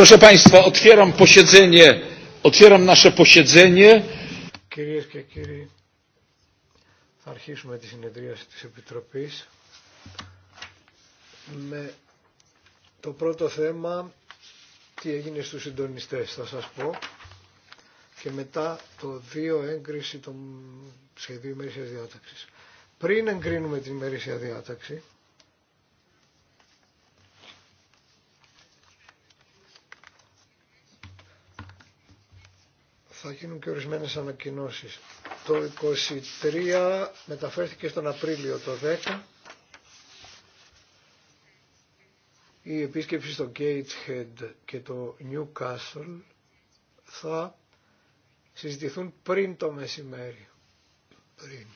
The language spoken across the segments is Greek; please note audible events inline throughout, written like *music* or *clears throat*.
Proszę Państwa, otwieram posiedzenie, Κυρίες και κύριοι, θα αρχίσουμε τη συνεδρίαση της Επιτροπής με το πρώτο θέμα τι έγινε στους συντονιστές θα σας πω και μετά το δύο έγκριση των σχεδίου ημερήσιας διάταξης. Πριν εγκρίνουμε την ημερήσια διάταξη θα γίνουν και ορισμένες ανακοινώσεις. Το 23 μεταφέρθηκε στον Απρίλιο το 10 η επίσκεψη στο Gateshead και το Newcastle θα συζητηθούν πριν το μεσημέρι. Πριν.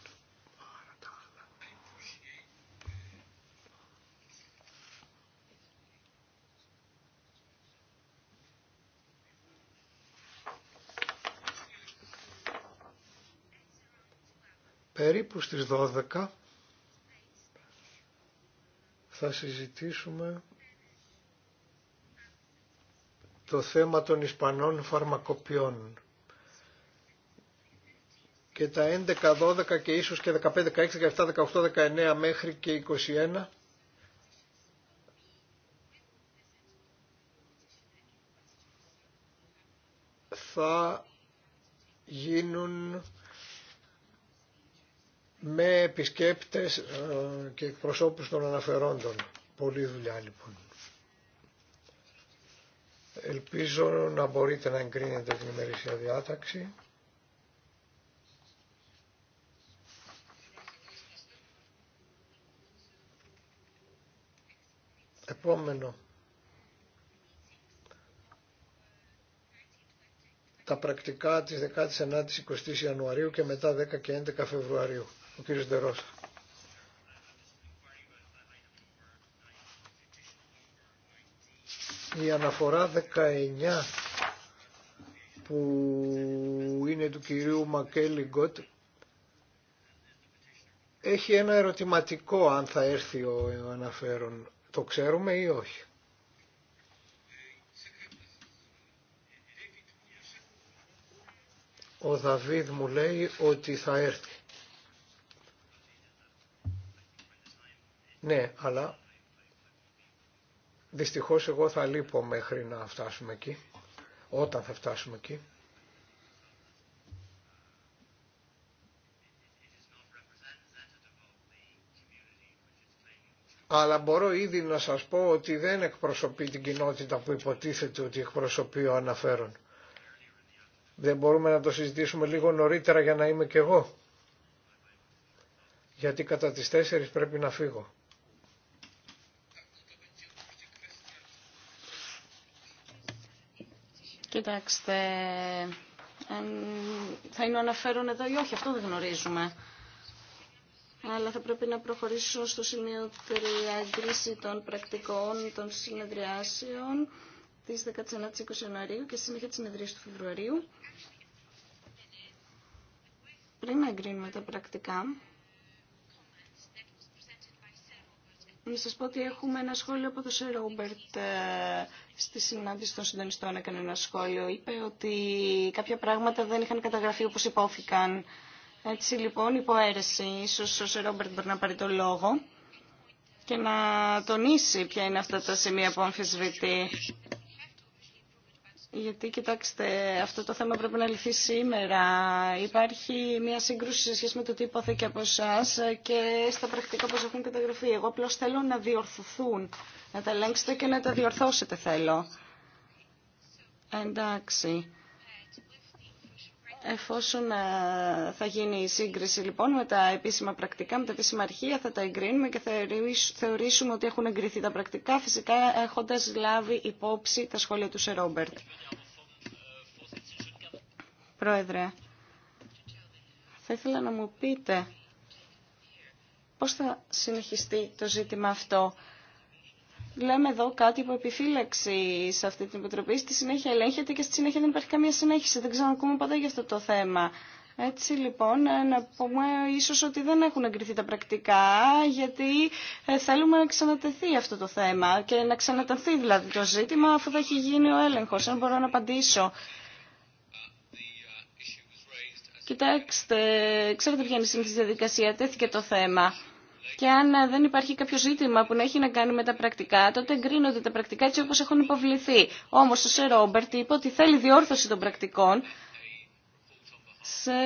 περίπου στις 12 θα συζητήσουμε το θέμα των Ισπανών φαρμακοποιών και τα 11, 12 και ίσως και 15, 16, 17, 18, 19 μέχρι και 21 θα γίνουν με επισκέπτες ε, και εκπροσώπους των αναφερόντων. Πολύ δουλειά λοιπόν. Ελπίζω να μπορείτε να εγκρίνετε την ημερήσια διάταξη. Επόμενο. Τα πρακτικά της 19ης 20ης Ιανουαρίου και μετά 10 και 11 Φεβρουαρίου. Ο κύριος Ντερόσα. Η αναφορά 19 που είναι του κυρίου Γκότ έχει ένα ερωτηματικό αν θα έρθει ο αναφέρον. Το ξέρουμε ή όχι. Ο Δαβίδ μου λέει ότι θα έρθει. Ναι, αλλά δυστυχώς εγώ θα λείπω μέχρι να φτάσουμε εκεί, όταν θα φτάσουμε εκεί. αλλά μπορώ ήδη να σας πω ότι δεν εκπροσωπεί την κοινότητα που υποτίθεται ότι εκπροσωπεί ο αναφέρον. Δεν μπορούμε να το συζητήσουμε λίγο νωρίτερα για να είμαι κι εγώ. Γιατί κατά τις τέσσερις πρέπει να φύγω. Κοιτάξτε, θα είναι ο αναφέρον εδώ ή όχι, αυτό δεν γνωρίζουμε. Αλλά θα πρέπει να προχωρήσω στο σημείο 3, εγκρίση των πρακτικών των συνεδριάσεων της 19ης Ιανουαρίου και συνέχεια της συνεδρίας του Φεβρουαρίου. Πριν να εγκρίνουμε τα πρακτικά, να σας πω ότι έχουμε ένα σχόλιο από τον Σε Ρόμπερτ στη συνάντηση των συντονιστών έκανε ένα σχόλιο. Είπε ότι κάποια πράγματα δεν είχαν καταγραφεί όπως υπόφηκαν. Έτσι λοιπόν υποαίρεση. Ίσως ο Σερ Ρόμπερτ μπορεί να πάρει το λόγο και να τονίσει ποια είναι αυτά τα σημεία που αμφισβητεί. Γιατί, κοιτάξτε, αυτό το θέμα πρέπει να λυθεί σήμερα. Υπάρχει μια σύγκρουση σε σχέση με το τι υπόθηκε από εσά και στα πρακτικά πώς έχουν καταγραφεί. Εγώ απλώ θέλω να διορθωθούν να τα ελέγξετε και να τα διορθώσετε θέλω. Εντάξει. Εφόσον ε, θα γίνει η σύγκριση λοιπόν με τα επίσημα πρακτικά, με τα επίσημα αρχεία, θα τα εγκρίνουμε και θα θεωρήσουμε ότι έχουν εγκριθεί τα πρακτικά, φυσικά έχοντας λάβει υπόψη τα σχόλια του σε Πρόεδρε, θα ήθελα να μου πείτε πώς θα συνεχιστεί το ζήτημα αυτό Λέμε εδώ κάτι που επιφύλαξη σε αυτή την επιτροπή. Στη συνέχεια ελέγχεται και στη συνέχεια δεν υπάρχει καμία συνέχιση. Δεν ξανακούμε ποτέ για αυτό το θέμα. Έτσι λοιπόν, ε, να πούμε ίσως ότι δεν έχουν εγκριθεί τα πρακτικά, γιατί ε, θέλουμε να ξανατεθεί αυτό το θέμα και να ξανατεθεί δηλαδή το ζήτημα αφού θα έχει γίνει ο έλεγχος, αν μπορώ να απαντήσω. Κοιτάξτε, ξέρετε ποια είναι η διαδικασία, τέθηκε το θέμα. Και αν ε, δεν υπάρχει κάποιο ζήτημα που να έχει να κάνει με τα πρακτικά, τότε εγκρίνονται τα πρακτικά έτσι όπως έχουν υποβληθεί. Όμως ο Σερ Ρόμπερτ είπε ότι θέλει διόρθωση των πρακτικών σε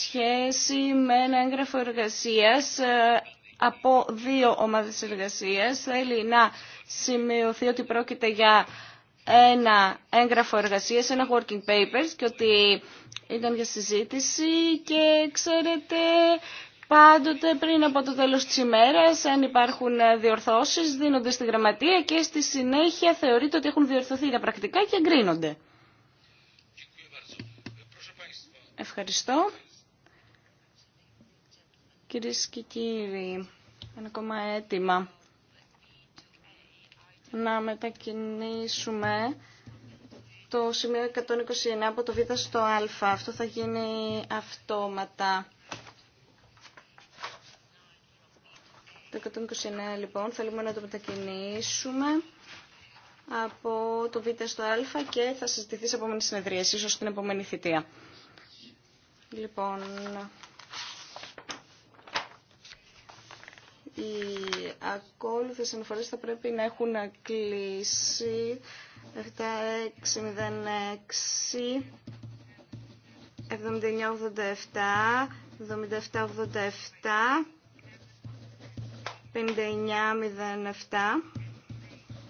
σχέση με ένα έγγραφο εργασίας ε, από δύο ομάδες εργασίας. Θέλει να σημειωθεί ότι πρόκειται για ένα έγγραφο εργασίας, ένα working papers και ότι ήταν για συζήτηση και ξέρετε Πάντοτε πριν από το τέλος της ημέρας, αν υπάρχουν ε, διορθώσεις, δίνονται στη γραμματεία και στη συνέχεια θεωρείται ότι έχουν διορθωθεί τα πρακτικά και εγκρίνονται. Ευχαριστώ. Κυρίε και κύριοι, ένα ακόμα αίτημα να μετακινήσουμε το σημείο 129 από το Β στο Α. Αυτό θα γίνει αυτόματα. Το 129 λοιπόν θέλουμε να το μετακινήσουμε από το Β στο Α και θα συζητηθεί σε επόμενη συνεδρία, ίσως στην επόμενη θητεία. Λοιπόν, οι ακόλουθες αναφορές θα πρέπει να έχουν κλείσει 7606 7987 7787 5907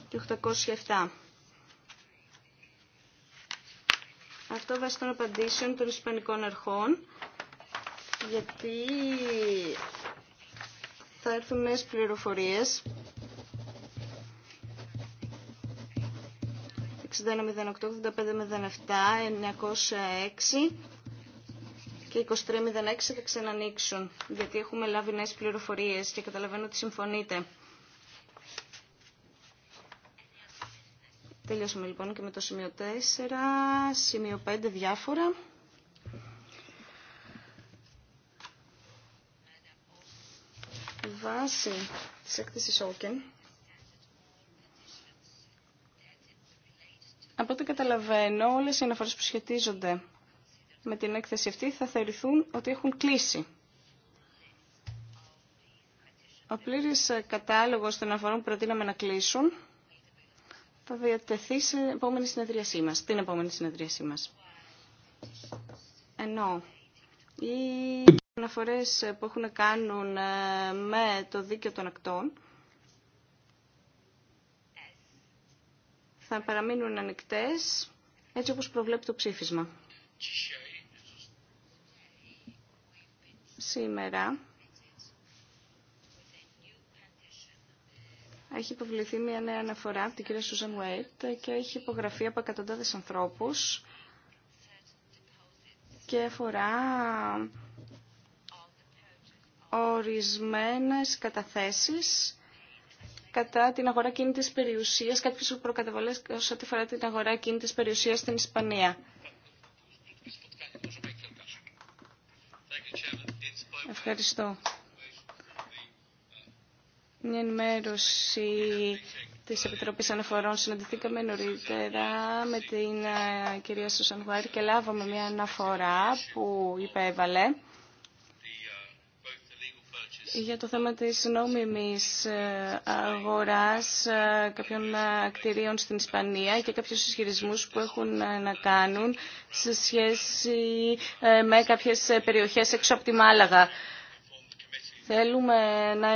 και 807. Αυτό βάσει των απαντήσεων των Ισπανικών αρχών, γιατί θα έρθουν νέες πληροφορίες. 6108, 8507, 906 και 2306 θα ξανανοίξουν, γιατί έχουμε λάβει νέες πληροφορίες και καταλαβαίνω ότι συμφωνείτε. Τελειώσαμε λοιπόν και με το σημείο 4, σημείο 5 διάφορα. Βάση της έκθεσης Όκεν. Από ό,τι καταλαβαίνω, όλες οι αναφορές που σχετίζονται με την έκθεση αυτή θα θεωρηθούν ότι έχουν κλείσει. Ο πλήρης κατάλογος των αφορών που προτείναμε να κλείσουν θα διατεθεί στην επόμενη συνεδρίασή μας. Την επόμενη συνεδρίασή μας. Ενώ οι αναφορές που έχουν να κάνουν ε, με το δίκαιο των ακτών θα παραμείνουν ανοιχτές έτσι όπως προβλέπει το ψήφισμα. Σήμερα έχει υποβληθεί μια νέα αναφορά από την κυρία Σούζαν Βουέιτ και έχει υπογραφεί από εκατοντάδε ανθρώπους και αφορά ορισμένες καταθέσεις κατά την αγορά κίνητης περιουσίας, κάποιες προκαταβολέ όσον αφορά την αγορά κίνητης περιουσίας στην Ισπανία. Ευχαριστώ. Μια ενημέρωση τη επιτροπή Αναφορών. Συναντηθήκαμε νωρίτερα με την ε, κυρία Σουσαν και λάβαμε μια αναφορά που υπέβαλε για το θέμα της νόμιμης ε, αγοράς ε, κάποιων κτηρίων στην Ισπανία και κάποιους ισχυρισμούς που έχουν να κάνουν σε σχέση με κάποιες περιοχές έξω από τη Μάλαγα. Θέλουμε να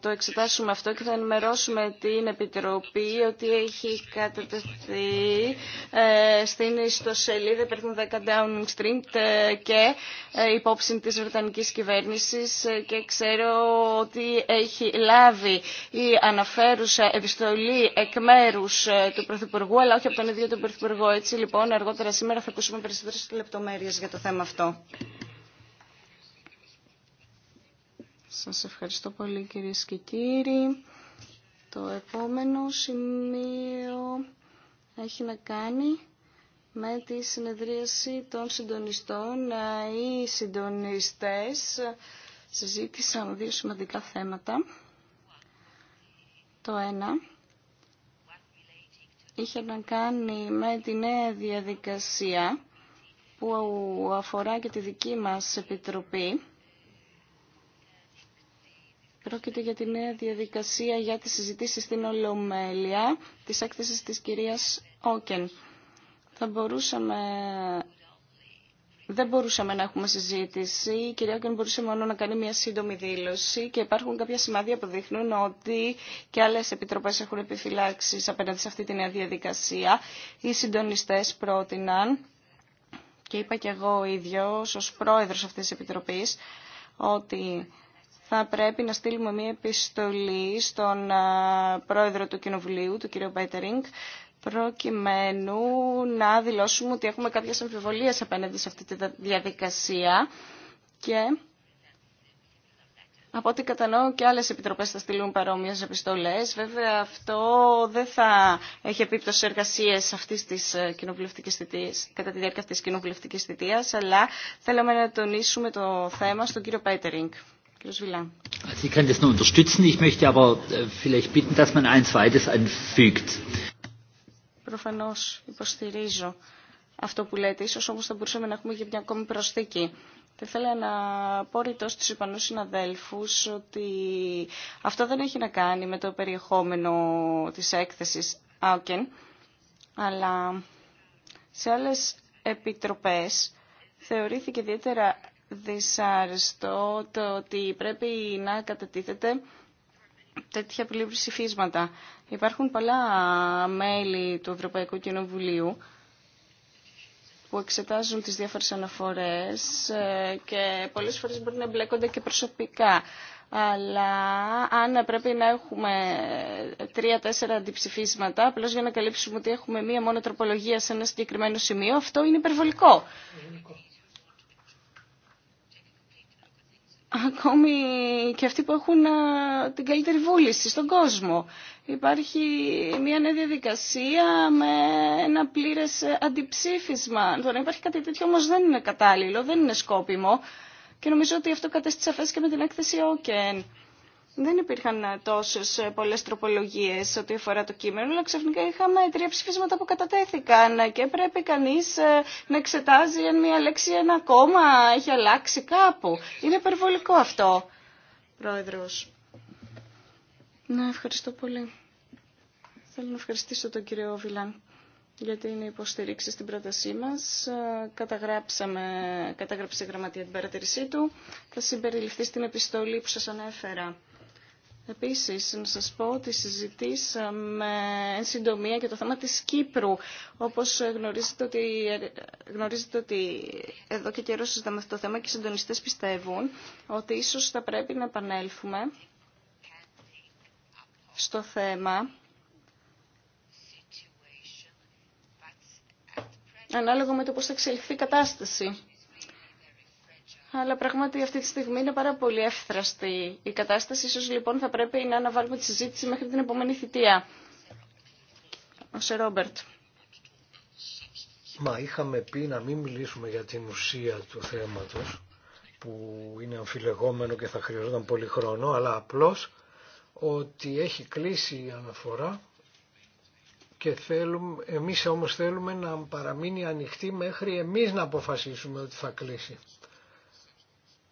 το εξετάσουμε αυτό και θα ενημερώσουμε την Επιτροπή ότι έχει κατατεθεί ε, στην ιστοσελίδα των 10 Downing Street ε, και ε, υπόψη της Βρετανικής κυβέρνησης και ξέρω ότι έχει λάβει η αναφέρουσα επιστολή εκ μέρου του Πρωθυπουργού αλλά όχι από τον ίδιο τον Πρωθυπουργό. Έτσι λοιπόν αργότερα σήμερα θα ακούσουμε περισσότερες λεπτομέρειες για το θέμα αυτό. Σας ευχαριστώ πολύ κυρίε και κύριοι. Το επόμενο σημείο έχει να κάνει με τη συνεδρίαση των συντονιστών. Οι συντονιστές συζήτησαν δύο σημαντικά θέματα. Το ένα είχε να κάνει με τη νέα διαδικασία που αφορά και τη δική μας επιτροπή Πρόκειται για τη νέα διαδικασία για τη συζήτηση στην Ολομέλεια της έκθεσης της κυρίας Όκεν. Δεν μπορούσαμε να έχουμε συζήτηση. Η κυρία Όκεν μπορούσε μόνο να κάνει μια σύντομη δήλωση και υπάρχουν κάποια σημάδια που δείχνουν ότι και άλλες επιτροπές έχουν επιφυλάξει απέναντι σε αυτή τη νέα διαδικασία. Οι συντονιστές πρότειναν και είπα και εγώ ίδιος ως πρόεδρος αυτής της επιτροπής ότι θα πρέπει να στείλουμε μία επιστολή στον πρόεδρο του Κοινοβουλίου, του κύριο Πέτερινγκ, προκειμένου να δηλώσουμε ότι έχουμε κάποιες αμφιβολίες απέναντι σε αυτή τη διαδικασία και από ό,τι κατανοώ και άλλες επιτροπές θα στείλουν παρόμοιες επιστολές. Βέβαια αυτό δεν θα έχει επίπτωση εργασίες αυτής της ε, κοινοβουλευτικής θητείας, κατά τη διάρκεια αυτής της κοινοβουλευτικής θητείας, αλλά θέλαμε να τονίσουμε το θέμα στον κύριο Πέτερινγκ. Προφανώ können das nur unterstützen. Ich möchte aber äh, vielleicht bitten, dass man ein zweites anfügt. Προφανώς υποστηρίζω αυτό που λέτε. Ίσως όμως θα μπορούσαμε να έχουμε και μια ακόμη προσθήκη. Θα ήθελα να πω ρητό στους Ιπανούς συναδέλφους ότι αυτό δεν έχει να κάνει με το περιεχόμενο της έκθεσης Auken, αλλά σε άλλες επιτροπές θεωρήθηκε ιδιαίτερα δυσάρεστο το ότι πρέπει να κατατίθεται τέτοια πλήρη ψηφίσματα. Υπάρχουν πολλά μέλη του Ευρωπαϊκού Κοινοβουλίου που εξετάζουν τις διάφορες αναφορές ε, και πολλές φορές μπορεί να εμπλέκονται και προσωπικά. Αλλά αν πρέπει να έχουμε τρία-τέσσερα αντιψηφίσματα, απλώ για να καλύψουμε ότι έχουμε μία μόνο τροπολογία σε ένα συγκεκριμένο σημείο, αυτό είναι υπερβολικό. ακόμη και αυτοί που έχουν την καλύτερη βούληση στον κόσμο. Υπάρχει μια νέα διαδικασία με ένα πλήρες ε, αντιψήφισμα. Το υπάρχει κάτι τέτοιο όμως δεν είναι κατάλληλο, δεν είναι σκόπιμο. Και νομίζω ότι αυτό κατέστησε σαφές και με την έκθεση ΟΚΕΝ δεν υπήρχαν ε, τόσε πολλέ τροπολογίε ό,τι αφορά το κείμενο, αλλά ξαφνικά είχαμε τρία ψηφίσματα που κατατέθηκαν και πρέπει κανεί ε, να εξετάζει αν μία λέξη ένα κόμμα έχει αλλάξει κάπου. Είναι υπερβολικό αυτό, Πρόεδρο. Ναι, ευχαριστώ πολύ. Θέλω να ευχαριστήσω τον κύριο Βιλάν για την υποστηρίξη στην πρότασή μας. Ε, καταγράψαμε, καταγράψε η γραμματεία την παρατηρήσή του. Θα συμπεριληφθεί στην επιστολή που σας ανέφερα. Επίσης, να σας πω ότι συζητήσαμε εν συντομία και το θέμα της Κύπρου. Όπως γνωρίζετε ότι, εδώ και καιρό συζητάμε αυτό το θέμα και οι συντονιστές πιστεύουν ότι ίσως θα πρέπει να επανέλθουμε στο θέμα ανάλογα με το πώς θα εξελιχθεί η κατάσταση αλλά πράγματι αυτή τη στιγμή είναι πάρα πολύ εύθραστη η κατάσταση. Ίσως λοιπόν θα πρέπει να αναβάλουμε τη συζήτηση μέχρι την επόμενη θητεία. Ο Σερόμπερτ. Ρόμπερτ. Μα είχαμε πει να μην μιλήσουμε για την ουσία του θέματος που είναι αμφιλεγόμενο και θα χρειαζόταν πολύ χρόνο, αλλά απλώς ότι έχει κλείσει η αναφορά και θέλουμε, εμείς όμως θέλουμε να παραμείνει ανοιχτή μέχρι εμείς να αποφασίσουμε ότι θα κλείσει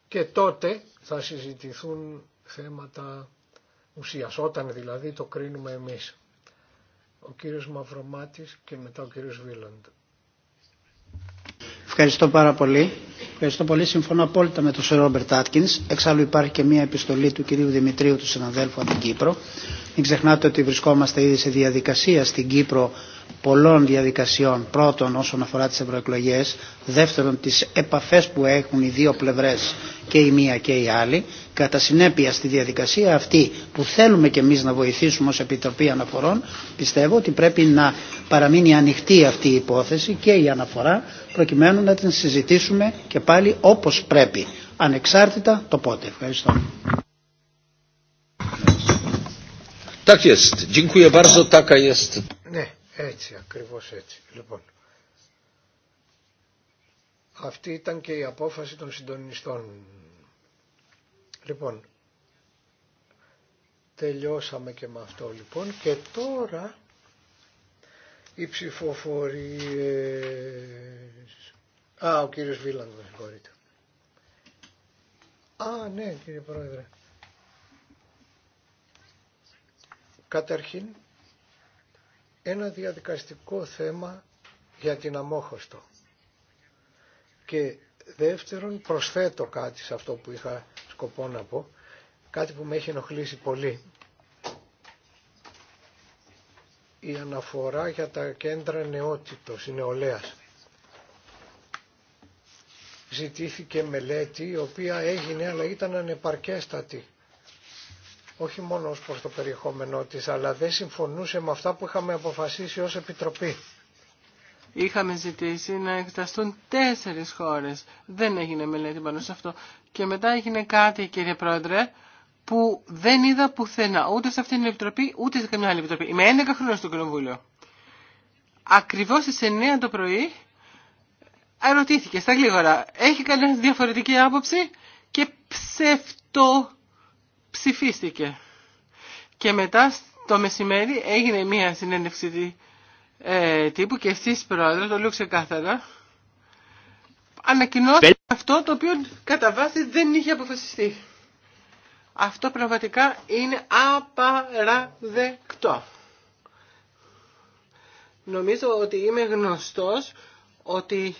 και τότε θα συζητηθούν θέματα ουσίας, όταν δηλαδή το κρίνουμε εμείς. Ο κύριος Μαυρομάτης και μετά ο κύριος Βίλαντ. Ευχαριστώ πάρα πολύ. Ευχαριστώ πολύ. Συμφωνώ απόλυτα με τον Σερ Ρόμπερτ Άτκινς. Εξάλλου υπάρχει και μια επιστολή του κυρίου Δημητρίου του συναδέλφου από την Κύπρο μην ξεχνάτε ότι βρισκόμαστε ήδη σε διαδικασία στην Κύπρο πολλών διαδικασιών. Πρώτον όσον αφορά τι ευρωεκλογέ, δεύτερον τι επαφέ που έχουν οι δύο πλευρέ και η μία και η άλλη. Κατά συνέπεια στη διαδικασία αυτή που θέλουμε και εμεί να βοηθήσουμε ω Επιτροπή Αναφορών πιστεύω ότι πρέπει να παραμείνει ανοιχτή αυτή η υπόθεση και η αναφορά προκειμένου να την συζητήσουμε και πάλι όπω πρέπει ανεξάρτητα το πότε. Ευχαριστώ. Tak jest. Dziękuję bardzo. Taka jest. Ναι, έτσι, ακριβώς έτσι. Λοιπόν, αυτή ήταν και η απόφαση των συντονιστών. Λοιπόν, τελειώσαμε και με αυτό λοιπόν και τώρα οι ψηφοφορίες... Α, ο κύριος Βίλαντ, με συγχωρείτε. Α, ναι κύριε Πρόεδρε. Καταρχήν, ένα διαδικαστικό θέμα για την αμόχωστο. Και δεύτερον, προσθέτω κάτι σε αυτό που είχα σκοπό να πω, κάτι που με έχει ενοχλήσει πολύ. Η αναφορά για τα κέντρα νεότητος, η νεολαίας. Ζητήθηκε μελέτη, η οποία έγινε αλλά ήταν ανεπαρκέστατη όχι μόνο ως προς το περιεχόμενό της, αλλά δεν συμφωνούσε με αυτά που είχαμε αποφασίσει ως Επιτροπή. Είχαμε ζητήσει να εκταστούν τέσσερις χώρες. Δεν έγινε μελέτη πάνω σε αυτό. Και μετά έγινε κάτι, κύριε Πρόεδρε, που δεν είδα πουθενά, ούτε σε αυτήν την Επιτροπή, ούτε σε καμιά άλλη Επιτροπή. Είμαι 11 χρόνια στο Κοινοβούλιο. Ακριβώς στις 9 το πρωί ερωτήθηκε στα γλίγορα. Έχει κανένα διαφορετική άποψη και ψευτο ψηφίστηκε. Και μετά το μεσημέρι έγινε μια συνέντευξη ε, τύπου και εσείς πρόεδρο το λέω ξεκάθαρα, αυτό το οποίο κατά βάση δεν είχε αποφασιστεί. Αυτό πραγματικά είναι απαραδεκτό. Νομίζω ότι είμαι γνωστός ότι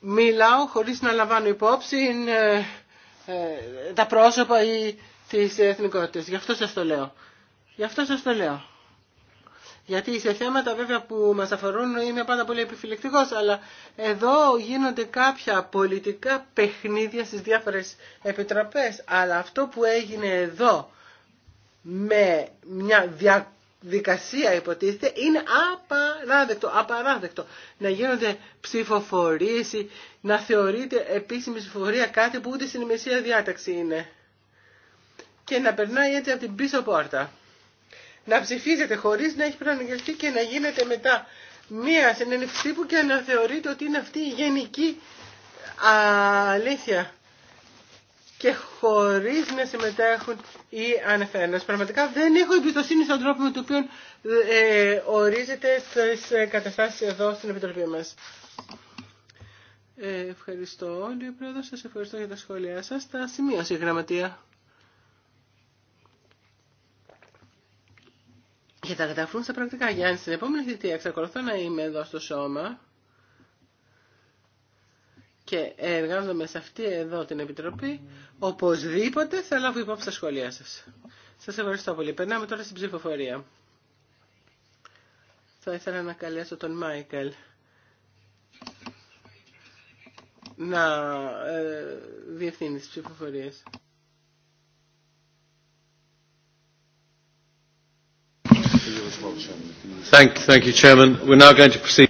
μιλάω χωρίς να λαμβάνω υπόψη ε, τα πρόσωπα ή της εθνικότητας. Γι' αυτό σας το λέω. Γι' αυτό σας το λέω. Γιατί σε θέματα βέβαια που μας αφορούν είμαι πάντα πολύ επιφυλεκτικός, αλλά εδώ γίνονται κάποια πολιτικά παιχνίδια στις διάφορες επιτροπές. Αλλά αυτό που έγινε εδώ με μια διαδικασία υποτίθεται είναι απαράδεκτο, απαράδεκτο. Να γίνονται ψηφοφορίες, να θεωρείται επίσημη ψηφοφορία κάτι που ούτε στην ημεσία διάταξη είναι και να περνάει έτσι από την πίσω πόρτα. Να ψηφίζεται χωρίς να έχει προαναγγελθεί και να γίνεται μετά μία συνέντευξη που και να θεωρείτε ότι είναι αυτή η γενική αλήθεια και χωρίς να συμμετέχουν οι ανεφέρνε. Πραγματικά δεν έχω εμπιστοσύνη στον τρόπο με τον οποίο ε, ορίζεται στις καταστάσεις εδώ στην Επιτροπή μας. Ε, ευχαριστώ όλοι οι πρόεδρος, σας ευχαριστώ για τα σχόλιά σας. Τα σημείωσε η γραμματεία. και τα καταφρούν στα πρακτικά. Για αν στην επόμενη θητεία εξακολουθώ να είμαι εδώ στο σώμα και εργάζομαι σε αυτή εδώ την Επιτροπή, οπωσδήποτε θα λάβω υπόψη τα σχόλιά σα. Σας ευχαριστώ πολύ. Περνάμε τώρα στην ψηφοφορία. Θα ήθελα να καλέσω τον Μάικελ να ε, διευθύνει τι ψηφοφορίε.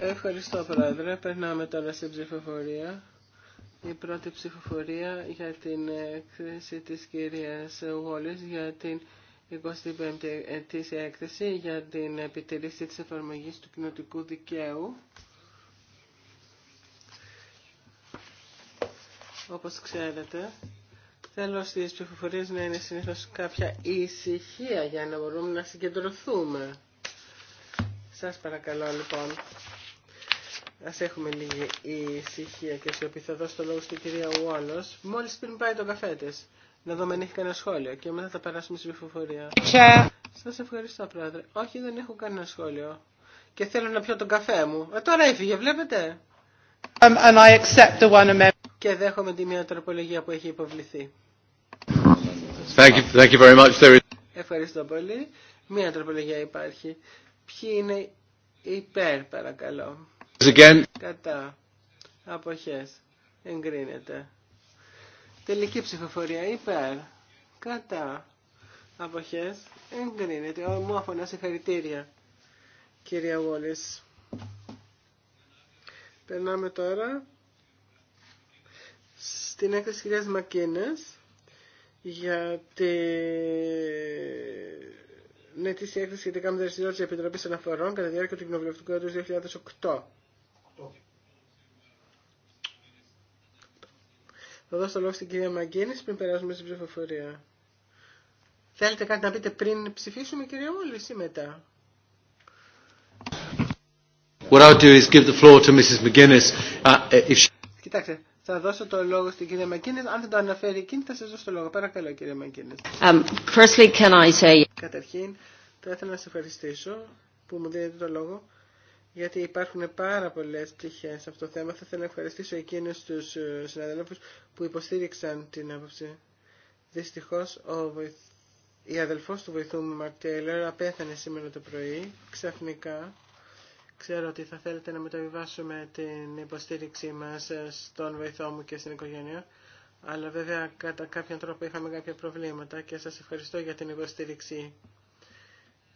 Ευχαριστώ, Πρόεδρε. Περνάμε τώρα στην ψηφοφορία. Η πρώτη ψηφοφορία για την έκθεση της κυρία Γόλη για την 25η ετήσια έκθεση για την επιτηρήση της εφαρμογής του κοινοτικού δικαίου. Όπως ξέρετε, θέλω στις ψηφοφορίες να είναι συνήθως κάποια ησυχία για να μπορούμε να συγκεντρωθούμε. Σας παρακαλώ λοιπόν. Ας έχουμε λίγη ησυχία και σιωπή. Θα δώσω το λόγο στην κυρία Ουόλος. Μόλις πριν πάει τον καφέ της. Να δούμε αν έχει κανένα σχόλιο και μετά θα περάσουμε στην ψηφοφορία. Σας ευχαριστώ πρόεδρε. Όχι δεν έχω κανένα σχόλιο. Και θέλω να πιω τον καφέ μου. Ε, τώρα έφυγε βλέπετε. Um, and I the one... Και δέχομαι τη μία τροπολογία που έχει υποβληθεί. Thank you, thank you very much. There is... Ευχαριστώ πολύ. Μία τροπολογία υπάρχει. Ποιοι είναι υπέρ παρακαλώ. Κατά. Αποχές. Εγκρίνεται. Τελική ψηφοφορία υπέρ. Κατά. Αποχές. Εγκρίνεται. Ομόφωνα συγχαρητήρια. Κυρία Βόλης. Περνάμε τώρα στην έκθεση κυρίας Μακίνες για τη ναι, τη έκθεση σχετικά με δραστηριότητα τη Επιτροπή Αναφορών κατά τη διάρκεια του κοινοβουλευτικού έτου 2008. Θα δώσω το λόγο στην κυρία Μαγκίνη πριν περάσουμε στην ψηφοφορία. Θέλετε κάτι να πείτε πριν ψηφίσουμε, κυρία Όλη, ή μετά. What I'll do is give the floor to Mrs. McGuinness. Uh, if she... Κοιτάξτε, θα δώσω το λόγο στην κυρία Μακίνες. Αν δεν το αναφέρει εκείνη θα σας δώσω το λόγο. Παρακαλώ κυρία Μακίνες. Um, firstly, can I say... Καταρχήν θα ήθελα να σας ευχαριστήσω που μου δίνετε το λόγο γιατί υπάρχουν πάρα πολλές πτυχές σε αυτό το θέμα. Θα ήθελα να ευχαριστήσω εκείνους τους ε, συναδέλφους που υποστήριξαν την άποψη. Δυστυχώς ο βοηθ... η αδελφός του βοηθού μου Μαρτ απέθανε σήμερα το πρωί ξαφνικά Ξέρω ότι θα θέλετε να μεταβιβάσουμε την υποστήριξή μας στον βοηθό μου και στην οικογένεια, αλλά βέβαια κατά κάποιον τρόπο είχαμε κάποια προβλήματα και σας ευχαριστώ για την υποστήριξη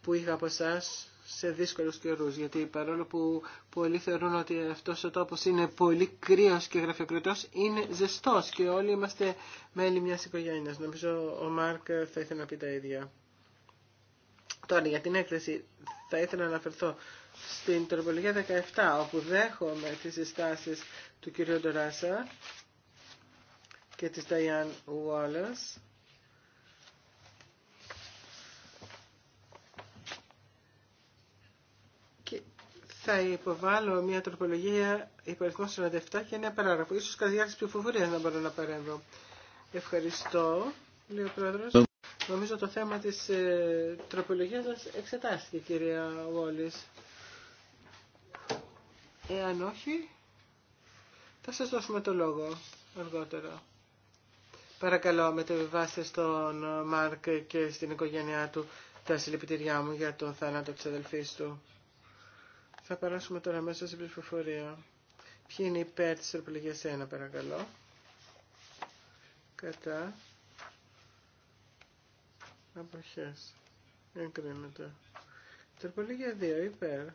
που είχα από εσά σε δύσκολου καιρού. γιατί παρόλο που πολλοί θεωρούν ότι αυτό ο τόπος είναι πολύ κρύο και γραφειοκριτό, είναι ζεστό και όλοι είμαστε μέλη μια οικογένεια. Νομίζω ο Μάρκ θα ήθελε να πει τα ίδια. Τώρα για την έκθεση θα ήθελα να αναφερθώ στην τροπολογία 17 όπου δέχομαι τις συστάσεις του κυρίου Ντοράσα και της Diane Wallace και θα υποβάλω μια τροπολογία υπαριθμό 47 και ένα παράγραφο. Ίσως κατά διάρκεια της να μπορώ να παρέμβω. Ευχαριστώ, λέει ο Πρόεδρος. Νομίζω το θέμα της ε, τροπολογίας εξετάστηκε, κυρία Βόλη. Εάν όχι, θα σας δώσουμε το λόγο αργότερα. Παρακαλώ, μετεβιβάστε στον Μάρκ και στην οικογένειά του τα συλληπιτήριά μου για τον θάνατο της αδελφής του. Θα περάσουμε τώρα μέσα στην πληροφορία. Ποιοι είναι υπέρ της τροπολογίας 1, παρακαλώ. Κατά. Αποχές. Εγκρίνεται. Τροπολογία 2, υπέρ.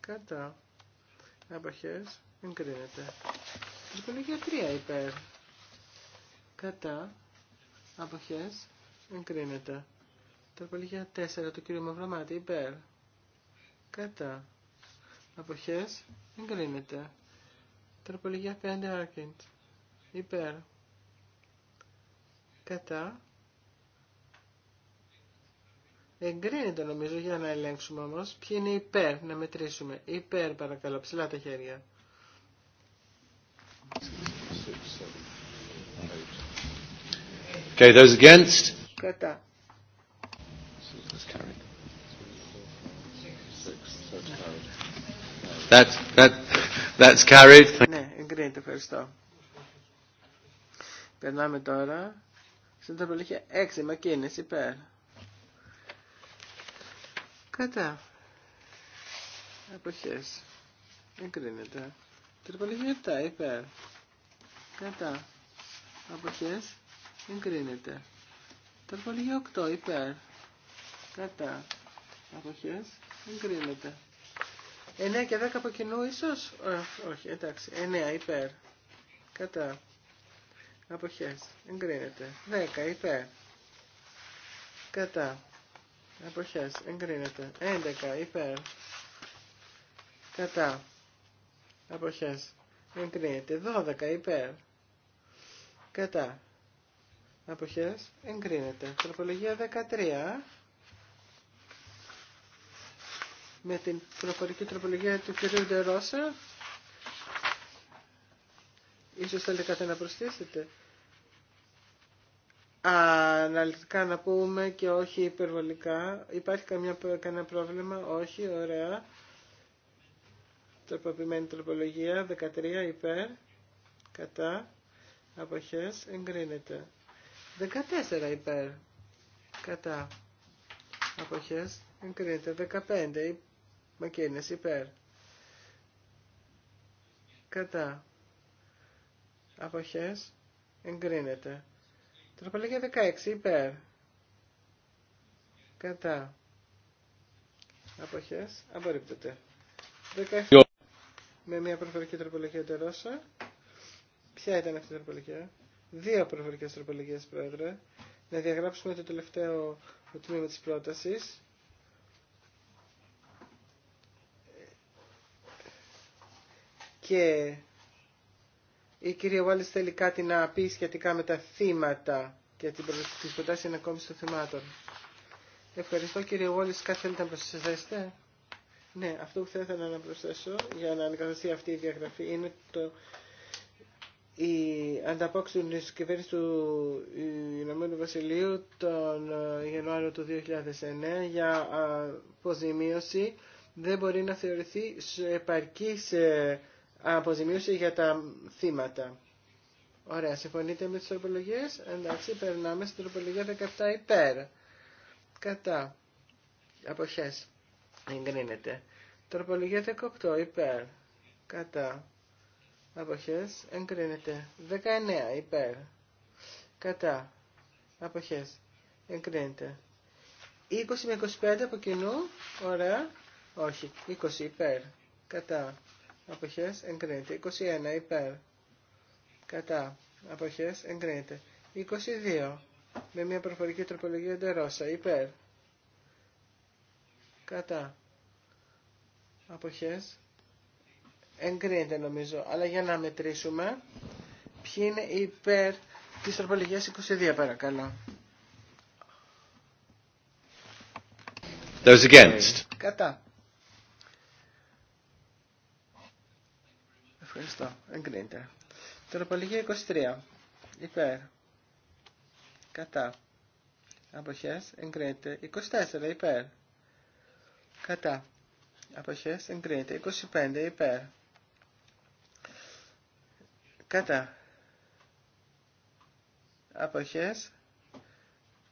Κατά. Αποχές. Εγκρίνεται. Τροπολογία 3 υπέρ. Κατά. Αποχές. Εγκρίνεται. Τροπολογία 4 το κύριο Μαυρομάτη υπέρ. Κατά. Αποχές. Εγκρίνεται. Τροπολογία 5 Άρκιντ. Υπέρ. Κατά. Εγκρίνεται νομίζω για να ελέγξουμε όμως. Ποιοι είναι υπέρ να μετρήσουμε. Υπέρ παρακαλώ. Ψηλά τα χέρια. Okay, those against. Κατά. That, that, that's carried. Ναι, εγκρίνεται, ευχαριστώ. Περνάμε τώρα στην τροπολογία 6 μακίνες υπέρ. Κατά. Αποχές. Εγκρίνεται. κρίνεται 7. Υπέρ. Κατά. Αποχές. Εγκρίνεται. κρίνεται 8. Υπέρ. Κατά. Αποχές. Εγκρίνεται. 9 και 10 από κοινού ίσως. όχι, εντάξει. 9 υπέρ. Κατά. Αποχές. Εγκρίνεται. 10 υπέρ. Κατά. Αποχές. Εγκρίνεται. 11. Υπέρ. Κατά. Αποχές. Εγκρίνεται. 12. Υπέρ. Κατά. Αποχές. Εγκρίνεται. Τροπολογία 13. Με την προφορική τροπολογία του κυρίου Ντερόσα. Ίσως θέλετε κάτι να προσθέσετε αναλυτικά να πούμε και όχι υπερβολικά. Υπάρχει καμιά, κανένα πρόβλημα, όχι, ωραία. Τροποποιημένη τροπολογία, 13 υπέρ, κατά, αποχές, εγκρίνεται. 14 υπέρ, κατά, αποχές, εγκρίνεται. 15 μακίνες υπέρ, κατά, αποχές, εγκρίνεται. Τροπολογία 16 υπέρ. Κατά. Αποχές. Απορρίπτεται. 17. Με μια προφορική τροπολογία τερόσα. Ποια ήταν αυτή η τροπολογία. Δύο προφορικές τροπολογίες πρόεδρε. Να διαγράψουμε το τελευταίο το τμήμα της πρότασης. Και η κυρία Βάλλης θέλει κάτι να πει σχετικά με τα θύματα και την προτάσει ανακόμιση των θυμάτων. Ευχαριστώ κύριε Βόλης. Κάτι θέλετε να προσθέσετε. Ναι, αυτό που θα ήθελα να προσθέσω για να ανακαταστεί αυτή η διαγραφή είναι το, η ανταπόκριση της κυβέρνηση του Ηνωμένου Βασιλείου τον ε, Ιανουάριο του 2009 για αποζημίωση δεν μπορεί να θεωρηθεί σε αποζημίωση για τα θύματα. Ωραία, συμφωνείτε με τις τροπολογίες. Εντάξει, περνάμε στην τροπολογία 17 υπέρ. Κατά. Αποχές. Εγκρίνεται. Τροπολογία 18 υπέρ. Κατά. Αποχές. Εγκρίνεται. 19 υπέρ. Κατά. Αποχές. Εγκρίνεται. 20 με 25 από κοινού. Ωραία. Όχι. 20 υπέρ. Κατά αποχές εγκρίνεται. 21 υπέρ κατά αποχές εγκρίνεται. 22 με μια προφορική τροπολογία εντερόσα υπέρ κατά αποχές εγκρίνεται νομίζω. Αλλά για να μετρήσουμε ποιοι είναι υπέρ της τροπολογίας 22 παρακαλώ. Those against. Κατά. Ευχαριστώ. Εγκρίνεται. Τροπολογία 23. Υπέρ. Κατά. Αποχέ, Εγκρίνεται. 24. Υπέρ. Κατά. αποχέ, Εγκρίνεται. 25. Υπέρ. Κατά. Αποχέ.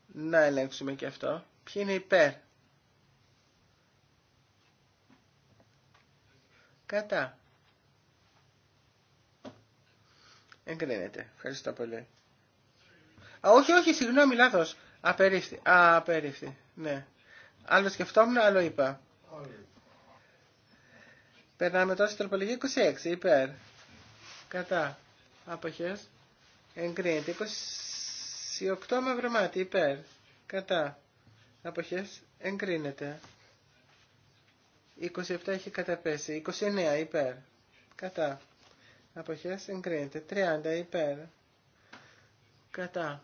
Να ελέγξουμε και αυτό. Ποιοι είναι υπέρ. Κατά. Εγκρίνεται. Ευχαριστώ πολύ. Α, όχι, όχι, συγγνώμη, λάθο. Απερίφθη. Α, απερίφθη. Ναι. Άλλο σκεφτόμουν, άλλο είπα. Περνάμε τώρα στην τροπολογία 26. Υπέρ. Κατά. Αποχέ. Εγκρίνεται. 28 με μάτι. Υπέρ. Κατά. Αποχέ. Εγκρίνεται. 27 έχει καταπέσει. 29. Υπέρ. Κατά. Αποχέ, εγκρίνεται. 30 υπέρ κατά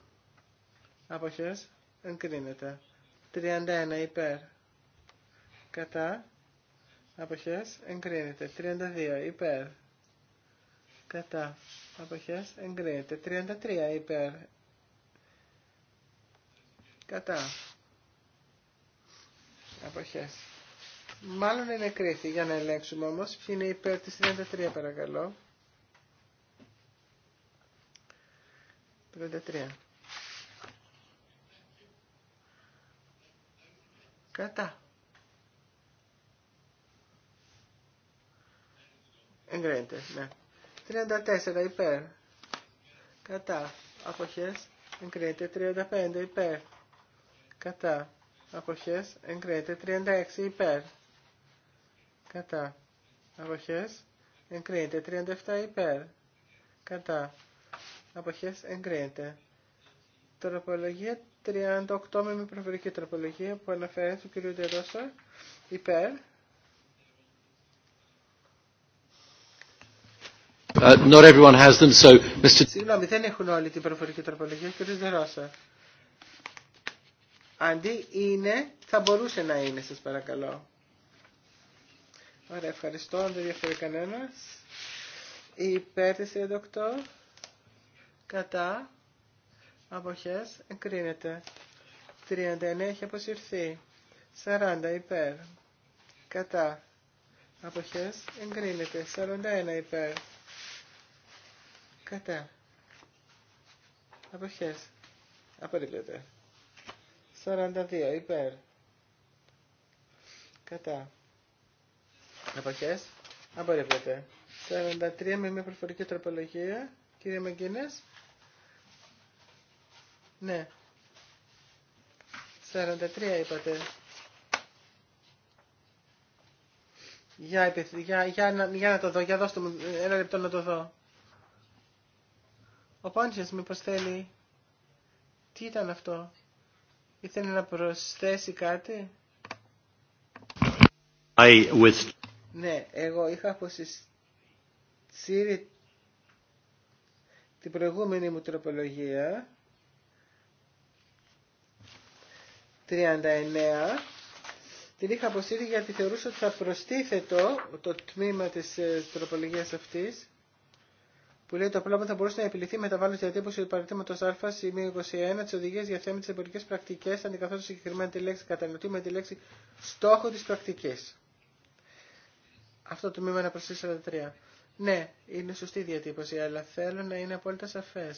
Αποχέ, εγκρίνεται. 31 υπέρ κατά απόχέ, εγκρίνεται. 32 υπέρ κατά αποχές εγκρίνεται. 33 υπέρ κατά Αποχέ. Μάλλον είναι κρίθη για να ελέγξουμε όμως. Ποιοι είναι υπέρ της 33 παρακαλώ. 53. Κατά. Εγκρίνεται, ναι. 34 υπέρ. Κατά. Αποχές. Εγκρίνεται. 35 υπέρ. Κατά. Αποχές. Εγκρίνεται. 36 υπέρ. Κατά. Αποχές. Εγκρίνεται. 37 υπέρ. Κατά αποχές εγκρίνεται. Τροπολογία 38 με μια προφορική τροπολογία που αναφέρει του κ. Δερόσα υπέρ. Uh, Συγγνώμη, δεν έχουν όλοι την προφορική τροπολογία, κ. Ντερόσα. Αντί είναι, θα μπορούσε να είναι, σας παρακαλώ. Ωραία, ευχαριστώ, αν δεν διαφέρει κανένας. Υπέρ της 38 κατά αποχές εγκρίνεται 39 έχει αποσυρθεί 40 υπέρ κατά αποχές εγκρίνεται 41 υπέρ κατά αποχές απορρίπτεται 42 υπέρ κατά αποχές απορρίπτεται 43 με μια προφορική τροπολογία κύριε Μαγκίνες ναι. 43 είπατε. Για, για, για, να, για να το δω, για δώστε μου ένα λεπτό να το δω. Ο Πόντσιος μήπως θέλει... Τι ήταν αυτό. Ήθελε να προσθέσει κάτι. I Ναι, εγώ είχα αποσύρει την προηγούμενη μου τροπολογία 39 την είχα αποσύρει γιατί θεωρούσα ότι θα προστίθετο το τμήμα της ε, τροπολογίας αυτής που λέει το πρόβλημα θα μπορούσε να επιληθεί τα τη διατύπωση του παρατήματο Α σημείο 21 τη οδηγία για θέμα τη εμπορική πρακτική, αντικαθώντα συγκεκριμένα τη λέξη κατανοητή με τη λέξη στόχο τη πρακτική. Αυτό το τμήμα είναι προ 43. Ναι, είναι σωστή η διατύπωση, αλλά θέλω να είναι απόλυτα σαφέ.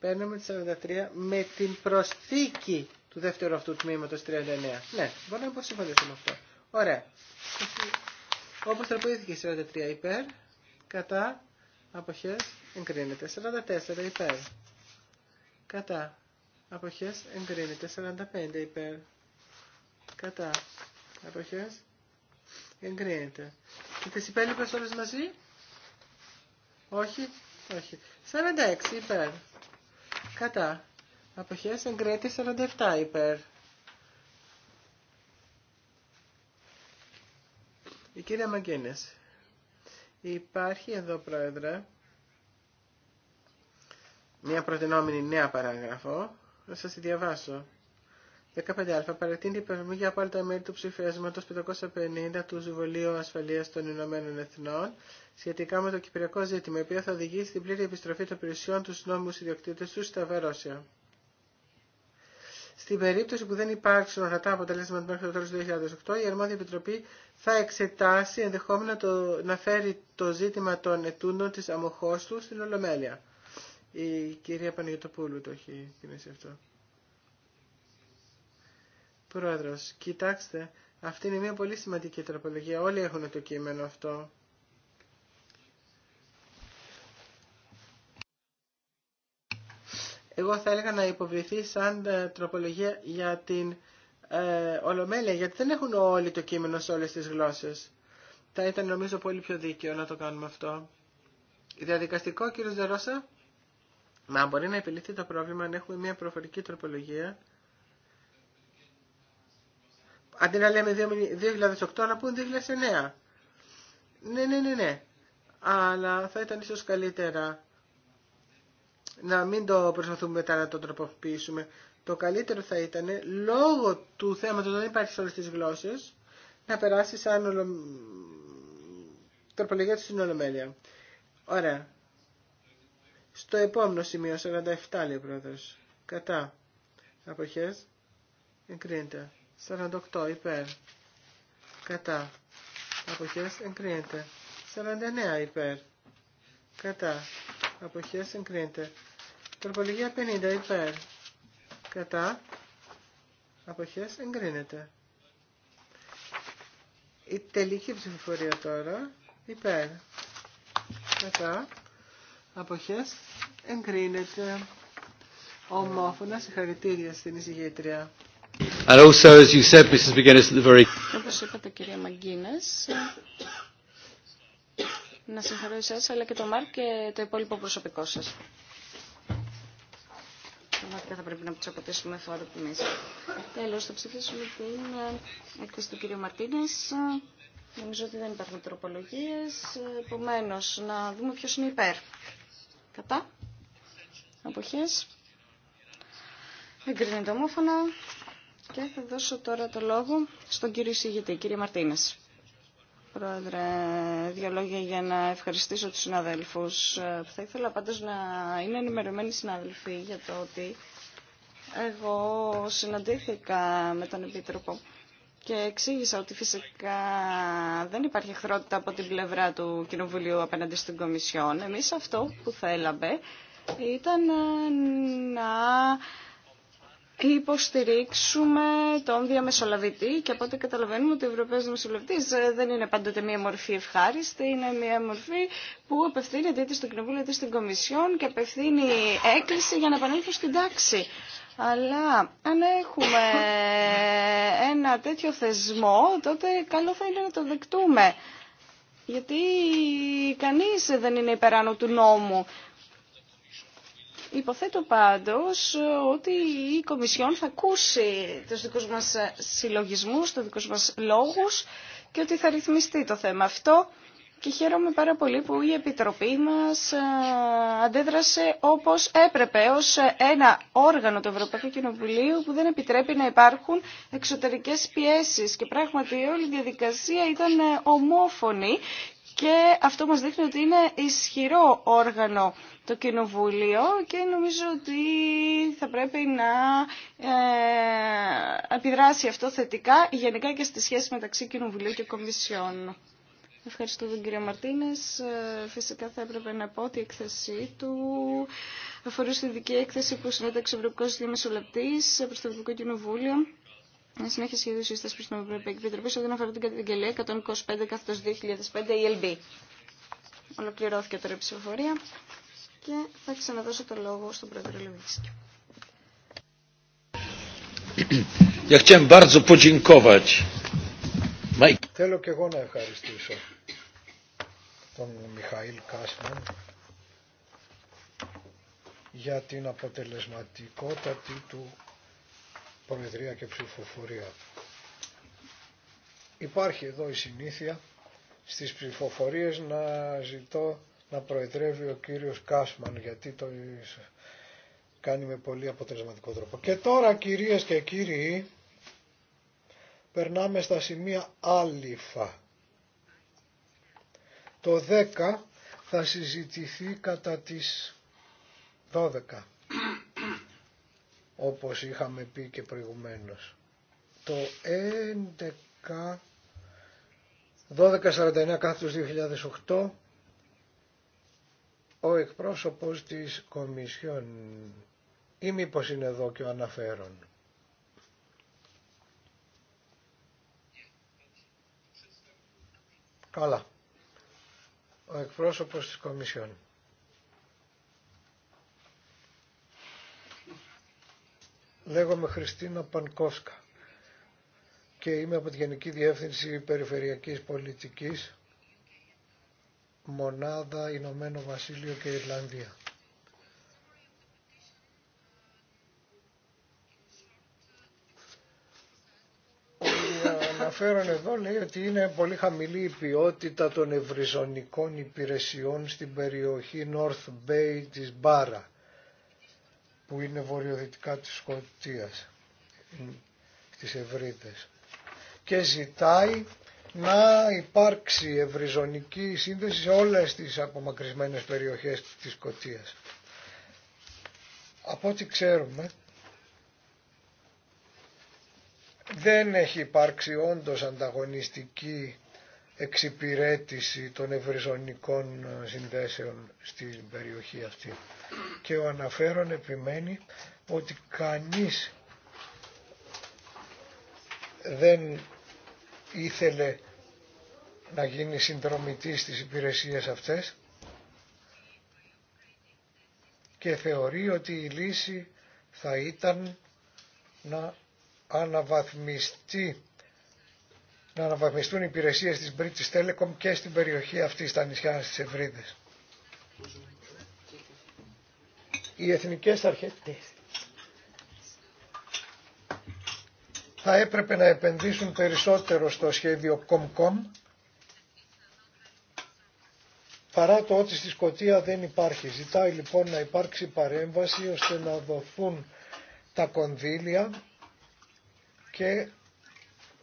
Παίρνουμε τη 43 με την προσθήκη του δεύτερου αυτού τμήματος 39. Ναι, μπορούμε να υποσυμφωνήσω με αυτό. Ωραία. Όπως η 43 υπέρ, κατά, αποχές, εγκρίνεται. 44 υπέρ, κατά, αποχές, εγκρίνεται. 45 υπέρ, κατά, αποχές, εγκρίνεται. Και τις υπέλοιπες όλες μαζί, όχι, όχι. 46 υπέρ, κατά, Αποχές Εγκρέτη, 47 υπέρ. Η κυρία Μαγκίνες. Υπάρχει εδώ πρόεδρε μια προτινόμενη νέα παράγραφο. Θα σας τη διαβάσω. 15α. Παρατείνει η υπερβολή για απόλυτα μέλη μέρη του ψηφιασμού 550 του Συμβουλίου Ασφαλεία των Ηνωμένων Εθνών σχετικά με το κυπριακό ζήτημα, η οποία θα οδηγήσει στην πλήρη επιστροφή των περιουσιών του νόμιμου ιδιοκτήτε του στα Βερόσια. Στην περίπτωση που δεν υπάρξουν ορατά αποτελέσματα μέχρι το τέλο του 2008, η Αρμόδια Επιτροπή θα εξετάσει ενδεχόμενα το, να φέρει το ζήτημα των ετούντων της αμοχώς του στην Ολομέλεια. Η κυρία Παναγιωτοπούλου το έχει θυμίσει αυτό. Πρόεδρος, κοιτάξτε, αυτή είναι μια πολύ σημαντική τροπολογία. Όλοι έχουν το κείμενο αυτό. εγώ θα έλεγα να υποβληθεί σαν ε, τροπολογία για την ε, Ολομέλεια, γιατί δεν έχουν όλοι το κείμενο σε όλες τις γλώσσες. Θα ήταν νομίζω πολύ πιο δίκαιο να το κάνουμε αυτό. Διαδικαστικό, κύριο Δερόσα. Μα μπορεί να επιληθεί το πρόβλημα αν έχουμε μια προφορική τροπολογία. Αντί να λέμε 2008, να πούν 2009. Ναι, ναι, ναι, ναι. Αλλά θα ήταν ίσως καλύτερα να μην το προσπαθούμε μετά να το τροποποιήσουμε. Το καλύτερο θα ήταν, λόγω του θέματος δεν υπάρχει σε όλες τις γλώσσες, να περάσει σαν ολο... τροπολογία του στην Ολομέλεια. Ωραία. Στο επόμενο σημείο, 47 λέει ο Κατά. Αποχές. Εγκρίνεται. 48 υπέρ. Κατά. Αποχές εγκρίνεται. 49 υπέρ. Κατά αποχές εγκρίνεται. Τροπολογία 50 υπέρ. Κατά. Αποχές εγκρίνεται. Η τελική ψηφοφορία τώρα. Υπέρ. Κατά. Αποχές εγκρίνεται. Ομόφωνα συγχαρητήρια στην εισηγήτρια. And είπατε, κυρία Μαγκίνες, να συγχαρώ εσάς, αλλά και το Μάρκ και το υπόλοιπο προσωπικό σας. Πραγματικά θα πρέπει να του φορά φόρο τιμή. Τέλο, θα ψηφίσουμε την ε, έκθεση του κ. Μαρτίνε. Νομίζω ότι δεν υπάρχουν τροπολογίε. Επομένω, να δούμε ποιο είναι υπέρ. Κατά. Αποχέ. Εγκρίνεται ομόφωνα. Και θα δώσω τώρα το λόγο στον κύριο εισηγητή, κύριε Μαρτίνες. Πρόεδρε, δύο λόγια για να ευχαριστήσω τους συναδέλφους. Θα ήθελα πάντως να είναι ενημερωμένοι συνάδελφοι για το ότι εγώ συναντήθηκα με τον Επίτροπο και εξήγησα ότι φυσικά δεν υπάρχει εχθρότητα από την πλευρά του Κοινοβουλίου απέναντι στην Κομισιόν. Εμείς αυτό που θέλαμε ήταν να υποστηρίξουμε τον διαμεσολαβητή και από ό,τι καταλαβαίνουμε ότι ο Ευρωπαίος Διαμεσολαβητής ε, δεν είναι πάντοτε μία μορφή ευχάριστη, είναι μία μορφή που απευθύνεται είτε στο Κοινοβούλιο είτε στην Κομισιόν και απευθύνει έκκληση για να επανέλθουν στην τάξη. Αλλά αν έχουμε ένα τέτοιο θεσμό, τότε καλό θα είναι να το δεκτούμε. Γιατί κανείς δεν είναι υπεράνω του νόμου. Υποθέτω πάντως ότι η Κομισιόν θα ακούσει τους δικούς μας συλλογισμούς, τους δικούς μας λόγους και ότι θα ρυθμιστεί το θέμα αυτό. Και χαίρομαι πάρα πολύ που η Επιτροπή μας ε, αντέδρασε όπως έπρεπε ως ένα όργανο του Ευρωπαϊκού Κοινοβουλίου που δεν επιτρέπει να υπάρχουν εξωτερικές πιέσεις. Και πράγματι όλη η διαδικασία ήταν ε, ομόφωνη και αυτό μας δείχνει ότι είναι ισχυρό όργανο το Κοινοβούλιο και νομίζω ότι θα πρέπει να ε, επιδράσει αυτό θετικά γενικά και στη σχέση μεταξύ Κοινοβουλίου και Κομισιόν. Ευχαριστώ τον κύριο Μαρτίνες. Ε, φυσικά θα έπρεπε να πω ότι η έκθεσή του αφορούσε τη δική έκθεση που συνέταξε ο Ευρωπαϊκός Διαμεσολαπτής προς το Ευρωπαϊκό Κοινοβούλιο μια συνέχεια σχεδίου σύσταση προ την Ευρωπαϊκή Επιτροπή ό,τι αφορά την καταγγελία 125 καθ' 2005 ELB. Ολοκληρώθηκε τώρα η ψηφοφορία και θα ξαναδώσω το λόγο στον πρόεδρο Λεβίσκη. Θέλω και εγώ να ευχαριστήσω τον Μιχαήλ Κάσμαν για την αποτελεσματικότητα του Προεδρία και ψηφοφορία. Υπάρχει εδώ η συνήθεια στις ψηφοφορίες να ζητώ να προεδρεύει ο κύριος Κάσμαν γιατί το κάνει με πολύ αποτελεσματικό τρόπο. Και τώρα κυρίες και κύριοι περνάμε στα σημεία άλυφα. Το 10 θα συζητηθεί κατά τις 12 όπως είχαμε πει και προηγουμένως. Το 11... 1249 κάθετος 2008 ο εκπρόσωπος της Κομισιόν ή μήπω είναι εδώ και ο αναφέρον. Καλά. Ο εκπρόσωπος της Κομισιόν. Λέγομαι Χριστίνα Πανκόσκα και είμαι από τη Γενική Διεύθυνση Περιφερειακής Πολιτικής, Μονάδα Ηνωμένο Βασίλειο και Ιρλανδία. αναφέρον εδώ λέει ότι είναι πολύ χαμηλή η ποιότητα των ευρυζωνικών υπηρεσιών στην περιοχή North Bay της Μπάρα που είναι βορειοδυτικά της Σκοτίας, στις ε, Ευρύτες. Και ζητάει να υπάρξει ευρυζωνική σύνδεση σε όλες τις απομακρυσμένες περιοχές της Σκοτίας. Από ό,τι ξέρουμε, δεν έχει υπάρξει όντως ανταγωνιστική εξυπηρέτηση των ευρυζωνικών ε, συνδέσεων στην περιοχή αυτή. Και ο αναφέρον επιμένει ότι κανείς δεν ήθελε να γίνει συνδρομητής στις υπηρεσίες αυτές και θεωρεί ότι η λύση θα ήταν να αναβαθμιστεί να αναβαθμιστούν οι υπηρεσίες της British Telecom και στην περιοχή αυτή στα νησιά τη Ευρύδε. Οι εθνικές αρχέ. θα έπρεπε να επενδύσουν περισσότερο στο σχέδιο ComCom παρά το ότι στη Σκοτία δεν υπάρχει. Ζητάει λοιπόν να υπάρξει παρέμβαση ώστε να δοθούν τα κονδύλια και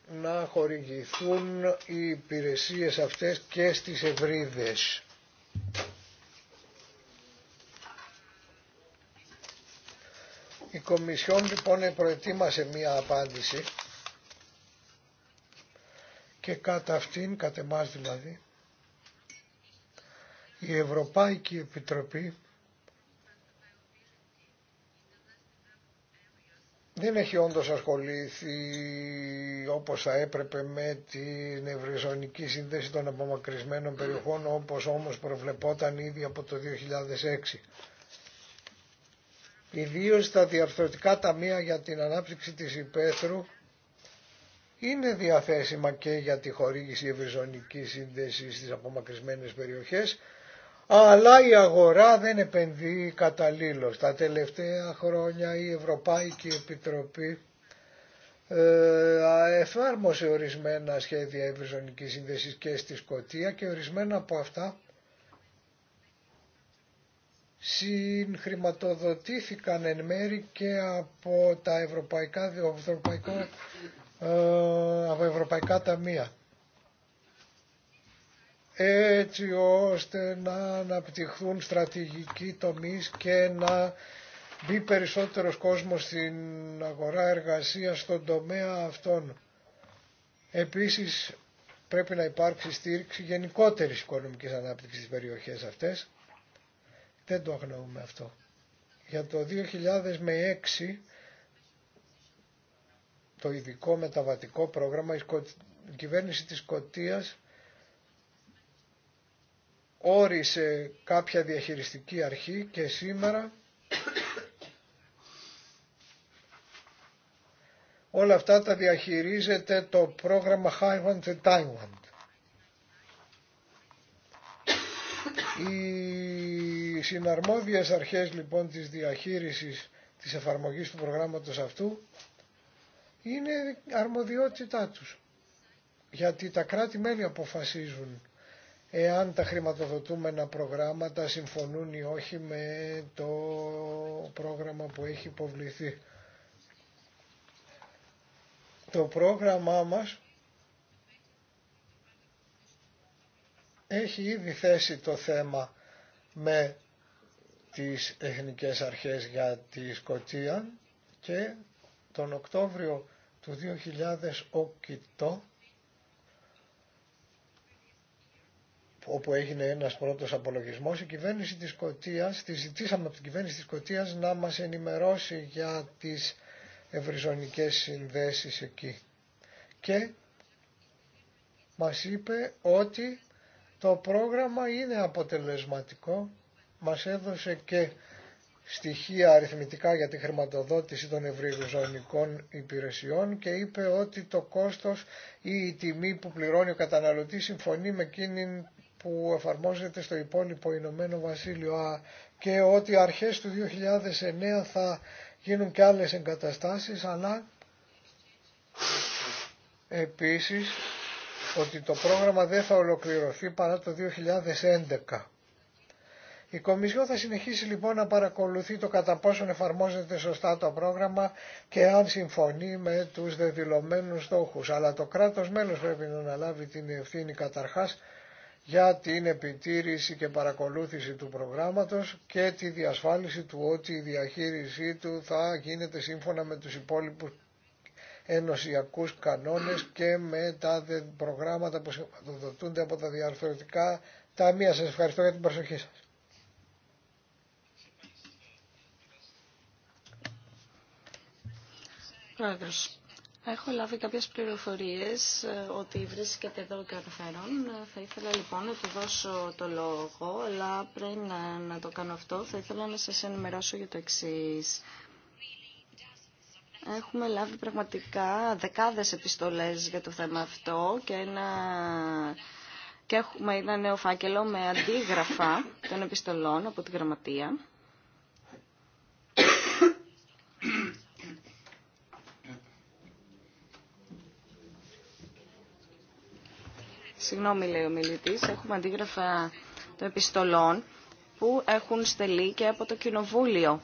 να χορηγηθούν οι υπηρεσίες αυτές και στις ευρύδες. Η Κομισιόν λοιπόν προετοίμασε μία απάντηση και κατά αυτήν, κατά δηλαδή, η Ευρωπαϊκή Επιτροπή δεν έχει όντως ασχοληθεί όπως θα έπρεπε με την ευρυζωνική σύνδεση των απομακρυσμένων περιοχών όπως όμως προβλεπόταν ήδη από το 2006. Ιδίω τα διαρθρωτικά ταμεία για την ανάπτυξη της υπαίθρου είναι διαθέσιμα και για τη χορήγηση ευρυζωνικής σύνδεσης στις απομακρυσμένες περιοχές αλλά η αγορά δεν επενδύει καταλήλως. Τα τελευταία χρόνια η Ευρωπαϊκή Επιτροπή ε, εφάρμοσε ορισμένα σχέδια ευρυζωνικής σύνδεσης και στη Σκωτία και ορισμένα από αυτά συγχρηματοδοτήθηκαν εν μέρη και από τα ευρωπαϊκά, ευρωπαϊκό, ε, ευρωπαϊκά ταμεία έτσι ώστε να αναπτυχθούν στρατηγικοί τομείς και να μπει περισσότερος κόσμος στην αγορά εργασίας στον τομέα αυτών. Επίσης πρέπει να υπάρξει στήριξη γενικότερη οικονομική ανάπτυξη στις περιοχές αυτές. Δεν το αγνοούμε αυτό. Για το 2006 το ειδικό μεταβατικό πρόγραμμα η κυβέρνηση της Σκοτίας όρισε κάποια διαχειριστική αρχή και σήμερα όλα αυτά τα διαχειρίζεται το πρόγραμμα Taiwan the Taiwan. Οι συναρμόδιες αρχές λοιπόν της διαχείρισης της εφαρμογής του προγράμματος αυτού είναι αρμοδιότητά τους. Γιατί τα κράτη-μέλη αποφασίζουν εάν τα χρηματοδοτούμενα προγράμματα συμφωνούν ή όχι με το πρόγραμμα που έχει υποβληθεί. Το πρόγραμμά μας έχει ήδη θέσει το θέμα με τις Εθνικές Αρχές για τη Σκοτία και τον Οκτώβριο του 2008 όπου έγινε ένας πρώτος απολογισμός, η κυβέρνηση της Σκοτίας, τη ζητήσαμε από την κυβέρνηση της Σκοτίας να μας ενημερώσει για τις ευρυζωνικές συνδέσεις εκεί. Και μας είπε ότι το πρόγραμμα είναι αποτελεσματικό, μας έδωσε και στοιχεία αριθμητικά για τη χρηματοδότηση των ευρυζωνικών υπηρεσιών και είπε ότι το κόστος ή η τιμή που πληρώνει ο καταναλωτής συμφωνεί με εκείνη που εφαρμόζεται στο υπόλοιπο Ηνωμένο Βασίλειο και ότι αρχές του 2009 θα γίνουν και άλλες εγκαταστάσεις αλλά επίσης ότι το πρόγραμμα δεν θα ολοκληρωθεί παρά το 2011. Η Κομισιό θα συνεχίσει λοιπόν να παρακολουθεί το κατά πόσον εφαρμόζεται σωστά το πρόγραμμα και αν συμφωνεί με τους δεδηλωμένους στόχους. Αλλά το κράτος μέλος πρέπει να αναλάβει την ευθύνη καταρχάς για την επιτήρηση και παρακολούθηση του προγράμματος και τη διασφάλιση του ότι η διαχείρισή του θα γίνεται σύμφωνα με τους υπόλοιπους ενωσιακούς κανόνες και με τα προγράμματα που δοτούνται από τα διαρθρωτικά ταμεία. Σας ευχαριστώ για την προσοχή σας. Έχω λάβει κάποιες πληροφορίες ε, ότι βρίσκεται εδώ και αναφέρον. Ε, θα ήθελα λοιπόν να του δώσω το λόγο, αλλά πριν ε, να, το κάνω αυτό θα ήθελα να σας ενημερώσω για το εξής. Έχουμε λάβει πραγματικά δεκάδες επιστολές για το θέμα αυτό και ένα... Και έχουμε ένα νέο φάκελο με αντίγραφα των επιστολών από τη γραμματεία. Συγγνώμη, λέει ο μιλητής, έχουμε αντίγραφα των επιστολών που έχουν στελεί και από το Κοινοβούλιο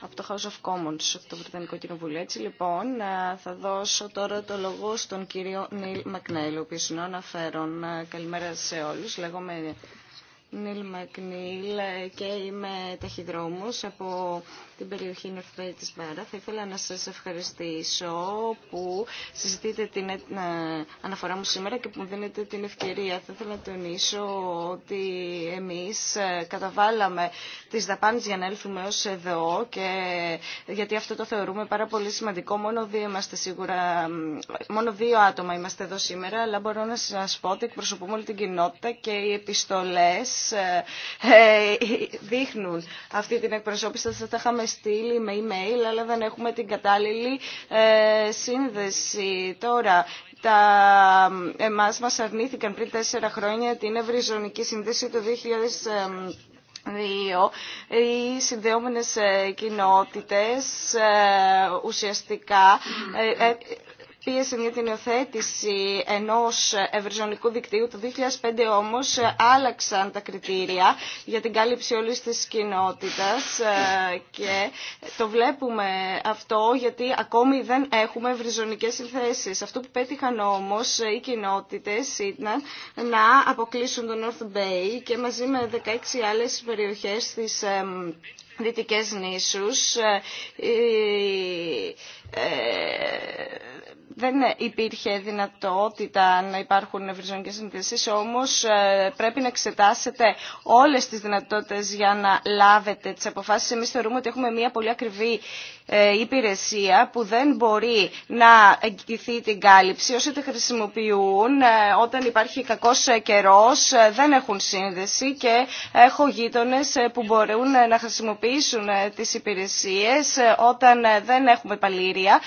από το House of Commons, από το Βρετανικό Κοινοβούλιο. Έτσι λοιπόν θα δώσω τώρα το λόγο στον κύριο Νίλ Μακνέλ, ο οποίος είναι ο αναφέρον. Καλημέρα σε όλους. Λέγομαι Νίλ Μακνίλ ε, και είμαι ταχυδρόμος από την περιοχή North τη της Θα ήθελα να σας ευχαριστήσω που συζητείτε την ε, αναφορά μου σήμερα και που μου δίνετε την ευκαιρία. Θα ήθελα να τονίσω ότι εμείς ε, καταβάλαμε τις δαπάνες για να έλθουμε ως εδώ και γιατί αυτό το θεωρούμε πάρα πολύ σημαντικό. Μόνο δύο είμαστε σίγουρα, μόνο δύο άτομα είμαστε εδώ σήμερα, αλλά μπορώ να σας πω ότι εκπροσωπούμε όλη την κοινότητα και οι επιστολές ε, ε, δείχνουν αυτή την εκπροσώπηση. Θα τα είχαμε στείλει με email, αλλά δεν έχουμε την κατάλληλη ε, σύνδεση. Τώρα, τα, εμάς μας αρνήθηκαν πριν τέσσερα χρόνια την ευρυζωνική σύνδεση του 2002 Δύο, οι συνδεόμενες κοινότητες ουσιαστικά πίεσε για την υιοθέτηση ενός ευρυζωνικού δικτύου. Το 2005 όμως άλλαξαν τα κριτήρια για την κάλυψη όλης της κοινότητας ε, και το βλέπουμε αυτό γιατί ακόμη δεν έχουμε ευρυζωνικές συνθέσεις. Αυτό που πέτυχαν όμως οι κοινότητες ήταν να αποκλείσουν τον North Bay και μαζί με 16 άλλες περιοχές της ε, δυτικές νήσους, ε, δεν υπήρχε δυνατότητα να υπάρχουν ευρυζωνικές συνδυασίε. όμως ε, πρέπει να εξετάσετε όλε τι δυνατότητε για να λάβετε τι αποφάσει. Εμεί θεωρούμε ότι έχουμε μια πολύ ακριβή ε, υπηρεσία που δεν μπορεί να εγγυηθεί την κάλυψη. Όσοι τη χρησιμοποιούν ε, όταν υπάρχει κακός καιρός ε, δεν έχουν σύνδεση και έχω γείτονες που μπορούν να χρησιμοποιήσουν τις υπηρεσίες όταν δεν έχουμε παλήρια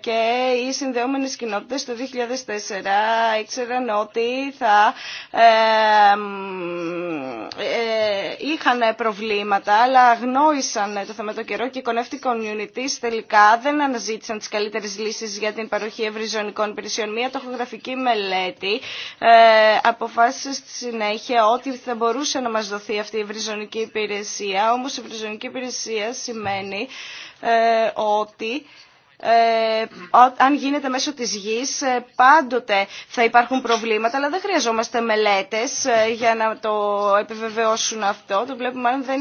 και οι συνδεόμενες κοινότητες το 2004 ήξεραν ότι θα είχαν προβλήματα αλλά γνώρισαν το θέμα το καιρό και communities τελικά δεν αναζήτησαν τις καλύτερες λύσεις για την παροχή ευρυζωνικών υπηρεσιών. Μία τοχογραφική μελέτη ε, αποφάσισε στη συνέχεια ότι θα μπορούσε να μας δοθεί αυτή η ευρυζωνική υπηρεσία, όμως η ευρυζωνική υπηρεσία σημαίνει ε, ότι ε, αν γίνεται μέσω της γης ε, πάντοτε θα υπάρχουν προβλήματα, αλλά δεν χρειαζόμαστε μελέτες ε, για να το επιβεβαιώσουν αυτό. Το βλέπουμε αν δεν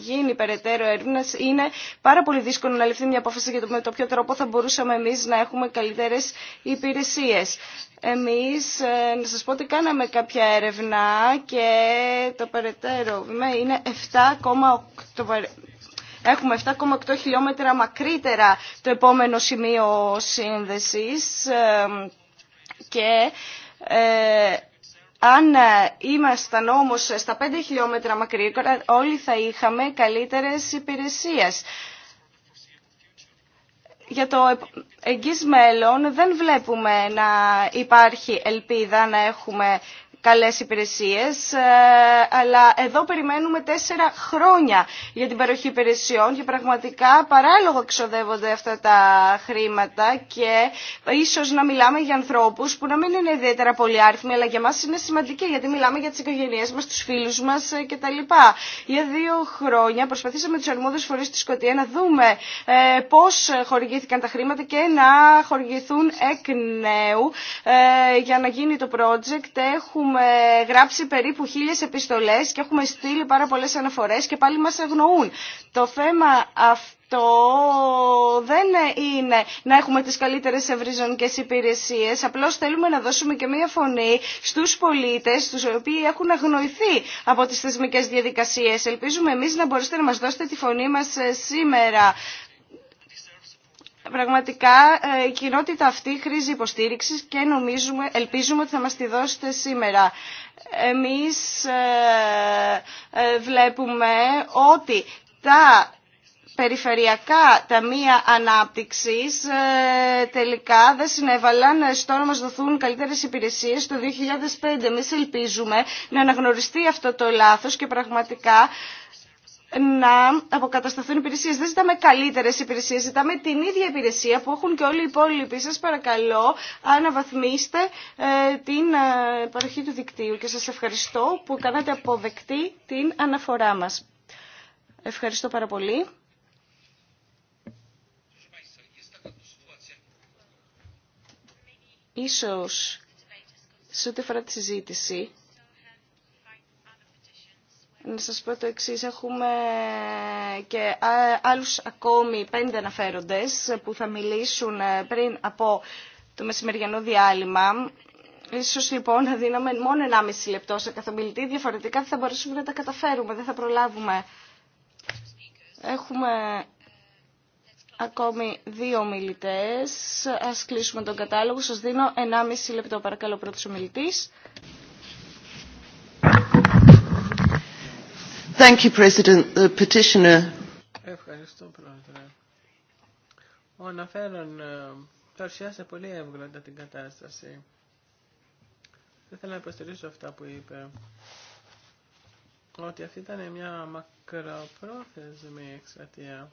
γίνει περαιτέρω έρευνα. Είναι πάρα πολύ δύσκολο να ληφθεί μια απόφαση για το με το ποιο τρόπο θα μπορούσαμε εμείς να έχουμε καλύτερες υπηρεσίες. Εμείς, να σας πω ότι κάναμε κάποια έρευνα και το περαιτέρω βήμα είναι 7,8 Έχουμε 7,8 χιλιόμετρα μακρύτερα το επόμενο σημείο σύνδεσης και ε, αν ήμασταν όμως στα 5 χιλιόμετρα μακρύτερα όλοι θα είχαμε καλύτερες υπηρεσίες για το εγγύς μέλλον δεν βλέπουμε να υπάρχει ελπίδα να έχουμε καλές υπηρεσίες, ε, αλλά εδώ περιμένουμε τέσσερα χρόνια για την παροχή υπηρεσιών και πραγματικά παράλογο εξοδεύονται αυτά τα χρήματα και ίσως να μιλάμε για ανθρώπους που να μην είναι ιδιαίτερα πολύ άριθμοι, αλλά για μας είναι σημαντική γιατί μιλάμε για τις οικογένειές μας, τους φίλους μας ε, κτλ. Για δύο χρόνια προσπαθήσαμε τους αρμόδιους φορείς στη Σκωτία να δούμε ε, πώς χορηγήθηκαν τα χρήματα και να χορηγηθούν εκ νέου για να γίνει το project. Έχουμε έχουμε γράψει περίπου χίλιες επιστολές και έχουμε στείλει πάρα πολλές αναφορές και πάλι μας αγνοούν. Το θέμα αυτό δεν είναι να έχουμε τις καλύτερες ευρυζωνικές υπηρεσίες, απλώς θέλουμε να δώσουμε και μία φωνή στους πολίτες, τους οποίοι έχουν αγνοηθεί από τις θεσμικές διαδικασίες. Ελπίζουμε εμείς να μπορέσετε να μας δώσετε τη φωνή μας ε, σήμερα. Πραγματικά ε, η κοινότητα αυτή χρήζει υποστήριξη και νομίζουμε, ελπίζουμε ότι θα μας τη δώσετε σήμερα. Εμείς ε, ε, βλέπουμε ότι τα περιφερειακά ταμεία ανάπτυξης τελικά δεν συνέβαλαν στο να μας δοθούν καλύτερες υπηρεσίες το 2005. Εμεί ελπίζουμε να αναγνωριστεί αυτό το λάθος και πραγματικά να αποκατασταθούν υπηρεσίε. Δεν ζητάμε καλύτερε υπηρεσίε, ζητάμε την ίδια υπηρεσία που έχουν και όλοι οι υπόλοιποι. Σα παρακαλώ, αναβαθμίστε ε, την ε, παροχή του δικτύου και σα ευχαριστώ που κάνατε αποδεκτή την αναφορά μα. Ευχαριστώ πάρα πολύ. Ίσως, σε ό,τι αφορά τη συζήτηση, να σας πω το εξή έχουμε και άλλους ακόμη πέντε αναφέροντες που θα μιλήσουν ε, πριν από το μεσημεριανό διάλειμμα. Ίσως λοιπόν να δίναμε μόνο 1,5 λεπτό σε κάθε διαφορετικά θα μπορέσουμε να τα καταφέρουμε, δεν θα προλάβουμε. Έχουμε ακόμη δύο μιλητές, ας κλείσουμε τον κατάλογο, σας δίνω 1,5 λεπτό παρακαλώ πρώτος ο Ευχαριστώ, Πρόεδρε. Ο αναφέρον παρουσιάσε ε, πολύ εύγλωτα την κατάσταση. Δεν θέλω να υποστηρίζω αυτά που είπε. Ότι αυτή ήταν μια μακροπρόθεσμη εξατία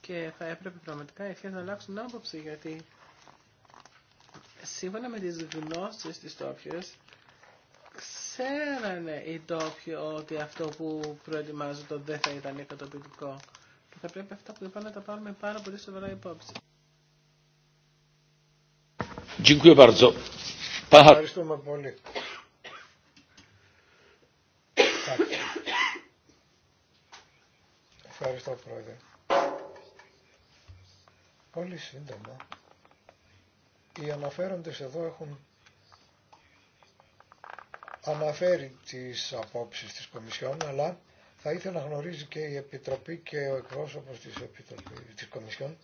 Και θα έπρεπε πραγματικά οι αρχές να αλλάξουν άποψη, γιατί σύμφωνα με τις γνώσεις της τόπιας, ξέρανε οι τόποι ότι αυτό που προετοιμάζονται δεν θα ήταν εκατοποιητικό. Και θα πρέπει αυτά που είπα να τα πάρουμε πάρα πολύ σοβαρά υπόψη. Ευχαριστούμε πολύ. Ευχαριστώ πρόεδρε. Πολύ σύντομα. Οι αναφέροντες εδώ έχουν αναφέρει τις απόψεις της Κομισιόν, αλλά θα ήθελα να γνωρίζει και η Επιτροπή και ο εκπρόσωπος της, Επιτροπής, της Κομισιόν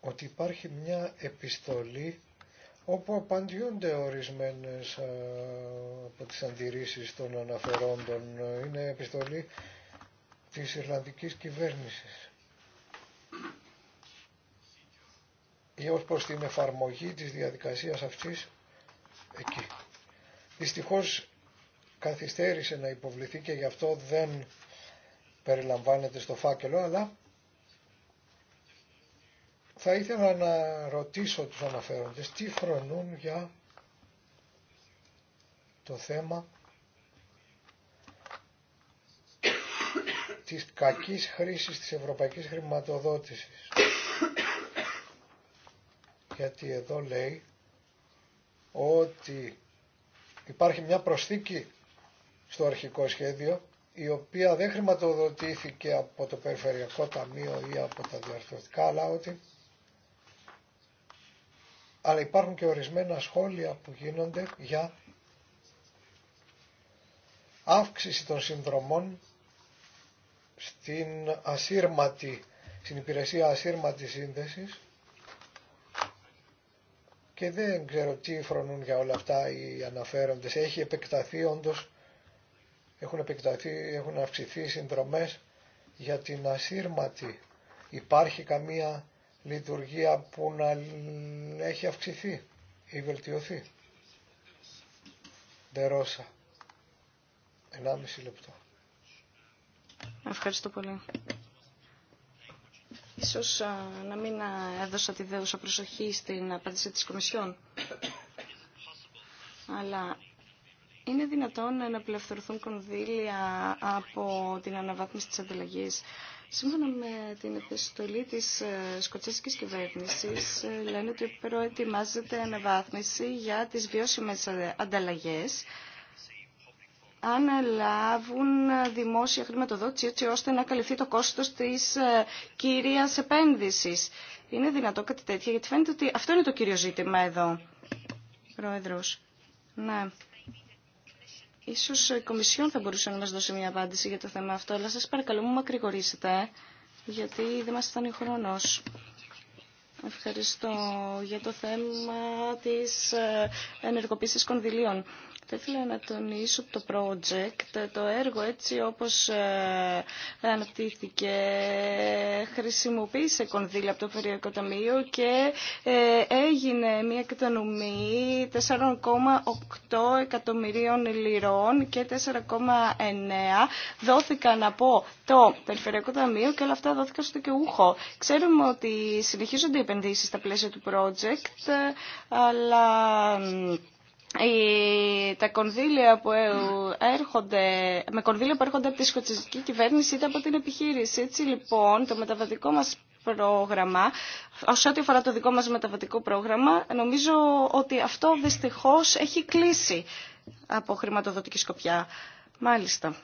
ότι υπάρχει μια επιστολή όπου απαντιούνται ορισμένες ε, από τις αντιρρήσεις των αναφερόντων. Είναι επιστολή της Ιρλανδικής κυβέρνησης. ή ως προς την εφαρμογή της διαδικασίας αυτής εκεί. Δυστυχώς καθυστέρησε να υποβληθεί και γι' αυτό δεν περιλαμβάνεται στο φάκελο, αλλά θα ήθελα να ρωτήσω τους αναφέροντες τι φρονούν για το θέμα της κακής χρήσης της ευρωπαϊκής χρηματοδότησης γιατί εδώ λέει ότι υπάρχει μια προσθήκη στο αρχικό σχέδιο η οποία δεν χρηματοδοτήθηκε από το Περιφερειακό Ταμείο ή από τα διαρθρωτικά αλλά ότι αλλά υπάρχουν και ορισμένα σχόλια που γίνονται για αύξηση των συνδρομών στην ασύρματη, στην υπηρεσία ασύρματης σύνδεσης και δεν ξέρω τι φρονούν για όλα αυτά οι αναφέροντες. Έχει επεκταθεί όντως, έχουν επεκταθεί, έχουν αυξηθεί οι συνδρομές για την ασύρματη. Υπάρχει καμία λειτουργία που να έχει αυξηθεί ή βελτιωθεί. Ντερόσα. Ενάμιση λεπτό. Ευχαριστώ πολύ. Ίσως να μην έδωσα τη δέουσα προσοχή στην απάντηση της Κομισιόν. Αλλά είναι δυνατόν να απελευθερωθούν κονδύλια από την αναβάθμιση της ανταλλαγής. Σύμφωνα με την επιστολή της ε, σκοτσέσικης κυβέρνησης, ε, λένε ότι προετοιμάζεται αναβάθμιση για τις βιώσιμες ε, ανταλλαγές αν λάβουν δημόσια χρηματοδότηση έτσι ώστε να καλυφθεί το κόστος της ε, κυρίας επένδυσης. Είναι δυνατό κάτι τέτοιο, γιατί φαίνεται ότι αυτό είναι το κύριο ζήτημα εδώ. Πρόεδρος. Ναι. Ίσως η Κομισιόν θα μπορούσε να μας δώσει μια απάντηση για το θέμα αυτό, αλλά σας παρακαλώ μου μακρηγορήσετε, γιατί δεν μας ήταν ο χρόνος. Ευχαριστώ για το θέμα της ε, ενεργοποίησης κονδυλίων. Θα ήθελα να τονίσω το project, το έργο έτσι όπως ε, αναπτύχθηκε, χρησιμοποίησε κονδύλια από το Περιφερειακό Ταμείο και ε, έγινε μια κατανομή 4,8 εκατομμυρίων λιρών και 4,9 δόθηκαν από το Περιφερειακό Ταμείο και όλα αυτά δόθηκαν στο Κιούχο. Ξέρουμε ότι συνεχίζονται οι επενδύσεις στα πλαίσια του project, ε, αλλά τα κονδύλια που έρχονται, με κονδύλια που έρχονται από τη σκοτσιστική κυβέρνηση είτε από την επιχείρηση. Έτσι λοιπόν το μεταβατικό μας πρόγραμμα, ως ό,τι αφορά το δικό μας μεταβατικό πρόγραμμα, νομίζω ότι αυτό δυστυχώς έχει κλείσει από χρηματοδοτική σκοπιά. Μάλιστα.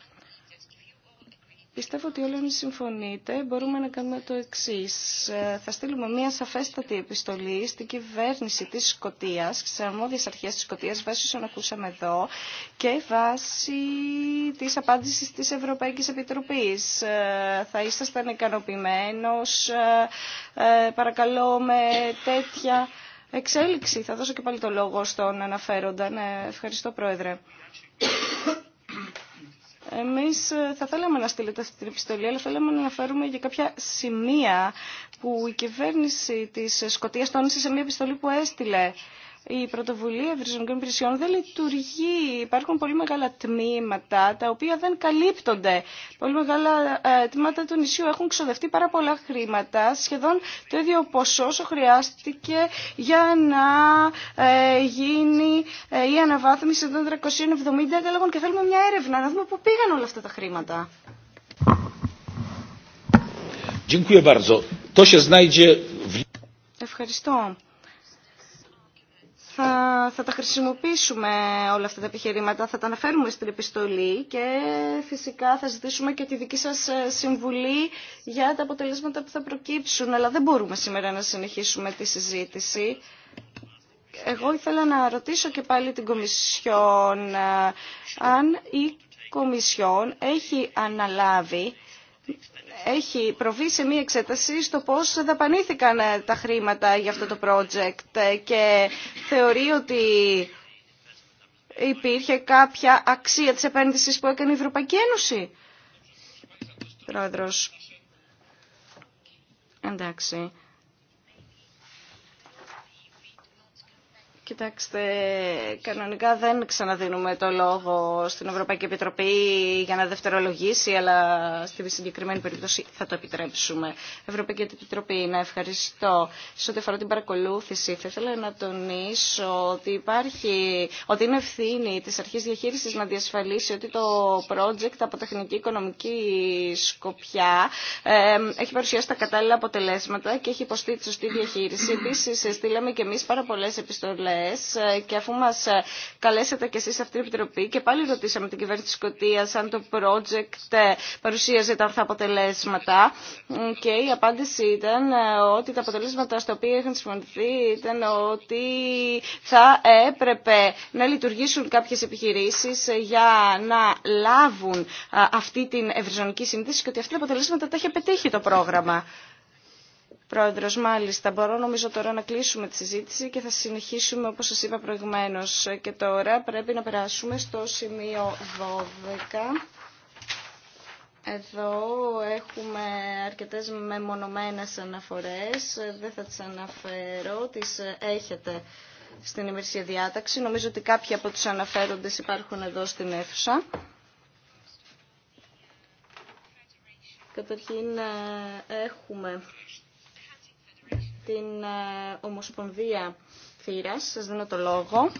Πιστεύω ότι όλοι εμείς συμφωνείτε, μπορούμε να κάνουμε το εξή. Ε, θα στείλουμε μια σαφέστατη επιστολή στην κυβέρνηση της Σκοτίας, στις αρμόδιες αρχές της Σκοτίας, βάσει όσων ακούσαμε εδώ και βάσει της απάντησης της Ευρωπαϊκής Επιτροπής. Ε, θα ήσασταν ικανοποιημένο, ε, παρακαλώ, με τέτοια εξέλιξη. Θα δώσω και πάλι το λόγο στον αναφέροντα. Ναι, ευχαριστώ, Πρόεδρε. Εμείς ε, θα θέλαμε να στείλετε αυτή την επιστολή, αλλά θέλαμε να αναφέρουμε για κάποια σημεία που η κυβέρνηση της Σκοτίας τόνισε σε μια επιστολή που έστειλε η πρωτοβουλία ευρυζωνικών υπηρεσιών δεν λειτουργεί. Υπάρχουν πολύ μεγάλα τμήματα τα οποία δεν καλύπτονται. Πολύ μεγάλα ε, τμήματα του νησιού έχουν ξοδευτεί πάρα πολλά χρήματα, σχεδόν το ίδιο ποσό όσο χρειάστηκε για να ε, γίνει ε, η αναβάθμιση των 370 εγκαλόγων και θέλουμε μια έρευνα να δούμε πού πήγαν όλα αυτά τα χρήματα. Ευχαριστώ θα τα χρησιμοποιήσουμε όλα αυτά τα επιχειρήματα, θα τα αναφέρουμε στην επιστολή και φυσικά θα ζητήσουμε και τη δική σας ε, συμβουλή για τα αποτελέσματα που θα προκύψουν. Αλλά δεν μπορούμε σήμερα να συνεχίσουμε τη συζήτηση. Εγώ ήθελα να ρωτήσω και πάλι την Κομισιόν ε, αν η Κομισιόν έχει αναλάβει έχει προβεί σε μία εξέταση στο πώς δαπανήθηκαν ε, τα χρήματα για αυτό το project ε, και θεωρεί ότι υπήρχε κάποια αξία της επένδυσης που έκανε η Ευρωπαϊκή Ένωση. Εντάξει. Κοιτάξτε, κανονικά δεν ξαναδίνουμε το λόγο στην Ευρωπαϊκή Επιτροπή για να δευτερολογήσει, αλλά στη συγκεκριμένη περίπτωση θα το επιτρέψουμε. Ευρωπαϊκή Επιτροπή, να ευχαριστώ. Σε ό,τι αφορά την παρακολούθηση, θα ήθελα να τονίσω ότι υπάρχει, ότι είναι ευθύνη της αρχής διαχείρισης να διασφαλίσει ότι το project από τεχνική οικονομική σκοπιά έχει παρουσιάσει τα κατάλληλα αποτελέσματα και έχει υποστεί τη σωστή διαχείριση. Επίσης, στείλαμε και εμείς πάρα πολλέ επιστολές ε, και αφού μας ε, καλέσατε και εσείς σε αυτή την επιτροπή και πάλι ρωτήσαμε την κυβέρνηση της Σκοτίας αν το project ε, παρουσίαζε τα αυτά αποτελέσματα και η απάντηση ήταν ότι τα αποτελέσματα στα οποία είχαν συμφωνηθεί ήταν ότι θα έπρεπε να λειτουργήσουν κάποιες επιχειρήσεις για να λάβουν αυτή την ευρυζωνική συνδύση και ότι αυτά τα αποτελέσματα τα είχε πετύχει το πρόγραμμα. Πρόεδρο, μάλιστα, μπορώ νομίζω τώρα να κλείσουμε τη συζήτηση και θα συνεχίσουμε όπως σα είπα προηγουμένω. Και τώρα πρέπει να περάσουμε στο σημείο 12. Εδώ έχουμε αρκετές μεμονωμένες αναφορές, δεν θα τις αναφέρω, τις έχετε στην ημερησία διάταξη. Νομίζω ότι κάποιοι από τους αναφέροντες υπάρχουν εδώ στην αίθουσα. Καταρχήν ε, έχουμε την ε, Ομοσπονδία Θήρας. Σας δίνω το λόγο.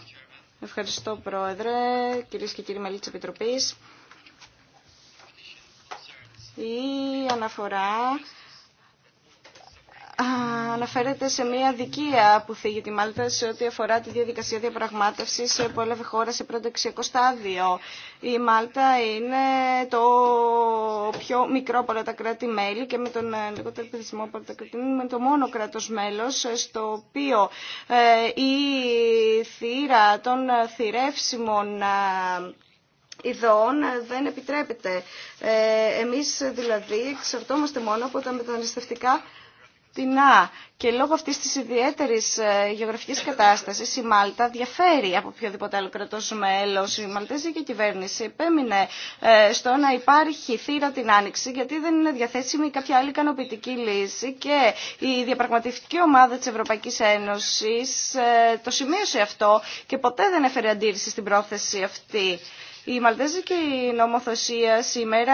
Ευχαριστώ, Πρόεδρε, κυρίες και κύριοι μαλίτ Επιτροπής. Η αναφορά αναφέρεται σε μια δικία που θίγει τη Μάλτα σε ό,τι αφορά τη διαδικασία διαπραγμάτευση που έλαβε χώρα σε πρωτοεξιακό στάδιο. Η Μάλτα είναι το πιο μικρό από όλα τα κράτη-μέλη και με τον ε, λιγότερο πληθυσμό από τα κρατη με το μόνο κράτο-μέλο ε, στο οποίο ε, η θύρα των θηρεύσιμων ειδών δεν επιτρέπεται. Εμείς δηλαδή εξαρτώμαστε μόνο από τα μεταναστευτικά φτηνά. Και λόγω αυτής της ιδιαίτερης ε, γεωγραφικής κατάστασης η Μάλτα διαφέρει από οποιοδήποτε άλλο κρατός μέλος. Η Μαλτέζικη κυβέρνηση επέμεινε ε, στο να υπάρχει θύρα την άνοιξη γιατί δεν είναι διαθέσιμη κάποια άλλη ικανοποιητική λύση και η διαπραγματευτική ομάδα της Ευρωπαϊκής Ένωσης ε, το σημείωσε αυτό και ποτέ δεν έφερε αντίρρηση στην πρόθεση αυτή. Η μαλτέζικη νομοθεσία σήμερα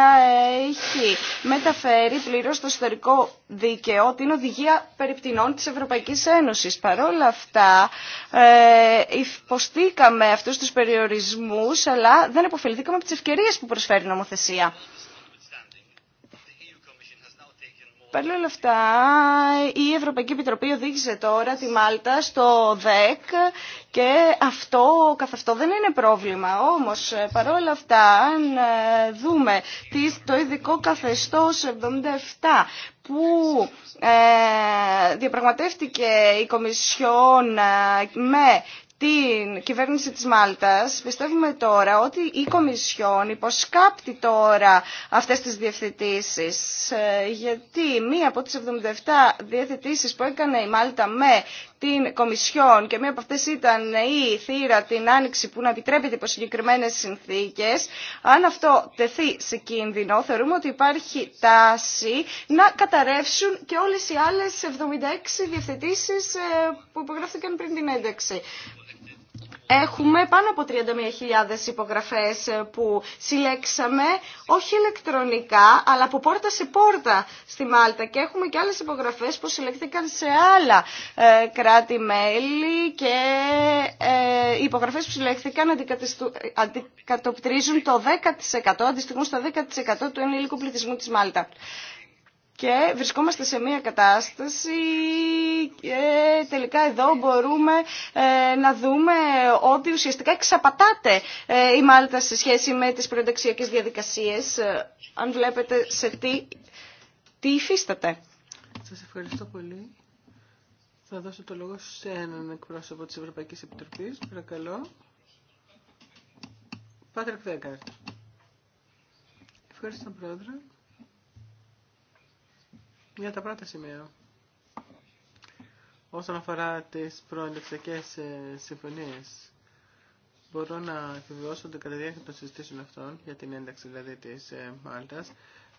έχει μεταφέρει πλήρως στο ιστορικό δίκαιο την οδηγία περιπτυνών της Ευρωπαϊκής Ένωσης. όλα αυτά, ε, υποστήκαμε αυτούς τους περιορισμούς, αλλά δεν επωφεληθήκαμε από τις ευκαιρίες που προσφέρει η νομοθεσία. Παρ' όλα αυτά, η Ευρωπαϊκή Επιτροπή οδήγησε τώρα τη Μάλτα στο ΔΕΚ και αυτό καθ' αυτό δεν είναι πρόβλημα. Όμως, όλα αυτά, αν ε, δούμε το ειδικό καθεστώς 77 που ε, διαπραγματεύτηκε η Κομισιόν ε, με την κυβέρνηση της Μάλτας, πιστεύουμε τώρα ότι η Κομισιόν υποσκάπτει τώρα αυτές τις διευθετήσεις, ε, γιατί μία από τις 77 διευθετήσεις που έκανε η Μάλτα με την Κομισιόν και μία από αυτές ήταν η θύρα την άνοιξη που να επιτρέπεται υπό συγκεκριμένε συνθήκες, αν αυτό τεθεί σε κίνδυνο, θεωρούμε ότι υπάρχει τάση να καταρρεύσουν και όλες οι άλλες 76 διευθετήσεις ε, που υπογράφηκαν πριν την ένταξη. Έχουμε πάνω από 31.000 υπογραφές που συλλέξαμε όχι ηλεκτρονικά αλλά από πόρτα σε πόρτα στη Μάλτα και έχουμε και άλλες υπογραφές που συλλέχθηκαν σε άλλα ε, κράτη-μέλη και οι ε, υπογραφές που συλλέχθηκαν αντικατοπτρίζουν το 10% αντιστοιχούν στο 10% του ενήλικου πληθυσμού της Μάλτα και βρισκόμαστε σε μια κατάσταση και τελικά εδώ μπορούμε ε, να δούμε ότι ουσιαστικά εξαπατάται ε, η Μάλτα σε σχέση με τις προενταξιακές διαδικασίες, ε, αν βλέπετε σε τι, τι υφίσταται. Σας ευχαριστώ πολύ. Θα δώσω το λόγο σε έναν εκπρόσωπο της Ευρωπαϊκής Επιτροπής. Παρακαλώ. Πάτρε Βέγκαρτ. Ευχαριστώ, Πρόεδρε για τα πρώτα σημεία. Όσον αφορά τις προελεξιακές ε, συμφωνίες, μπορώ να επιβεβαιώσω ότι κατά διάρκεια των συζητήσεων αυτών, για την ένταξη δηλαδή της ε, Μάλτας,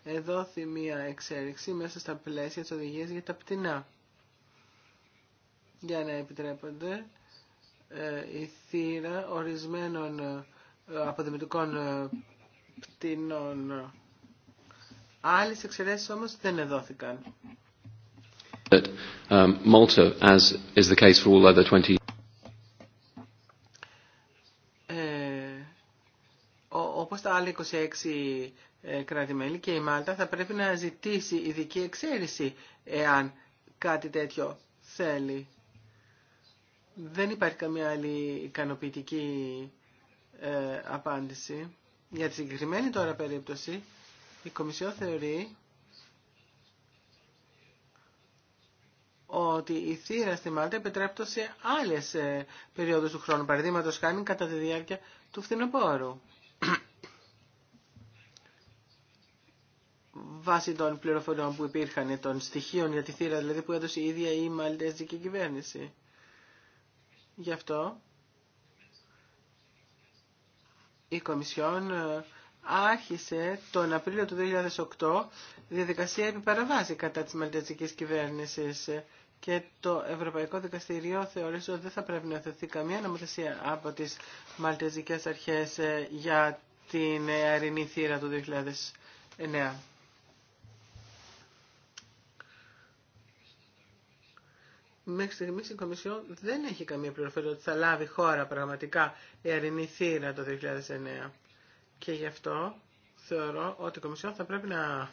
εδόθη μία εξέλιξη μέσα στα πλαίσια της οδηγίας για τα πτηνά. Για να επιτρέπονται ε, η θύρα ορισμένων αποδημητικών πτηνών Άλλες εξαιρέσεις όμως δεν εδόθηκαν. Um, Malta, as is the case for all other 20... Ε, όπως τα άλλα 26 ε, κράτη-μέλη και η Μάλτα θα πρέπει να ζητήσει ειδική εξαίρεση εάν κάτι τέτοιο θέλει. Δεν υπάρχει καμία άλλη ικανοποιητική ε, απάντηση. Για τη συγκεκριμένη τώρα περίπτωση η Κομισιό θεωρεί ότι η θύρα στη Μάλτα επιτρέπεται σε άλλες ε, περιόδους του χρόνου, παραδείγματος χάνει κατά τη διάρκεια του φθινοπόρου. βάσει των πληροφοριών που υπήρχαν, των στοιχείων για τη θύρα δηλαδή που έδωσε η ίδια η Μαλτέζικη κυβέρνηση. Γι' αυτό η Κομισιόν ε, άρχισε τον Απρίλιο του 2008 διαδικασία επιπαραβάση κατά της μαλτιατικής κυβέρνησης και το Ευρωπαϊκό Δικαστηριό θεωρήσε ότι δεν θα πρέπει να θεθεί καμία νομοθεσία από τις Μαλτεζικές αρχές ε, για την αρινή θύρα του 2009. Μέχρι στιγμή η Κομισιόν δεν έχει καμία πληροφορία ότι θα λάβει χώρα πραγματικά η αρινή θύρα το 2009. Και γι' αυτό θεωρώ ότι η Κομισιόν θα πρέπει να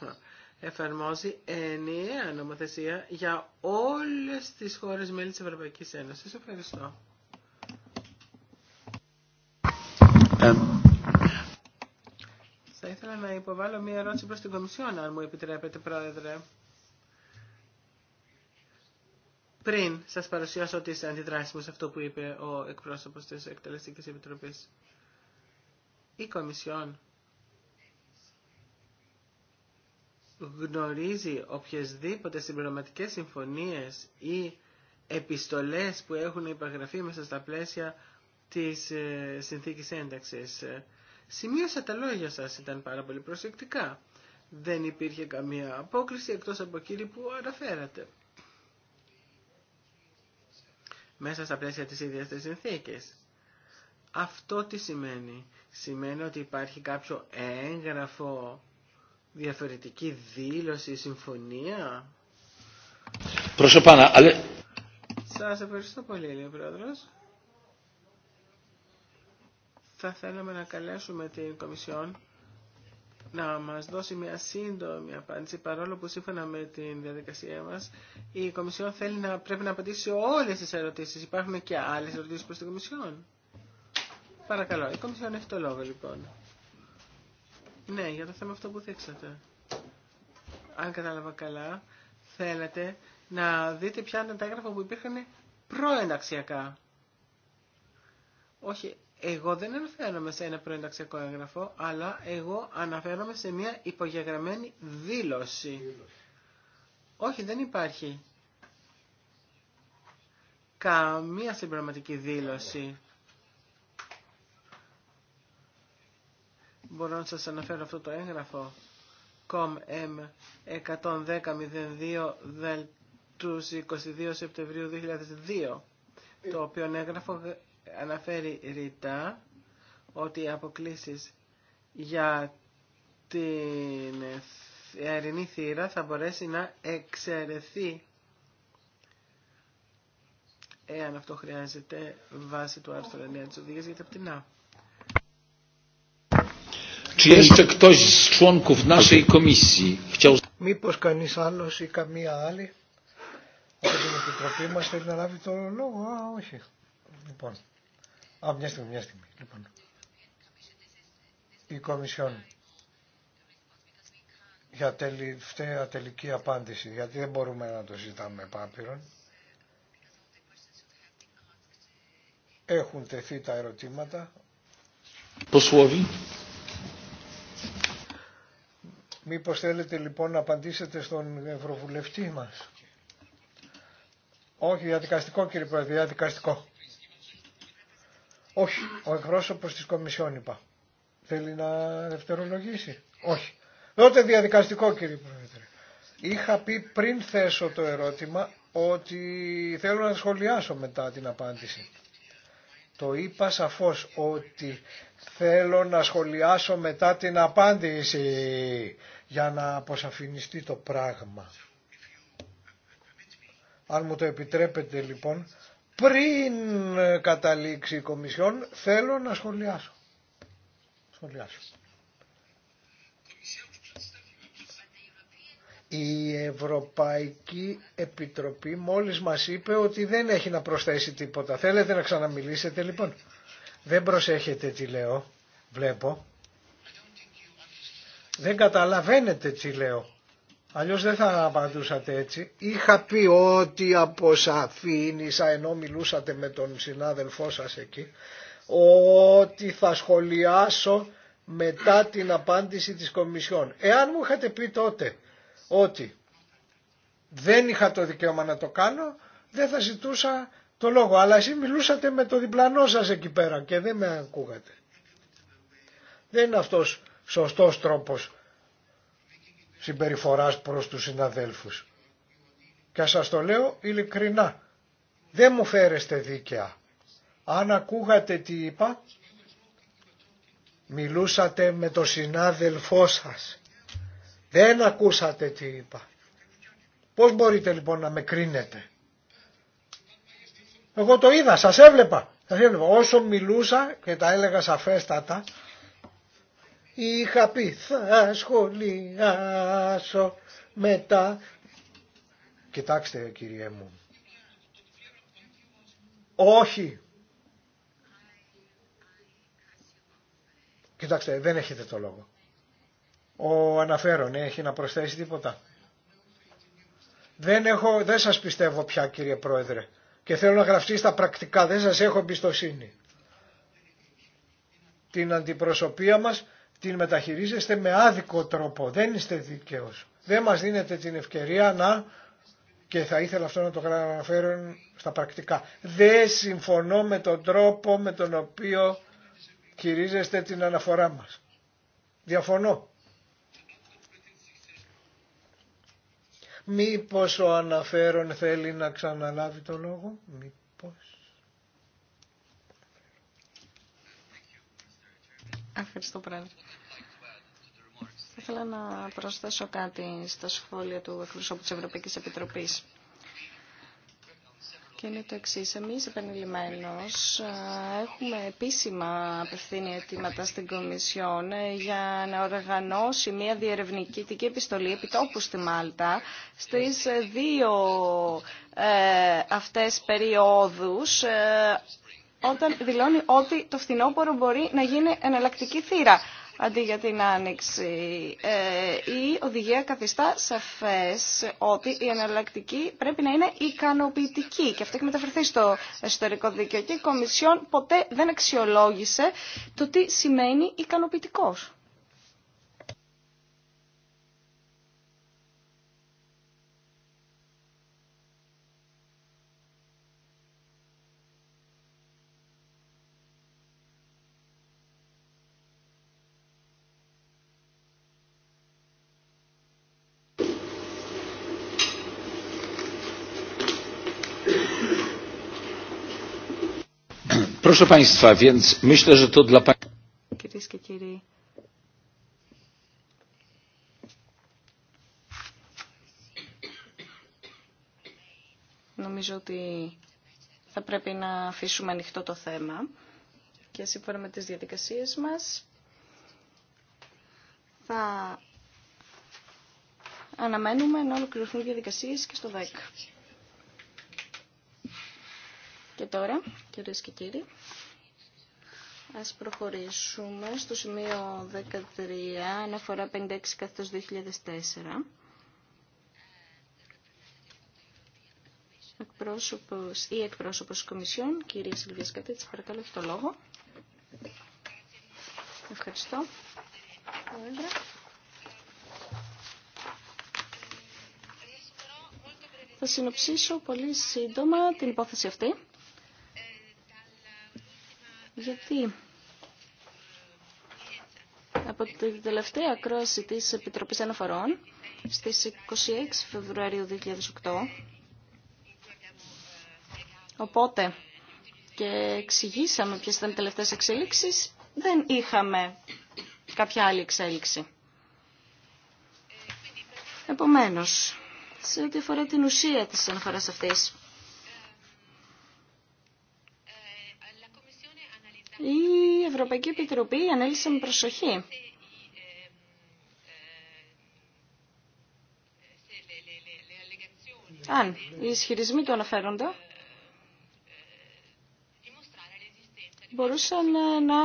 εφαρμόζει ενιαία νομοθεσία για όλες τις χώρες μέλη της Ευρωπαϊκής Ένωσης. Ευχαριστώ. Θα ήθελα να υποβάλω μία ερώτηση προς την Κομισιόν, αν μου επιτρέπετε, Πρόεδρε. Πριν σας παρουσιάσω τις αντιδράσεις μου σε αυτό που είπε ο εκπρόσωπος της Εκτελεστικής Επιτροπής η Κομισιόν γνωρίζει οποιασδήποτε συμπληρωματικές συμφωνίες ή επιστολές που έχουν υπαγραφεί μέσα στα πλαίσια της ε, συνθήκης ένταξης. Ε, σημείωσα τα λόγια σας, ήταν πάρα πολύ προσεκτικά. Δεν υπήρχε καμία απόκριση εκτός από κύριοι που αναφέρατε. Μέσα στα πλαίσια της ίδιας της συνθήκης. Αυτό τι σημαίνει. Σημαίνει ότι υπάρχει κάποιο έγγραφο, διαφορετική δήλωση, συμφωνία. Προσωπάνα, αλλά... Σας ευχαριστώ πολύ, ελίου Θα θέλαμε να καλέσουμε την Κομισιόν να μας δώσει μια σύντομη απάντηση, παρόλο που σύμφωνα με την διαδικασία μας, η Κομισιόν θέλει να πρέπει να απαντήσει όλες τις ερωτήσεις. Υπάρχουν και άλλες ερωτήσεις προς την Κομισιόν. Παρακαλώ, η Κομισιόν έχει το λόγο λοιπόν. Ναι, για το θέμα αυτό που δείξατε. Αν κατάλαβα καλά, θέλετε να δείτε ποια ήταν τα έγγραφα που υπήρχαν προενταξιακά. Όχι, εγώ δεν αναφέρομαι σε ένα προενταξιακό έγγραφο, αλλά εγώ αναφέρομαι σε μια υπογεγραμμένη δήλωση. Όχι, δεν υπάρχει καμία συμπληρωματική δήλωση. μπορώ να σας αναφέρω αυτό το έγγραφο COM-M 110-02 του 22 Σεπτεμβρίου 2002 το οποίο έγγραφο αναφέρει ρητά ότι οι αποκλήσεις για την αερινή θύρα θα μπορέσει να εξαιρεθεί εάν αυτό χρειάζεται βάσει του άρθρου 9 της οδηγίας για τα πτηνά. Czy jeszcze ktoś Μήπως κανείς άλλος ή καμία άλλη από την Επιτροπή μας θέλει να λάβει το λόγο. Α, όχι. Λοιπόν. Α, μια στιγμή, μια στιγμή. Λοιπόν. Η Κομισιόν για τελευταία τελική απάντηση, γιατί δεν μπορούμε να το ζητάμε πάπυρον. Έχουν τεθεί τα ερωτήματα. Μήπως θέλετε λοιπόν να απαντήσετε στον Ευρωβουλευτή μας. Όχι, διαδικαστικό κύριε Πρόεδρε, διαδικαστικό. Όχι, ο εκπρόσωπος της Κομισιόν είπα. Θέλει να δευτερολογήσει. Όχι. Δότε διαδικαστικό κύριε Πρόεδρε. Είχα πει πριν θέσω το ερώτημα ότι θέλω να σχολιάσω μετά την απάντηση. Το είπα σαφώς ότι θέλω να σχολιάσω μετά την απάντηση για να αποσαφινιστεί το πράγμα. Αν μου το επιτρέπετε λοιπόν, πριν καταλήξει η Κομισιόν θέλω να σχολιάσω. σχολιάσω. Η Ευρωπαϊκή Επιτροπή μόλις μας είπε ότι δεν έχει να προσθέσει τίποτα. Θέλετε να ξαναμιλήσετε λοιπόν. Δεν προσέχετε τι λέω. Βλέπω. Δεν καταλαβαίνετε τι λέω. Αλλιώς δεν θα απαντούσατε έτσι. Είχα πει ότι αποσαφήνισα ενώ μιλούσατε με τον συνάδελφό σας εκεί ότι θα σχολιάσω μετά την απάντηση της Κομισιόν. Εάν μου είχατε πει τότε ότι δεν είχα το δικαίωμα να το κάνω, δεν θα ζητούσα το λόγο. Αλλά εσείς μιλούσατε με το διπλανό σας εκεί πέρα και δεν με ακούγατε. Δεν είναι αυτός σωστός τρόπος συμπεριφοράς προς τους συναδέλφους. Και σας το λέω ειλικρινά, δεν μου φέρεστε δίκαια. Αν ακούγατε τι είπα, μιλούσατε με τον συνάδελφό σας. Δεν ακούσατε τι είπα. Πώς μπορείτε λοιπόν να με κρίνετε. Εγώ το είδα, σας έβλεπα. Σας έβλεπα. Όσο μιλούσα και τα έλεγα σαφέστατα, Είχα πει θα σχολιάσω μετά. Κοιτάξτε κύριε μου. Όχι. Κοιτάξτε δεν έχετε το λόγο. Ο αναφέρον έχει να προσθέσει τίποτα. Δεν, έχω, δεν σας πιστεύω πια κύριε Πρόεδρε και θέλω να γραφτεί στα πρακτικά, δεν σας έχω εμπιστοσύνη. Την αντιπροσωπεία μας την μεταχειρίζεστε με άδικο τρόπο. Δεν είστε δικαιός. Δεν μας δίνετε την ευκαιρία να, και θα ήθελα αυτό να το αναφέρω στα πρακτικά, δεν συμφωνώ με τον τρόπο με τον οποίο χειρίζεστε την αναφορά μας. Διαφωνώ. Μήπως ο αναφέρον θέλει να ξαναλάβει το λόγο. Μήπως. Ευχαριστώ πράγμα. Θα ήθελα να προσθέσω κάτι στα σχόλια του εκπροσώπου της Ευρωπαϊκής Επιτροπής. Και είναι το εξή. Εμεί επανειλημμένω έχουμε επίσημα απευθύνει αιτήματα στην Κομισιόν ε, για να οργανώσει μια διερευνητική επιστολή επιτόπου στη Μάλτα στι ε, δύο ε, αυτές περιόδους ε, όταν δηλώνει ότι το φθινόπωρο μπορεί να γίνει εναλλακτική θύρα αντί για την άνοιξη. Ε, η οδηγία καθιστά σαφές ότι η εναλλακτική πρέπει να είναι ικανοποιητική και αυτό έχει μεταφερθεί στο εσωτερικό δίκαιο και η Κομισιόν ποτέ δεν αξιολόγησε το τι σημαίνει ικανοποιητικός. proszę Państwa, więc myślę, że to dla Państwa... Νομίζω ότι θα πρέπει να αφήσουμε ανοιχτό το θέμα και σύμφωνα με τις διαδικασίες μας θα αναμένουμε να ολοκληρωθούν διαδικασίες και στο 10. Και τώρα Κυρίες και κύριοι, ας προχωρήσουμε στο σημείο 13, αναφορά 56 καθώς 2004. Εκπρόσωπος ή εκπρόσωπος της Κομισιόν, κυρία Σιλβία Σκατέτση, παρακαλώ, έχει το λόγο. Ευχαριστώ. Θα συνοψίσω πολύ σύντομα την υπόθεση αυτή γιατί από την τελευταία ακρόαση της Επιτροπής Αναφορών στις 26 Φεβρουαρίου 2008. Οπότε και εξηγήσαμε ποιες ήταν οι τελευταίες εξέλιξεις, δεν είχαμε κάποια άλλη εξέλιξη. Επομένως, σε ό,τι αφορά την ουσία της αναφοράς αυτής, Ευρωπαϊκή Επιτροπή ανέλησε με προσοχή. Αν οι ισχυρισμοί του αναφέροντα μπορούσαν να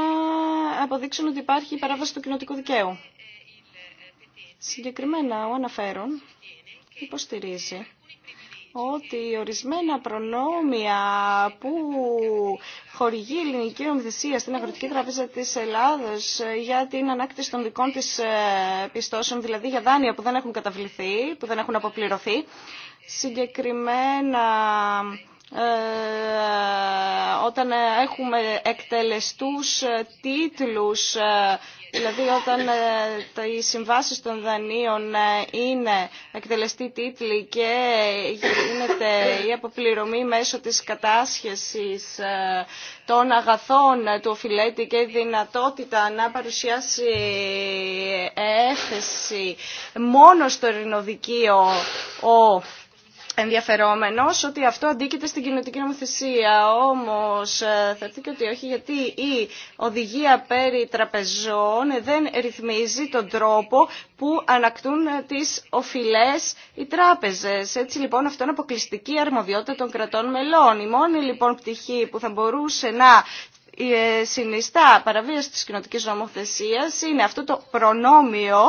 αποδείξουν ότι υπάρχει η παράβαση του κοινοτικού δικαίου. Συγκεκριμένα ο αναφέρον υποστηρίζει ότι ορισμένα προνόμια που χορηγεί η ελληνική ομιδησία στην Αγροτική Τράπεζα της Ελλάδος για την ανάκτηση των δικών της ε, πιστώσεων, δηλαδή για δάνεια που δεν έχουν καταβληθεί, που δεν έχουν αποπληρωθεί, συγκεκριμένα ε, όταν έχουμε εκτελεστούς ε, τίτλους Δηλαδή όταν ε, οι συμβάσει των δανείων ε, είναι εκτελεστή τίτλη και γίνεται η αποπληρωμή μέσω της κατάσχεσης ε, των αγαθών ε, του οφηλέτη και η δυνατότητα να παρουσιάσει έφεση μόνο στο ειρηνοδικείο ο ενδιαφερόμενος ότι αυτό αντίκειται στην κοινωτική νομοθεσία. Όμως ε, θα και ότι όχι γιατί η οδηγία περί τραπεζών δεν ρυθμίζει τον τρόπο που ανακτούν τις οφειλές οι τράπεζες. Έτσι λοιπόν αυτό είναι αποκλειστική αρμοδιότητα των κρατών μελών. Η μόνη λοιπόν πτυχή που θα μπορούσε να ε, συνιστά παραβίαση της κοινωτικής νομοθεσίας είναι αυτό το προνόμιο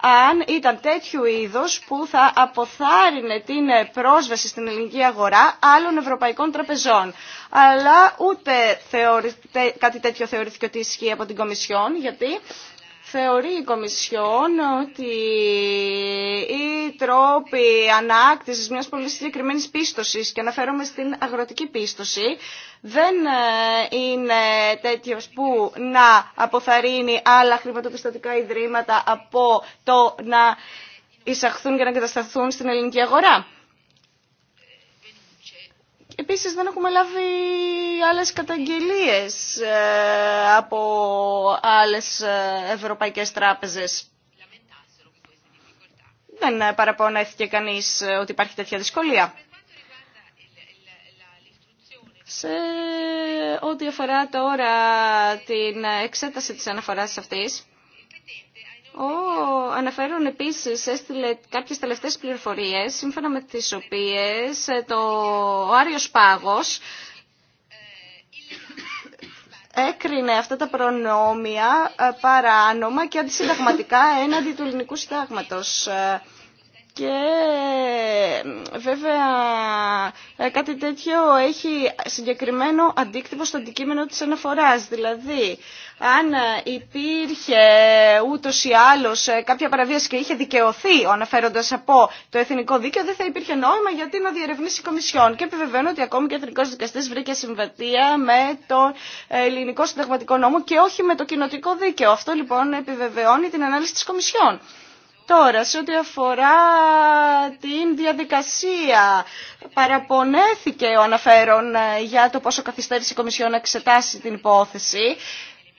αν ήταν τέτοιου είδους που θα αποθάρρυνε την πρόσβαση στην ελληνική αγορά άλλων ευρωπαϊκών τραπεζών. Αλλά ούτε κάτι τέτοιο θεωρήθηκε ότι ισχύει από την Κομισιόν, γιατί Θεωρεί η Κομισιόν ότι οι τρόποι ανάκτησης μιας πολύ συγκεκριμένης πίστοσης και αναφέρομαι στην αγροτική πίστοση δεν ε, είναι τέτοιος που να αποθαρρύνει άλλα χρηματοπιστωτικά ιδρύματα από το να εισαχθούν και να κατασταθούν στην ελληνική αγορά. Επίσης δεν έχουμε λάβει άλλες καταγγελίες ε, από άλλες ε, ευρωπαϊκές τράπεζες. Δεν ε, παραπονέθηκε κανείς ότι υπάρχει τέτοια δυσκολία. Σε ό,τι αφορά τώρα την εξέταση της αναφοράς αυτής, ο αναφέρον επίσης έστειλε κάποιες τελευταίες πληροφορίες, σύμφωνα με τις οποίες ε, το ο Άριος Πάγος έκρινε αυτά τα προνόμια ε, παράνομα και αντισυνταγματικά έναντι του ελληνικού συντάγματος. Ε, και βέβαια ε, κάτι τέτοιο έχει συγκεκριμένο αντίκτυπο στο αντικείμενο της αναφοράς. Δηλαδή, αν ε, υπήρχε ούτως ή άλλως ε, κάποια παραβίαση και είχε δικαιωθεί ο αναφέροντας από το εθνικό δίκαιο, δεν θα υπήρχε νόημα γιατί να διερευνήσει η Κομισιόν. Και επιβεβαίνω ότι ακόμη και ο Εθνικός Δικαστής βρήκε συμβατία με το ελληνικό συνταγματικό νόμο και όχι με το κοινοτικό δίκαιο. Αυτό λοιπόν επιβεβαιώνει την ανάλυση της Κομισιόν. Τώρα, σε ό,τι αφορά την διαδικασία, παραπονέθηκε ο αναφέρον ε, για το πόσο καθυστέρησε η Κομισιόν να εξετάσει την υπόθεση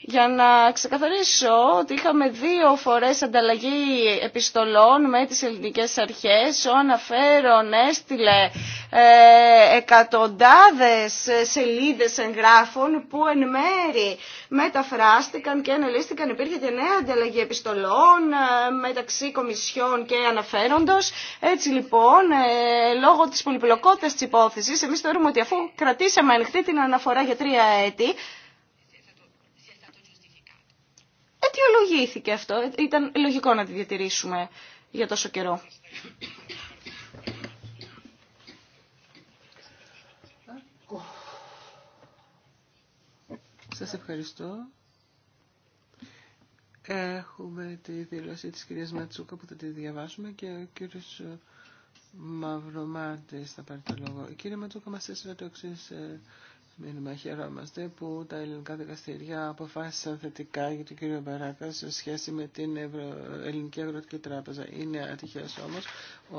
για να ξεκαθαρίσω ότι είχαμε δύο φορές ανταλλαγή επιστολών με τις ελληνικές αρχές. Ο αναφέρον έστειλε ε, εκατοντάδες ε, σελίδες εγγράφων που εν μέρη μεταφράστηκαν και αναλύστηκαν. Υπήρχε και νέα ανταλλαγή επιστολών ε, μεταξύ κομισιών και αναφέροντος. Έτσι λοιπόν, ε, λόγω της πολυπλοκότητας της υπόθεσης, εμείς θεωρούμε ότι αφού κρατήσαμε ανοιχτή την αναφορά για τρία έτη, αιτιολογήθηκε αυτό. Ήταν λογικό να τη διατηρήσουμε για τόσο καιρό. Σας ευχαριστώ. Έχουμε τη δήλωση της κυρίας Ματσούκα που θα τη διαβάσουμε και ο κύριος ε, Μαυρομάρτης θα πάρει το λόγο. Η ε, κυρία Ματσούκα μας έστειλε το εξής ε, μήνυμα. Χαιρόμαστε που τα ελληνικά δικαστήρια αποφάσισαν θετικά για τον κύριο Μπαράκα σε σχέση με την Ευρω... Ελληνική Αγροτική Τράπεζα. Είναι ατυχέ όμω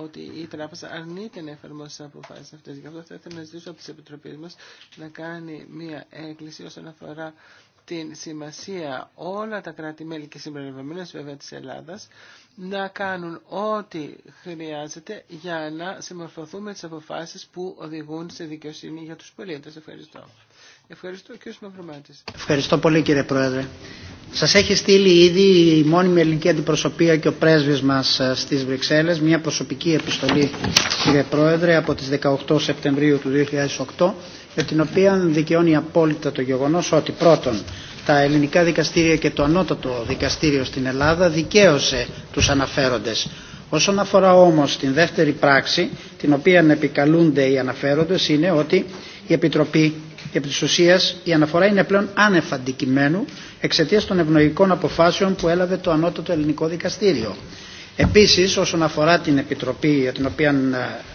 ότι η τράπεζα αρνείται να εφαρμόσει τι αποφάσει αυτέ. Γι' αυτό θα ήθελα να ζητήσω από τι επιτροπέ μα να κάνει μία έκκληση όσον αφορά την σημασία όλα τα κράτη-μέλη και συμπεριλαμβανομένες βέβαια της Ελλάδας να κάνουν ό,τι χρειάζεται για να συμμορφωθούμε τις αποφάσεις που οδηγούν σε δικαιοσύνη για τους πολίτες. Ευχαριστώ. Ευχαριστώ κύριε Μαυρομάτης. Ευχαριστώ πολύ κύριε Πρόεδρε. Σας έχει στείλει ήδη η μόνιμη ελληνική αντιπροσωπεία και ο πρέσβης μας ε, στις Βρυξέλλες μια προσωπική επιστολή κύριε Πρόεδρε από τις 18 Σεπτεμβρίου του 2008 με την οποία δικαιώνει απόλυτα το γεγονός ότι πρώτον τα ελληνικά δικαστήρια και το ανώτατο δικαστήριο στην Ελλάδα δικαίωσε τους αναφέροντες. Όσον αφορά όμως την δεύτερη πράξη την οποία επικαλούνται οι αναφέροντες είναι ότι η Επιτροπή επί της ουσίας, η αναφορά είναι πλέον άνευ αντικειμένου εξαιτίας των ευνοϊκών αποφάσεων που έλαβε το ανώτατο ελληνικό δικαστήριο. Επίσης, όσον αφορά την Επιτροπή για την οποία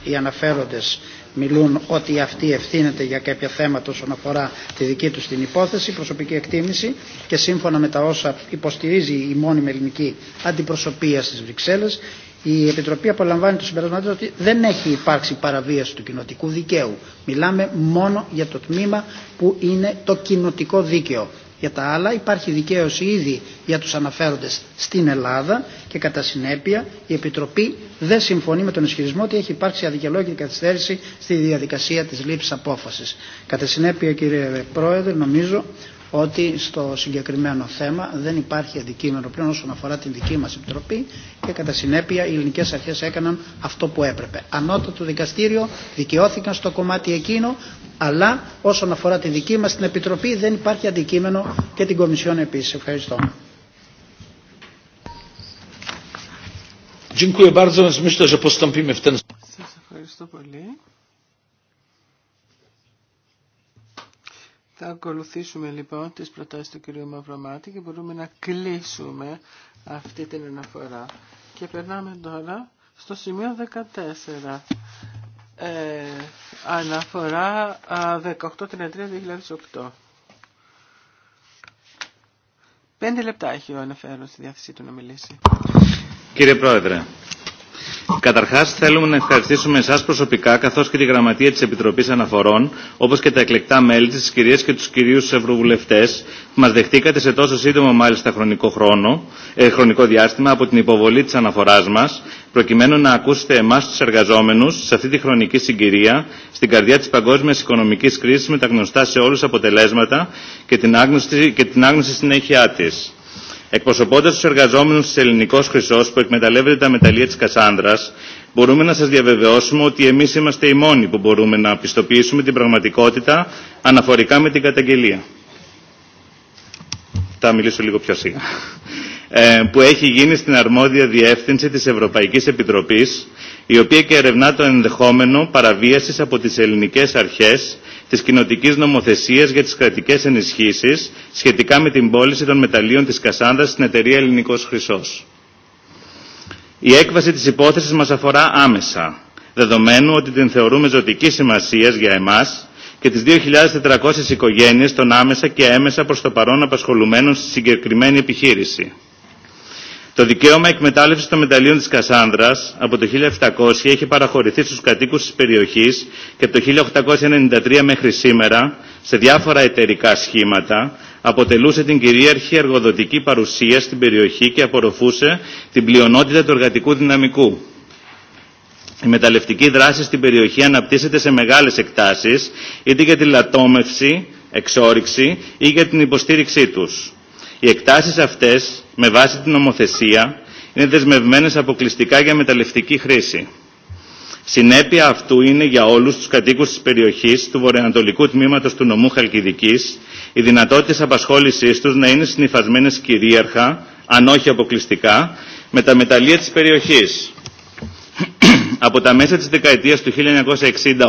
ε, οι αναφέροντες μιλούν ότι αυτή ευθύνεται για κάποια θέματα όσον αφορά τη δική τους την υπόθεση, προσωπική εκτίμηση και σύμφωνα με τα όσα υποστηρίζει η μόνιμη ελληνική αντιπροσωπεία στις Βρυξέλλες, η Επιτροπή απολαμβάνει το συμπέρασμα ότι δεν έχει υπάρξει παραβίαση του κοινοτικού δικαίου. Μιλάμε μόνο για το τμήμα που είναι το κοινοτικό δίκαιο. Για τα άλλα υπάρχει δικαίωση ήδη για τους αναφέροντες στην Ελλάδα και κατά συνέπεια η Επιτροπή δεν συμφωνεί με τον ισχυρισμό ότι έχει υπάρξει αδικαιολόγητη καθυστέρηση στη διαδικασία της λήψης απόφασης. Κατά συνέπεια κύριε Πρόεδρε νομίζω ότι στο συγκεκριμένο θέμα δεν υπάρχει αντικείμενο πλέον όσον αφορά την δική μας επιτροπή και κατά συνέπεια οι ελληνικές αρχές έκαναν αυτό που έπρεπε. Ανώτατο δικαστήριο δικαιώθηκαν στο κομμάτι εκείνο αλλά όσον αφορά την δική μας την επιτροπή δεν υπάρχει αντικείμενο και την Κομισιόν επίσης. Ευχαριστώ. Σας Θα ακολουθήσουμε λοιπόν τις προτάσεις του κυρίου Μαυρομάτη και μπορούμε να κλείσουμε αυτή την αναφορά. Και περνάμε τώρα στο σημείο 14. Ε, αναφορά 1833-2008. Πέντε λεπτά έχει ο αναφέρον στη διάθεσή του να μιλήσει. Κύριε Πρόεδρε, Καταρχά, θέλουμε να ευχαριστήσουμε εσά προσωπικά, καθώ και τη Γραμματεία τη Επιτροπή Αναφορών, όπω και τα εκλεκτά μέλη τη, τι και του κυρίου Ευρωβουλευτέ, που μα δεχτήκατε σε τόσο σύντομο μάλιστα χρονικό, χρόνο, ε, χρονικό διάστημα από την υποβολή τη αναφορά μα, προκειμένου να ακούσετε εμά του εργαζόμενου σε αυτή τη χρονική συγκυρία, στην καρδιά τη παγκόσμια οικονομική κρίση με τα γνωστά σε όλου αποτελέσματα και την άγνωση, και την άγνωση συνέχεια τη. Εκπροσωπώντα του εργαζόμενου τη Ελληνικό Χρυσό που εκμεταλλεύεται τα μεταλλεία τη Κασάνδρα, μπορούμε να σα διαβεβαιώσουμε ότι εμεί είμαστε οι μόνοι που μπορούμε να πιστοποιήσουμε την πραγματικότητα αναφορικά με την καταγγελία. Θα μιλήσω λίγο πιο σιγά. Ε, που έχει γίνει στην αρμόδια διεύθυνση της Ευρωπαϊκής Επιτροπής, η οποία και ερευνά το ενδεχόμενο παραβίασης από τις ελληνικές αρχές τη κοινοτική νομοθεσία για τις κρατικές ενισχύσει σχετικά με την πώληση των μεταλλίων της κασάντας στην εταιρεία ελληνικό χρυσό. Η έκβαση της υπόθεσης μας αφορά άμεσα, δεδομένου ότι την θεωρούμε ζωτική σημασία για εμάς και τις 2.400 οικογένειε των άμεσα και έμεσα προς το παρόν απασχολουμένων στη συγκεκριμένη επιχείρηση. Το δικαίωμα εκμετάλλευση των μεταλλίων τη Κασάνδρα από το 1700 έχει παραχωρηθεί στου κατοίκου τη περιοχή και από το 1893 μέχρι σήμερα σε διάφορα εταιρικά σχήματα αποτελούσε την κυρίαρχη εργοδοτική παρουσία στην περιοχή και απορροφούσε την πλειονότητα του εργατικού δυναμικού. Η μεταλλευτική δράση στην περιοχή αναπτύσσεται σε μεγάλες εκτάσεις, είτε για τη λατόμευση, εξόριξη ή για την υποστήριξή τους. Οι εκτάσει αυτέ με βάση την νομοθεσία είναι δεσμευμένες αποκλειστικά για μεταλλευτική χρήση. Συνέπεια αυτού είναι για όλους τους κατοίκους της περιοχής του βορειοανατολικού τμήματος του νομού Χαλκιδικής οι δυνατότητες απασχόλησής τους να είναι συνειφασμένες κυρίαρχα, αν όχι αποκλειστικά, με τα μεταλλεία της περιοχής. *clears throat* Από τα μέσα της δεκαετίας του 1960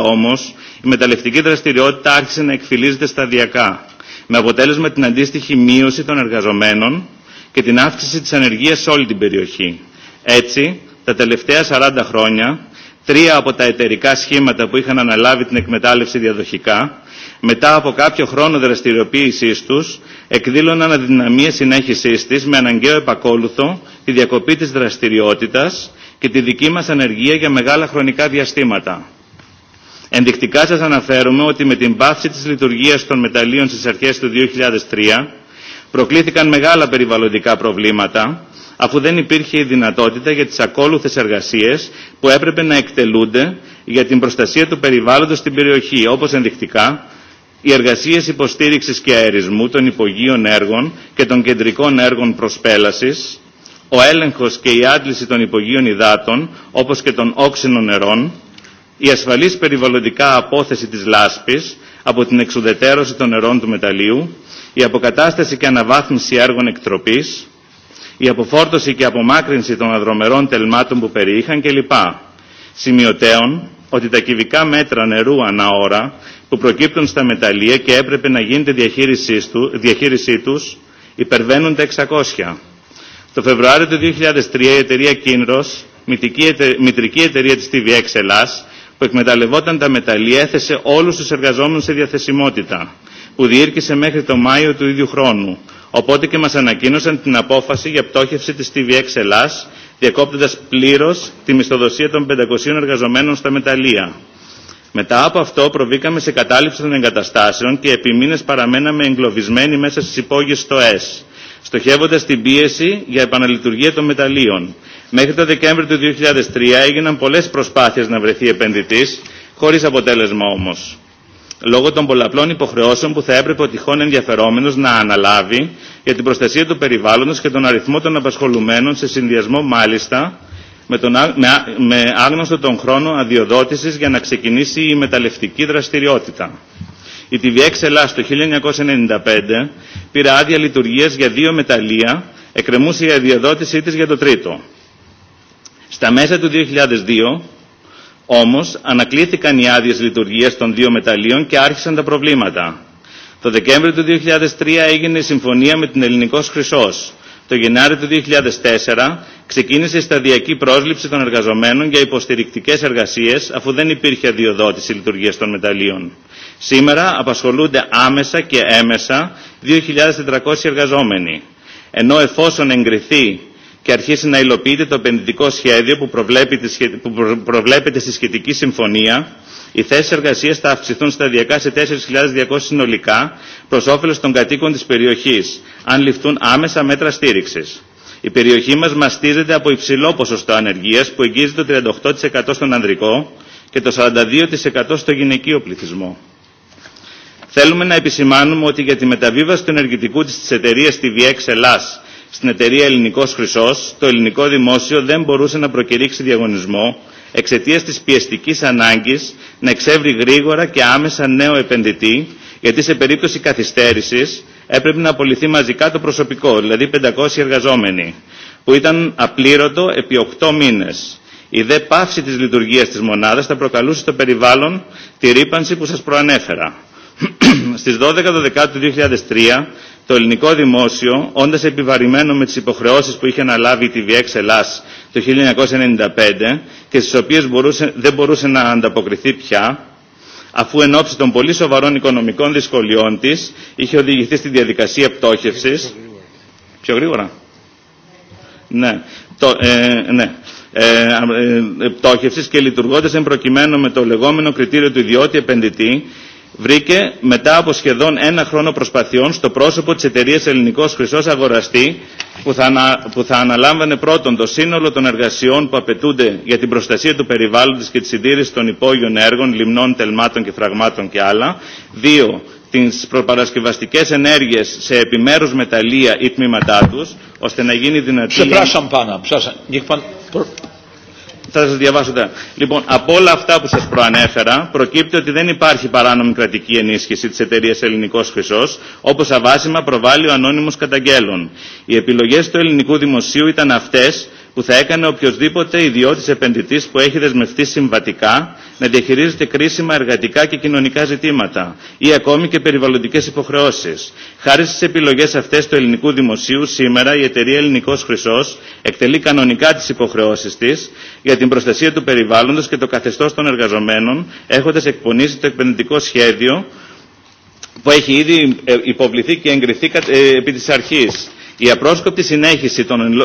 όμως, η μεταλλευτική δραστηριότητα άρχισε να εκφυλίζεται σταδιακά, με αποτέλεσμα την αντίστοιχη μείωση των εργαζομένων και την αύξηση της ανεργίας σε όλη την περιοχή. Έτσι, τα τελευταία 40 χρόνια, τρία από τα εταιρικά σχήματα που είχαν αναλάβει την εκμετάλλευση διαδοχικά, μετά από κάποιο χρόνο δραστηριοποίησή του, εκδήλωναν αδυναμία συνέχισή τη με αναγκαίο επακόλουθο τη διακοπή τη δραστηριότητα και τη δική μα ανεργία για μεγάλα χρονικά διαστήματα. Ενδεικτικά σα αναφέρουμε ότι με την πάυση τη λειτουργία των μεταλλίων στι αρχέ του 2003 προκλήθηκαν μεγάλα περιβαλλοντικά προβλήματα αφού δεν υπήρχε η δυνατότητα για τις ακόλουθες εργασίες που έπρεπε να εκτελούνται για την προστασία του περιβάλλοντος στην περιοχή, όπως ενδεικτικά οι εργασίες υποστήριξης και αερισμού των υπογείων έργων και των κεντρικών έργων προσπέλασης, ο έλεγχος και η άντληση των υπογείων υδάτων, όπως και των όξινων νερών, η ασφαλής περιβαλλοντικά απόθεση της λάσπης, από την εξουδετέρωση των νερών του μεταλλίου, η αποκατάσταση και αναβάθμιση έργων εκτροπής, η αποφόρτωση και απομάκρυνση των αδρομερών τελμάτων που περιείχαν κλπ. Σημειωτέων ότι τα κυβικά μέτρα νερού ανά ώρα που προκύπτουν στα μεταλλεία και έπρεπε να γίνεται διαχείρισή, του, τους υπερβαίνουν τα 600. Το Φεβρουάριο του 2003 η εταιρεία Κίνρος, μητρική εταιρεία της TVX Ελλάς, που εκμεταλλευόταν τα μεταλλή έθεσε όλους τους εργαζόμενους σε διαθεσιμότητα, που διήρκησε μέχρι το Μάιο του ίδιου χρόνου, οπότε και μας ανακοίνωσαν την απόφαση για πτώχευση της TVX Ελλάς, διακόπτοντας πλήρως τη μισθοδοσία των 500 εργαζομένων στα μεταλλεία. Μετά από αυτό προβήκαμε σε κατάληψη των εγκαταστάσεων και επί μήνες παραμέναμε εγκλωβισμένοι μέσα στις υπόγειες ΕΣ, στοχεύοντας την πίεση για επαναλειτουργία των μεταλλείων. Μέχρι το Δεκέμβριο του 2003 έγιναν πολλές προσπάθειες να βρεθεί επενδυτής, χωρίς αποτέλεσμα όμως. Λόγω των πολλαπλών υποχρεώσεων που θα έπρεπε ο τυχόν ενδιαφερόμενος να αναλάβει για την προστασία του περιβάλλοντος και τον αριθμό των απασχολουμένων σε συνδυασμό μάλιστα με, τον, με, άγνωστο τον χρόνο αδειοδότησης για να ξεκινήσει η μεταλλευτική δραστηριότητα. Η TVX Ελλάς το 1995 πήρε άδεια λειτουργίας για δύο μεταλλεία, εκκρεμούσε η αδειοδότησή της για το τρίτο. Στα μέσα του 2002 όμως ανακλήθηκαν οι άδειε λειτουργίας των δύο μεταλλίων και άρχισαν τα προβλήματα. Το Δεκέμβριο του 2003 έγινε η συμφωνία με την Ελληνικός Χρυσός. Το Γενάρη του 2004 ξεκίνησε η σταδιακή πρόσληψη των εργαζομένων για υποστηρικτικές εργασίες αφού δεν υπήρχε αδειοδότηση λειτουργίας των μεταλλίων. Σήμερα απασχολούνται άμεσα και έμεσα 2.400 εργαζόμενοι. Ενώ εφόσον εγκριθεί και αρχίσει να υλοποιείται το επενδυτικό σχέδιο που προβλέπεται στη σχετική συμφωνία, οι θέσει εργασία θα αυξηθούν σταδιακά σε 4.200 συνολικά προ όφελο των κατοίκων τη περιοχή, αν ληφθούν άμεσα μέτρα στήριξη. Η περιοχή μα μαστίζεται από υψηλό ποσοστό ανεργία που εγγίζει το 38% στον ανδρικό και το 42% στο γυναικείο πληθυσμό. Θέλουμε να επισημάνουμε ότι για τη μεταβίβαση του ενεργητικού τη εταιρεία TVX Ελλάς στην εταιρεία ελληνικό χρυσό, το ελληνικό δημόσιο δεν μπορούσε να προκηρύξει διαγωνισμό εξαιτία τη πιεστικής ανάγκη να εξεύρει γρήγορα και άμεσα νέο επενδυτή, γιατί σε περίπτωση καθυστέρησης έπρεπε να απολυθεί μαζικά το προσωπικό, δηλαδή 500 εργαζόμενοι, που ήταν απλήρωτο επί 8 μήνες. Η δε πάυση τη λειτουργία της μονάδα θα προκαλούσε στο περιβάλλον τη ρήπανση που σα προανέφερα. Στι 12 Δεκάτου το ελληνικό δημόσιο, όντα επιβαρημένο με τις υποχρεώσεις που είχε αναλάβει η TVX Ελλάς το 1995 και στις οποίες δεν μπορούσε να ανταποκριθεί πια, αφού εν ώψη των πολύ σοβαρών οικονομικών δυσκολιών τη είχε οδηγηθεί στη διαδικασία πτώχευση. Πιο γρήγορα. Ναι. Το, ε, ναι. Ε, ε, ε και λειτουργώντας εν προκειμένου με το λεγόμενο κριτήριο του ιδιώτη επενδυτή βρήκε μετά από σχεδόν ένα χρόνο προσπαθειών στο πρόσωπο της εταιρείας Ελληνικός Χρυσός Αγοραστή που θα, ανα, που θα αναλάμβανε πρώτον το σύνολο των εργασιών που απαιτούνται για την προστασία του περιβάλλοντος και τη συντήρηση των υπόγειων έργων, λιμνών, τελμάτων και φραγμάτων και άλλα. Δύο, τις προπαρασκευαστικές ενέργειες σε επιμέρους μεταλλεία ή τμήματά τους, ώστε να γίνει δυνατή... Θα σας διαβάσω τα. Λοιπόν, από όλα αυτά που σας προανέφερα, προκύπτει ότι δεν υπάρχει παράνομη κρατική ενίσχυση της εταιρεία Ελληνικός Χρυσός, όπως αβάσιμα προβάλλει ο ανώνυμος καταγγέλων. Οι επιλογές του ελληνικού δημοσίου ήταν αυτές που θα έκανε οποιοδήποτε ιδιώτης επενδυτή που έχει δεσμευτεί συμβατικά να διαχειρίζεται κρίσιμα εργατικά και κοινωνικά ζητήματα ή ακόμη και περιβαλλοντικές υποχρεώσεις. Χάρη στις επιλογές αυτές του ελληνικού δημοσίου, σήμερα η ακομη και περιβαλλοντικε υποχρεωσει χαρη στι επιλογε αυτε Χρυσός σημερα η εταιρεια ελληνικο χρυσο εκτελει κανονικα τις υποχρεώσεις της για την προστασία του περιβάλλοντο και το καθεστώ των εργαζομένων, έχοντα εκπονήσει το επενδυτικό σχέδιο που έχει ήδη ε, υποβληθεί και εγκριθεί ε, επί της αρχής. Η απρόσκοπτη συνέχιση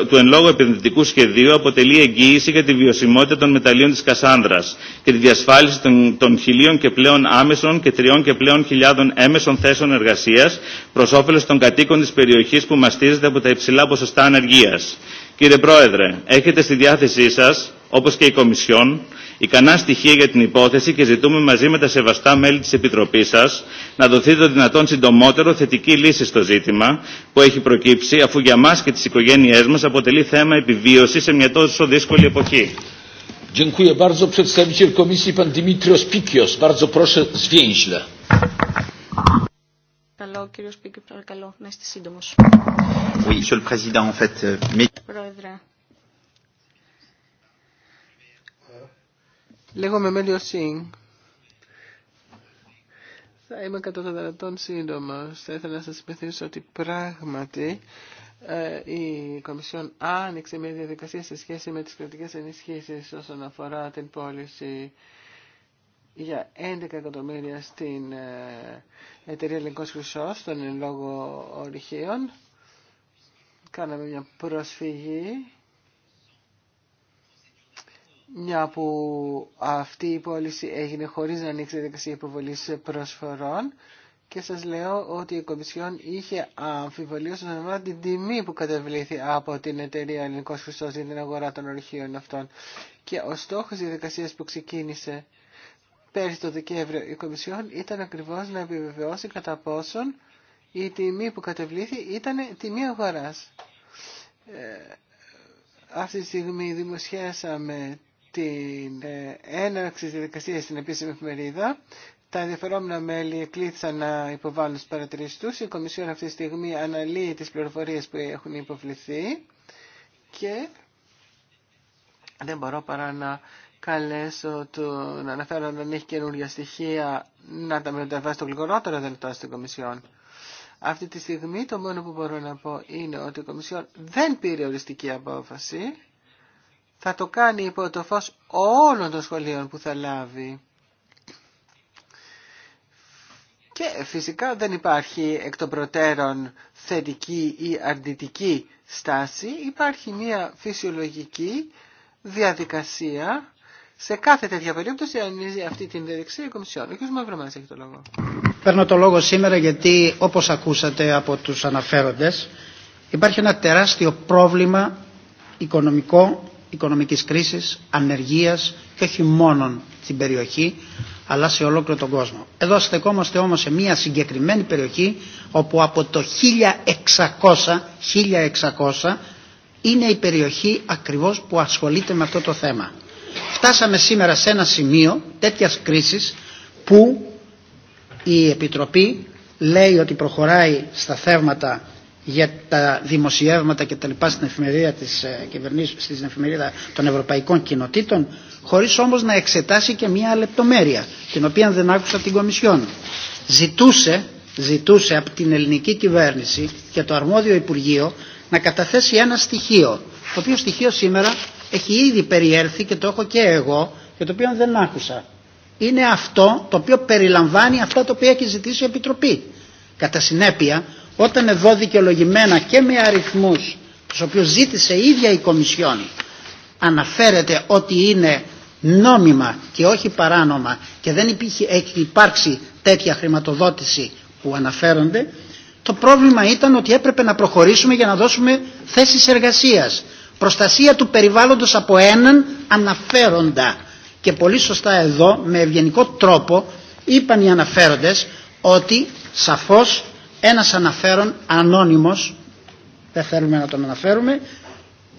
του εν λόγω επενδυτικού σχεδίου αποτελεί εγγύηση για τη βιωσιμότητα των μεταλλίων της Κασάνδρας και τη διασφάλιση των χιλίων και πλέον άμεσων και τριών και πλέον χιλιάδων έμεσων θέσεων εργασίας προς όφελος των κατοίκων της περιοχής που μαστίζεται από τα υψηλά ποσοστά ανεργίας. Κύριε Πρόεδρε, έχετε στη διάθεσή σας, όπως και η Κομισιόν, ικανά στοιχεία για την υπόθεση και ζητούμε μαζί με τα σεβαστά μέλη της Επιτροπής σας να δοθεί το δυνατόν συντομότερο θετική λύση στο ζήτημα που έχει προκύψει αφού για μας και τις οικογένειές μας αποτελεί θέμα επιβίωσης σε μια τόσο δύσκολη εποχή. Dziękuję bardzo. Przedstawiciel Komisji, pan Dimitrios Pikios. Bardzo proszę, Παρακαλώ, κύριο Σπίκη, παρακαλώ να είστε euh, Λέγομαι Μέλιο Σινγκ. Θα είμαι κατά τα δαρατών σύντομο. Θα ήθελα να σα υπενθυμίσω ότι πράγματι ε, η Κομισιόν άνοιξε μια διαδικασία σε σχέση με τις κρατικές ενισχύσεις όσον αφορά την πώληση για 11 εκατομμύρια στην ε, εταιρεία Ελληνικός Χρυσός των λόγο λόγω ορυχείων. Κάναμε μια προσφυγή. Μια που αυτή η πώληση έγινε χωρίς να ανοίξει διαδικασία υποβολής προσφορών και σας λέω ότι η Κομισιόν είχε αμφιβολία στον αφορά την τιμή που κατεβλήθη από την εταιρεία Ελληνικός Χρυσός για την αγορά των ορυχείων αυτών. Και ο στόχος διαδικασίας που ξεκίνησε πέρσι το Δεκέμβριο η Κομισιόν ήταν ακριβώς να επιβεβαιώσει κατά πόσον η τιμή που κατεβλήθη ήταν τιμή αγοράς. Ε, αυτή τη στιγμή δημοσιάσαμε την ε, έναρξη της διαδικασίας στην επίσημη εφημερίδα. Τα ενδιαφερόμενα μέλη εκλήθησαν να υποβάλουν τις παρατηρήσεις τους. Η Κομισιόν αυτή τη στιγμή αναλύει τις πληροφορίες που έχουν υποβληθεί και δεν μπορώ παρά να καλέσω να αναφέρω αν έχει καινούργια στοιχεία να τα μεταβάσει το γλυκορότερο δυνατό στην Κομισιόν. Αυτή τη στιγμή το μόνο που μπορώ να πω είναι ότι η Κομισιόν δεν πήρε οριστική απόφαση. Θα το κάνει υπό το φως όλων των σχολείων που θα λάβει. Και φυσικά δεν υπάρχει εκ των προτέρων θετική ή αρνητική στάση. Υπάρχει μια φυσιολογική διαδικασία σε κάθε τέτοια περίπτωση ανίζει αυτή την διαδικασία η Κομισιόν. Ο κ. έχει το λόγο. Παίρνω το λόγο σήμερα γιατί όπως ακούσατε από τους αναφέροντες υπάρχει ένα τεράστιο πρόβλημα οικονομικό, οικονομικής κρίσης, ανεργίας και όχι μόνο στην περιοχή αλλά σε ολόκληρο τον κόσμο. Εδώ στεκόμαστε όμως σε μια συγκεκριμένη περιοχή όπου από το 1600, 1600 είναι η περιοχή ακριβώς που ασχολείται με αυτό το θέμα φτάσαμε σήμερα σε ένα σημείο τέτοιας κρίσης που η Επιτροπή λέει ότι προχωράει στα θέματα για τα δημοσιεύματα και τα λοιπά στην εφημερίδα, της, ε, στην εφημερίδα των Ευρωπαϊκών Κοινοτήτων χωρίς όμως να εξετάσει και μια λεπτομέρεια την οποία δεν άκουσα την Κομισιόν. Ζητούσε, ζητούσε από την ελληνική κυβέρνηση και το αρμόδιο Υπουργείο να καταθέσει ένα στοιχείο το οποίο στοιχείο σήμερα έχει ήδη περιέλθει και το έχω και εγώ και το οποίο δεν άκουσα. Είναι αυτό το οποίο περιλαμβάνει αυτά τα οποία έχει ζητήσει η Επιτροπή. Κατά συνέπεια, όταν εδώ δικαιολογημένα και με αριθμούς του οποίου ζήτησε η ίδια η Κομισιόν αναφέρεται ότι είναι νόμιμα και όχι παράνομα και δεν υπήρχε, έχει υπάρξει τέτοια χρηματοδότηση που αναφέρονται, το πρόβλημα ήταν ότι έπρεπε να προχωρήσουμε για να δώσουμε θέσεις εργασίας προστασία του περιβάλλοντος από έναν αναφέροντα. Και πολύ σωστά εδώ με ευγενικό τρόπο είπαν οι αναφέροντες ότι σαφώς ένας αναφέρον ανώνυμος, δεν θέλουμε να τον αναφέρουμε,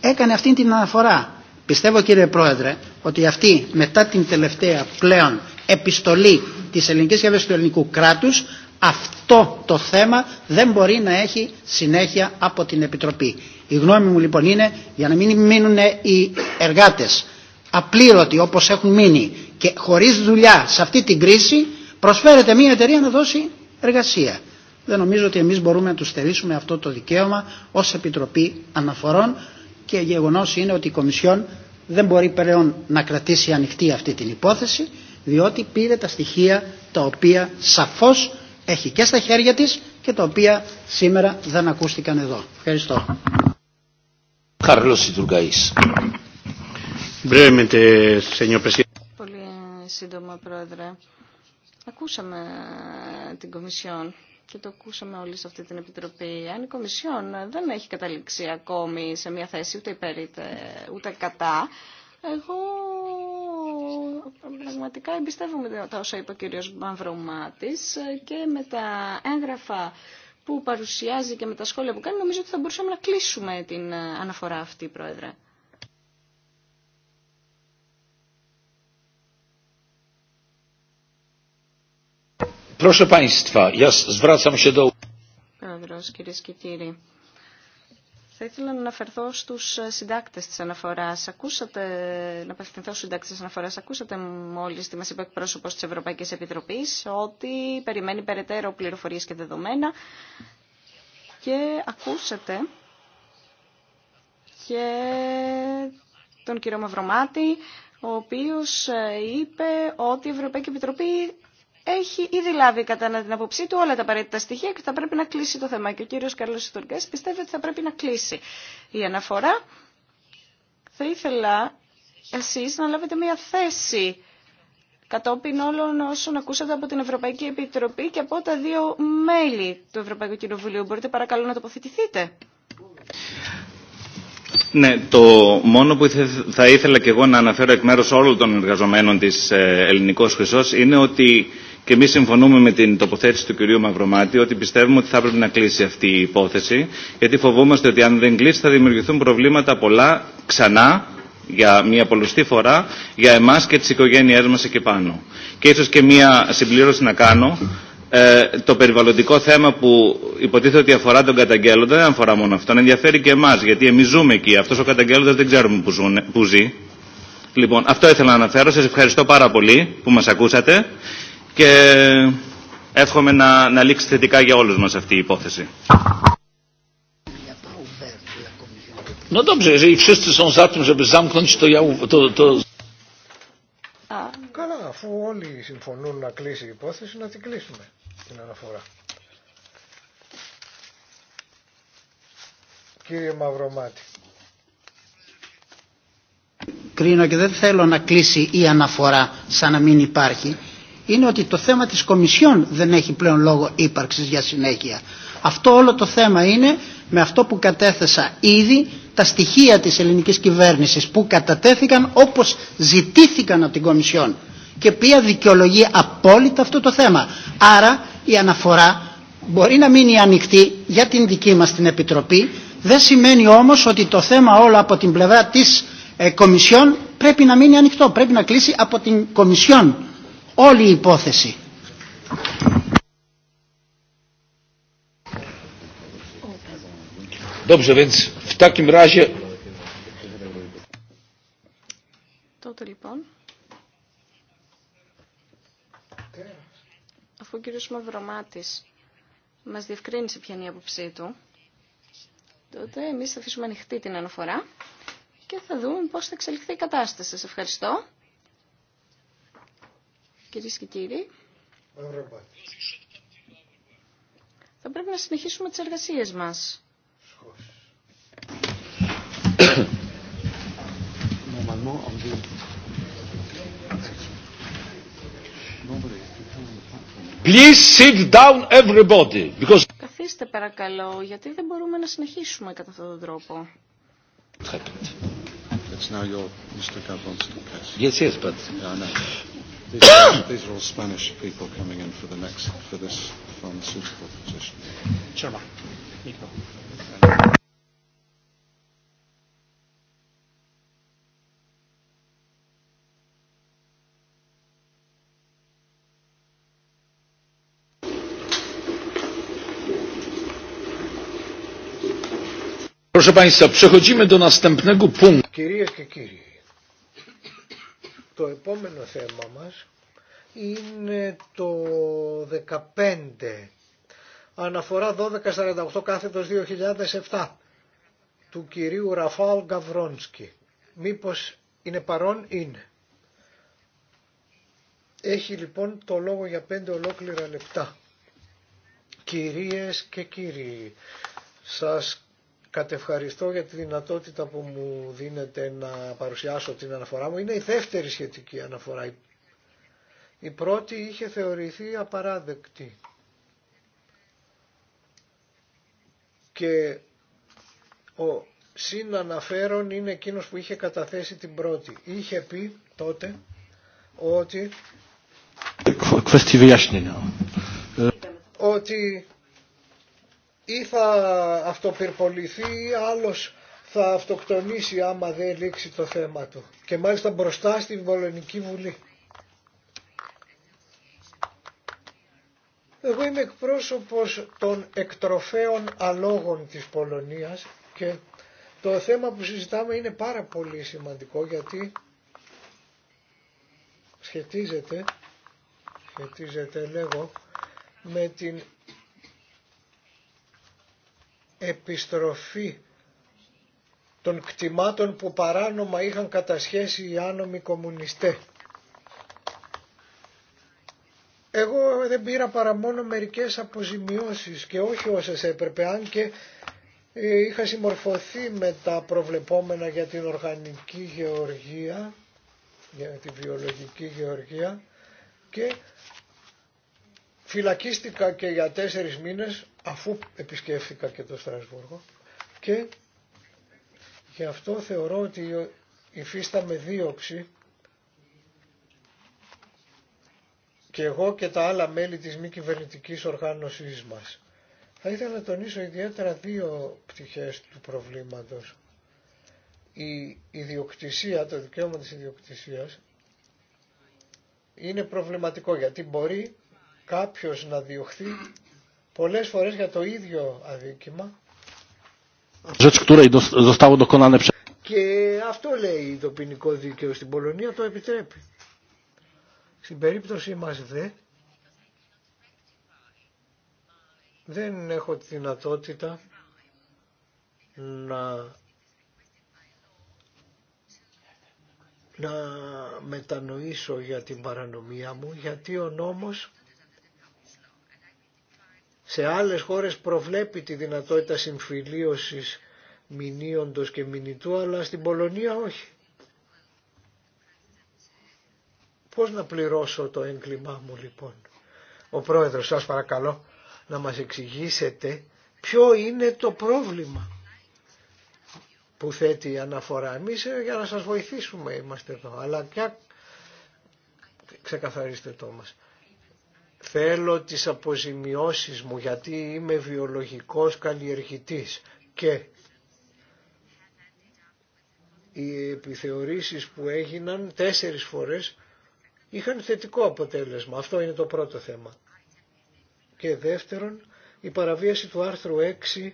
έκανε αυτή την αναφορά. Πιστεύω κύριε Πρόεδρε ότι αυτή μετά την τελευταία πλέον επιστολή της ελληνικής κυβέρνησης του ελληνικού κράτους αυτό το θέμα δεν μπορεί να έχει συνέχεια από την Επιτροπή. Η γνώμη μου λοιπόν είναι για να μην μείνουν οι εργάτες απλήρωτοι όπως έχουν μείνει και χωρίς δουλειά σε αυτή την κρίση προσφέρεται μια εταιρεία να δώσει εργασία. Δεν νομίζω ότι εμείς μπορούμε να τους στερήσουμε αυτό το δικαίωμα ως Επιτροπή Αναφορών και γεγονός είναι ότι η Κομισιόν δεν μπορεί πλέον να κρατήσει ανοιχτή αυτή την υπόθεση διότι πήρε τα στοιχεία τα οποία σαφώς έχει και στα χέρια της και τα οποία σήμερα δεν ακούστηκαν εδώ. Ευχαριστώ. Carlos presidente. Πολύ σύντομα, Πρόεδρε. Ακούσαμε την Κομισιόν και το ακούσαμε όλοι σε αυτή την Επιτροπή. Αν η Κομισιόν δεν έχει καταλήξει ακόμη σε μια θέση ούτε υπέρ ούτε κατά, εγώ πραγματικά εμπιστεύομαι τα όσα είπε ο κύριος Μαυρομάτης και με τα έγγραφα που παρουσιάζει και με τα σχόλια που κάνει, νομίζω ότι θα μπορούσαμε να κλείσουμε την ε, αναφορά αυτή, Πρόεδρε. Πρόεδρος, θα ήθελα να αναφερθώ στους συντάκτες της αναφοράς. Ακούσατε, να απευθυνθώ στους συντάκτες της αναφοράς. Ακούσατε μόλις τι μας είπε εκπρόσωπο της Ευρωπαϊκής Επιτροπής ότι περιμένει περαιτέρω πληροφορίες και δεδομένα και ακούσατε και τον κύριο Μαυρομάτη ο οποίος είπε ότι η Ευρωπαϊκή Επιτροπή έχει ήδη λάβει κατά την αποψή του όλα τα απαραίτητα στοιχεία και θα πρέπει να κλείσει το θέμα. Και ο κύριος Καρλός Τουρκές πιστεύει ότι θα πρέπει να κλείσει η αναφορά. Θα ήθελα εσείς να λάβετε μια θέση κατόπιν όλων όσων ακούσατε από την Ευρωπαϊκή Επιτροπή και από τα δύο μέλη του Ευρωπαϊκού Κοινοβουλίου. Μπορείτε παρακαλώ να τοποθετηθείτε. Ναι, το μόνο που θα ήθελα και εγώ να αναφέρω εκ μέρους όλων των εργαζομένων της ε, Ελληνικός Χρυσός είναι ότι και εμεί συμφωνούμε με την τοποθέτηση του κυρίου Μαυρομάτη ότι πιστεύουμε ότι θα έπρεπε να κλείσει αυτή η υπόθεση, γιατί φοβόμαστε ότι αν δεν κλείσει θα δημιουργηθούν προβλήματα πολλά ξανά για μια πολλωστή φορά για εμά και τι οικογένειε μα εκεί πάνω. Και ίσω και μια συμπλήρωση να κάνω, ε, το περιβαλλοντικό θέμα που υποτίθεται ότι αφορά τον καταγγέλλοντα δεν αφορά μόνο αυτόν, ενδιαφέρει και εμά, γιατί εμεί ζούμε εκεί, Αυτό ο καταγγέλλοντα δεν ξέρουμε που, ζουν, που ζει. Λοιπόν, αυτό ήθελα να αναφέρω, Σα ευχαριστώ πάρα πολύ που μα ακούσατε και εύχομαι να, να λήξει θετικά για όλους μας αυτή η υπόθεση. Καλά, αφού όλοι συμφωνούν να κλείσει η υπόθεση, να την κλείσουμε την αναφορά. Κύριε Μαυρομάτη. Κρίνω και δεν θέλω να κλείσει η αναφορά σαν να μην υπάρχει είναι ότι το θέμα της Κομισιόν δεν έχει πλέον λόγο ύπαρξης για συνέχεια. Αυτό όλο το θέμα είναι με αυτό που κατέθεσα ήδη τα στοιχεία της ελληνικής κυβέρνησης που κατατέθηκαν όπως ζητήθηκαν από την Κομισιόν και ποια δικαιολογεί απόλυτα αυτό το θέμα. Άρα η αναφορά μπορεί να μείνει ανοιχτή για την δική μας την Επιτροπή δεν σημαίνει όμως ότι το θέμα όλο από την πλευρά της ε, Κομισιόν πρέπει να μείνει ανοιχτό, πρέπει να κλείσει από την Κομισιόν όλη η υπόθεση. Τότε λοιπόν, αφού ο κύριο Μαυρομάτης μας διευκρίνησε ποια είναι η άποψή του, τότε εμείς θα αφήσουμε ανοιχτή την αναφορά και θα δούμε πώς θα εξελιχθεί η κατάσταση. Σε ευχαριστώ. Κυρίες και κύριοι, θα πρέπει να συνεχίσουμε τις εργασίες μας. Please sit down everybody, because... Καθίστε παρακαλώ, γιατί δεν μπορούμε να συνεχίσουμε κατά αυτόν τον τρόπο. Yes, yes, but... These are all Spanish people coming in for the next for this pharmaceutical position. Chairman, Proszę Państwa, przechodzimy do następnego punktu. Κυρίες και το επόμενο θέμα μας είναι το 15 αναφορά 1248 κάθετος 2007 του κυρίου Ραφάλ Γκαβρόνσκι. Μήπως είναι παρόν, είναι. Έχει λοιπόν το λόγο για πέντε ολόκληρα λεπτά. Κυρίες και κύριοι, σας κατευχαριστώ για τη δυνατότητα που μου δίνετε να παρουσιάσω την αναφορά μου. Είναι η δεύτερη σχετική αναφορά. Η πρώτη είχε θεωρηθεί απαράδεκτη. Και ο συναναφέρον είναι εκείνος που είχε καταθέσει την πρώτη. Είχε πει τότε ότι ότι ή θα αυτοπυρποληθεί ή άλλος θα αυτοκτονήσει άμα δεν λήξει το θέμα του. Και μάλιστα μπροστά στην Πολωνική Βουλή. Εγώ είμαι εκπρόσωπος των εκτροφέων αλόγων της Πολωνίας και το θέμα που συζητάμε είναι πάρα πολύ σημαντικό γιατί σχετίζεται, σχετίζεται λέγω, με την επιστροφή των κτημάτων που παράνομα είχαν κατασχέσει οι άνομοι κομμουνιστές. Εγώ δεν πήρα παρά μόνο μερικές αποζημιώσεις και όχι όσες έπρεπε, αν και ε, είχα συμμορφωθεί με τα προβλεπόμενα για την οργανική γεωργία, για τη βιολογική γεωργία και φυλακίστηκα και για τέσσερις μήνες αφού επισκέφθηκα και το Στρασβούργο και γι' αυτό θεωρώ ότι με δίωξη και εγώ και τα άλλα μέλη της μη κυβερνητική οργάνωσής μας. Θα ήθελα να τονίσω ιδιαίτερα δύο πτυχές του προβλήματος. Η ιδιοκτησία, το δικαίωμα της ιδιοκτησίας είναι προβληματικό γιατί μπορεί κάποιος να διωχθεί πολλές φορές για το ίδιο αδίκημα. Και αυτό λέει το ποινικό δίκαιο στην Πολωνία το επιτρέπει. Στην περίπτωση μας δε δεν έχω τη δυνατότητα να, να μετανοήσω για την παρανομία μου γιατί ο νόμος σε άλλες χώρες προβλέπει τη δυνατότητα συμφιλίωσης μηνύοντος και μηνυτού, αλλά στην Πολωνία όχι. Πώς να πληρώσω το έγκλημά μου λοιπόν. Ο πρόεδρος σας παρακαλώ να μας εξηγήσετε ποιο είναι το πρόβλημα που θέτει η αναφορά. Εμείς ε, για να σας βοηθήσουμε είμαστε εδώ, αλλά πια ξεκαθαρίστε το μας θέλω τις αποζημιώσεις μου γιατί είμαι βιολογικός καλλιεργητής και οι επιθεωρήσεις που έγιναν τέσσερις φορές είχαν θετικό αποτέλεσμα. Αυτό είναι το πρώτο θέμα. Και δεύτερον, η παραβίαση του άρθρου 6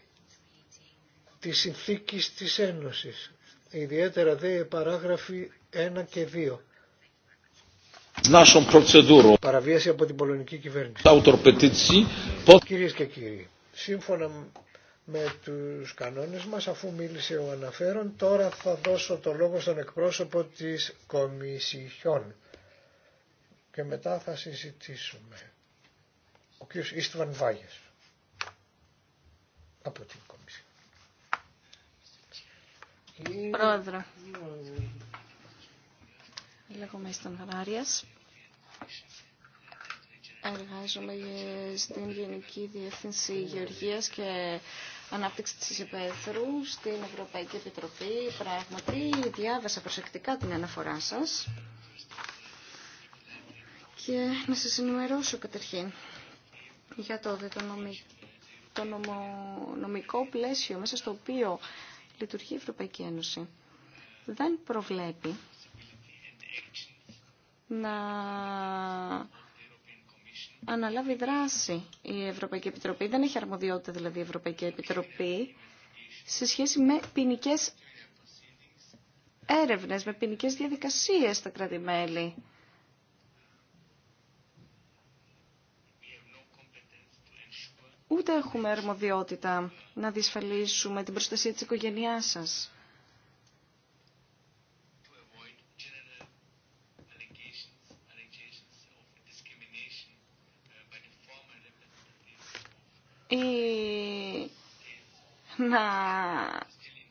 της συνθήκης της Ένωσης. Ιδιαίτερα δε παράγραφοι 1 και 2 Παραβίαση από την πολωνική κυβέρνηση. Κυρίες και κύριοι, σύμφωνα με τους κανόνες μας, αφού μίλησε ο αναφέρον, τώρα θα δώσω το λόγο στον εκπρόσωπο της Κομισιόν και μετά θα συζητήσουμε. Ο κ. Ιστβαν Βάγε. από την Κομισιόν. Πρόεδρε. Λέγομαι στον Βαράρειας. Εργάζομαι στην Γενική Διεύθυνση Γεωργίας και Ανάπτυξη της Υπαίθρου στην Ευρωπαϊκή Επιτροπή. Πράγματι, διάβασα προσεκτικά την αναφορά σας και να σας ενημερώσω καταρχήν για το, το νομικό πλαίσιο μέσα στο οποίο λειτουργεί η Ευρωπαϊκή Ένωση. Δεν προβλέπει να αναλάβει δράση η Ευρωπαϊκή Επιτροπή. Δεν έχει αρμοδιότητα δηλαδή η Ευρωπαϊκή Επιτροπή σε σχέση με ποινικέ έρευνες, με ποινικέ διαδικασίε στα κράτη-μέλη. Ούτε έχουμε αρμοδιότητα να διασφαλίσουμε την προστασία της οικογένειάς σας. ή να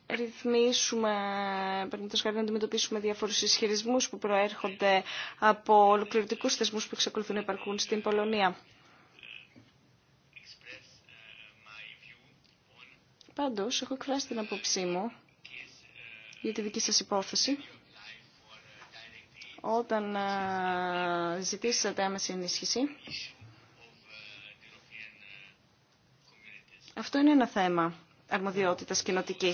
ρυθμίσουμε, παραδείγματος χάρη να αντιμετωπίσουμε διάφορους ισχυρισμούς που προέρχονται από ολοκληρωτικούς θεσμούς που εξακολουθούν να υπαρχούν στην Πολωνία. Πάντως, έχω εκφράσει την απόψή μου για τη δική σας υπόθεση. Όταν ε, ζητήσατε άμεση ενίσχυση, Αυτό είναι ένα θέμα αρμοδιότητας κοινοτική.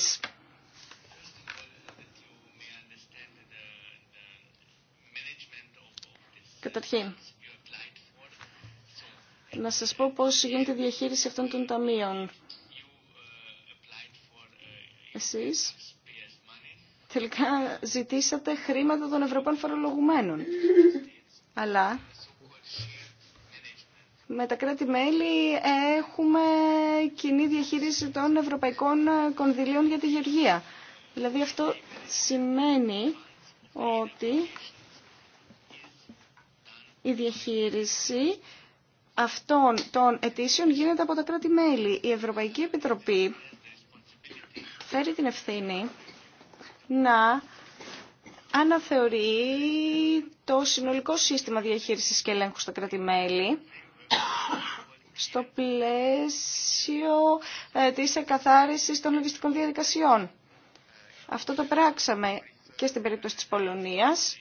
Καταρχήν, να σας πω πώς γίνεται η διαχείριση αυτών των ταμείων. Εσείς τελικά ζητήσατε χρήματα των Ευρωπαίων φορολογουμένων. Αλλά με τα κράτη-μέλη έχουμε κοινή διαχείριση των ευρωπαϊκών κονδυλίων για τη γεωργία. Δηλαδή αυτό σημαίνει ότι η διαχείριση αυτών των αιτήσεων γίνεται από τα κράτη-μέλη. Η Ευρωπαϊκή Επιτροπή φέρει την ευθύνη να αναθεωρεί το συνολικό σύστημα διαχείρισης και ελέγχου στα κράτη-μέλη στο πλαίσιο ε, της εκαθάρισης των λογιστικών διαδικασιών. Αυτό το πράξαμε και στην περίπτωση της Πολωνίας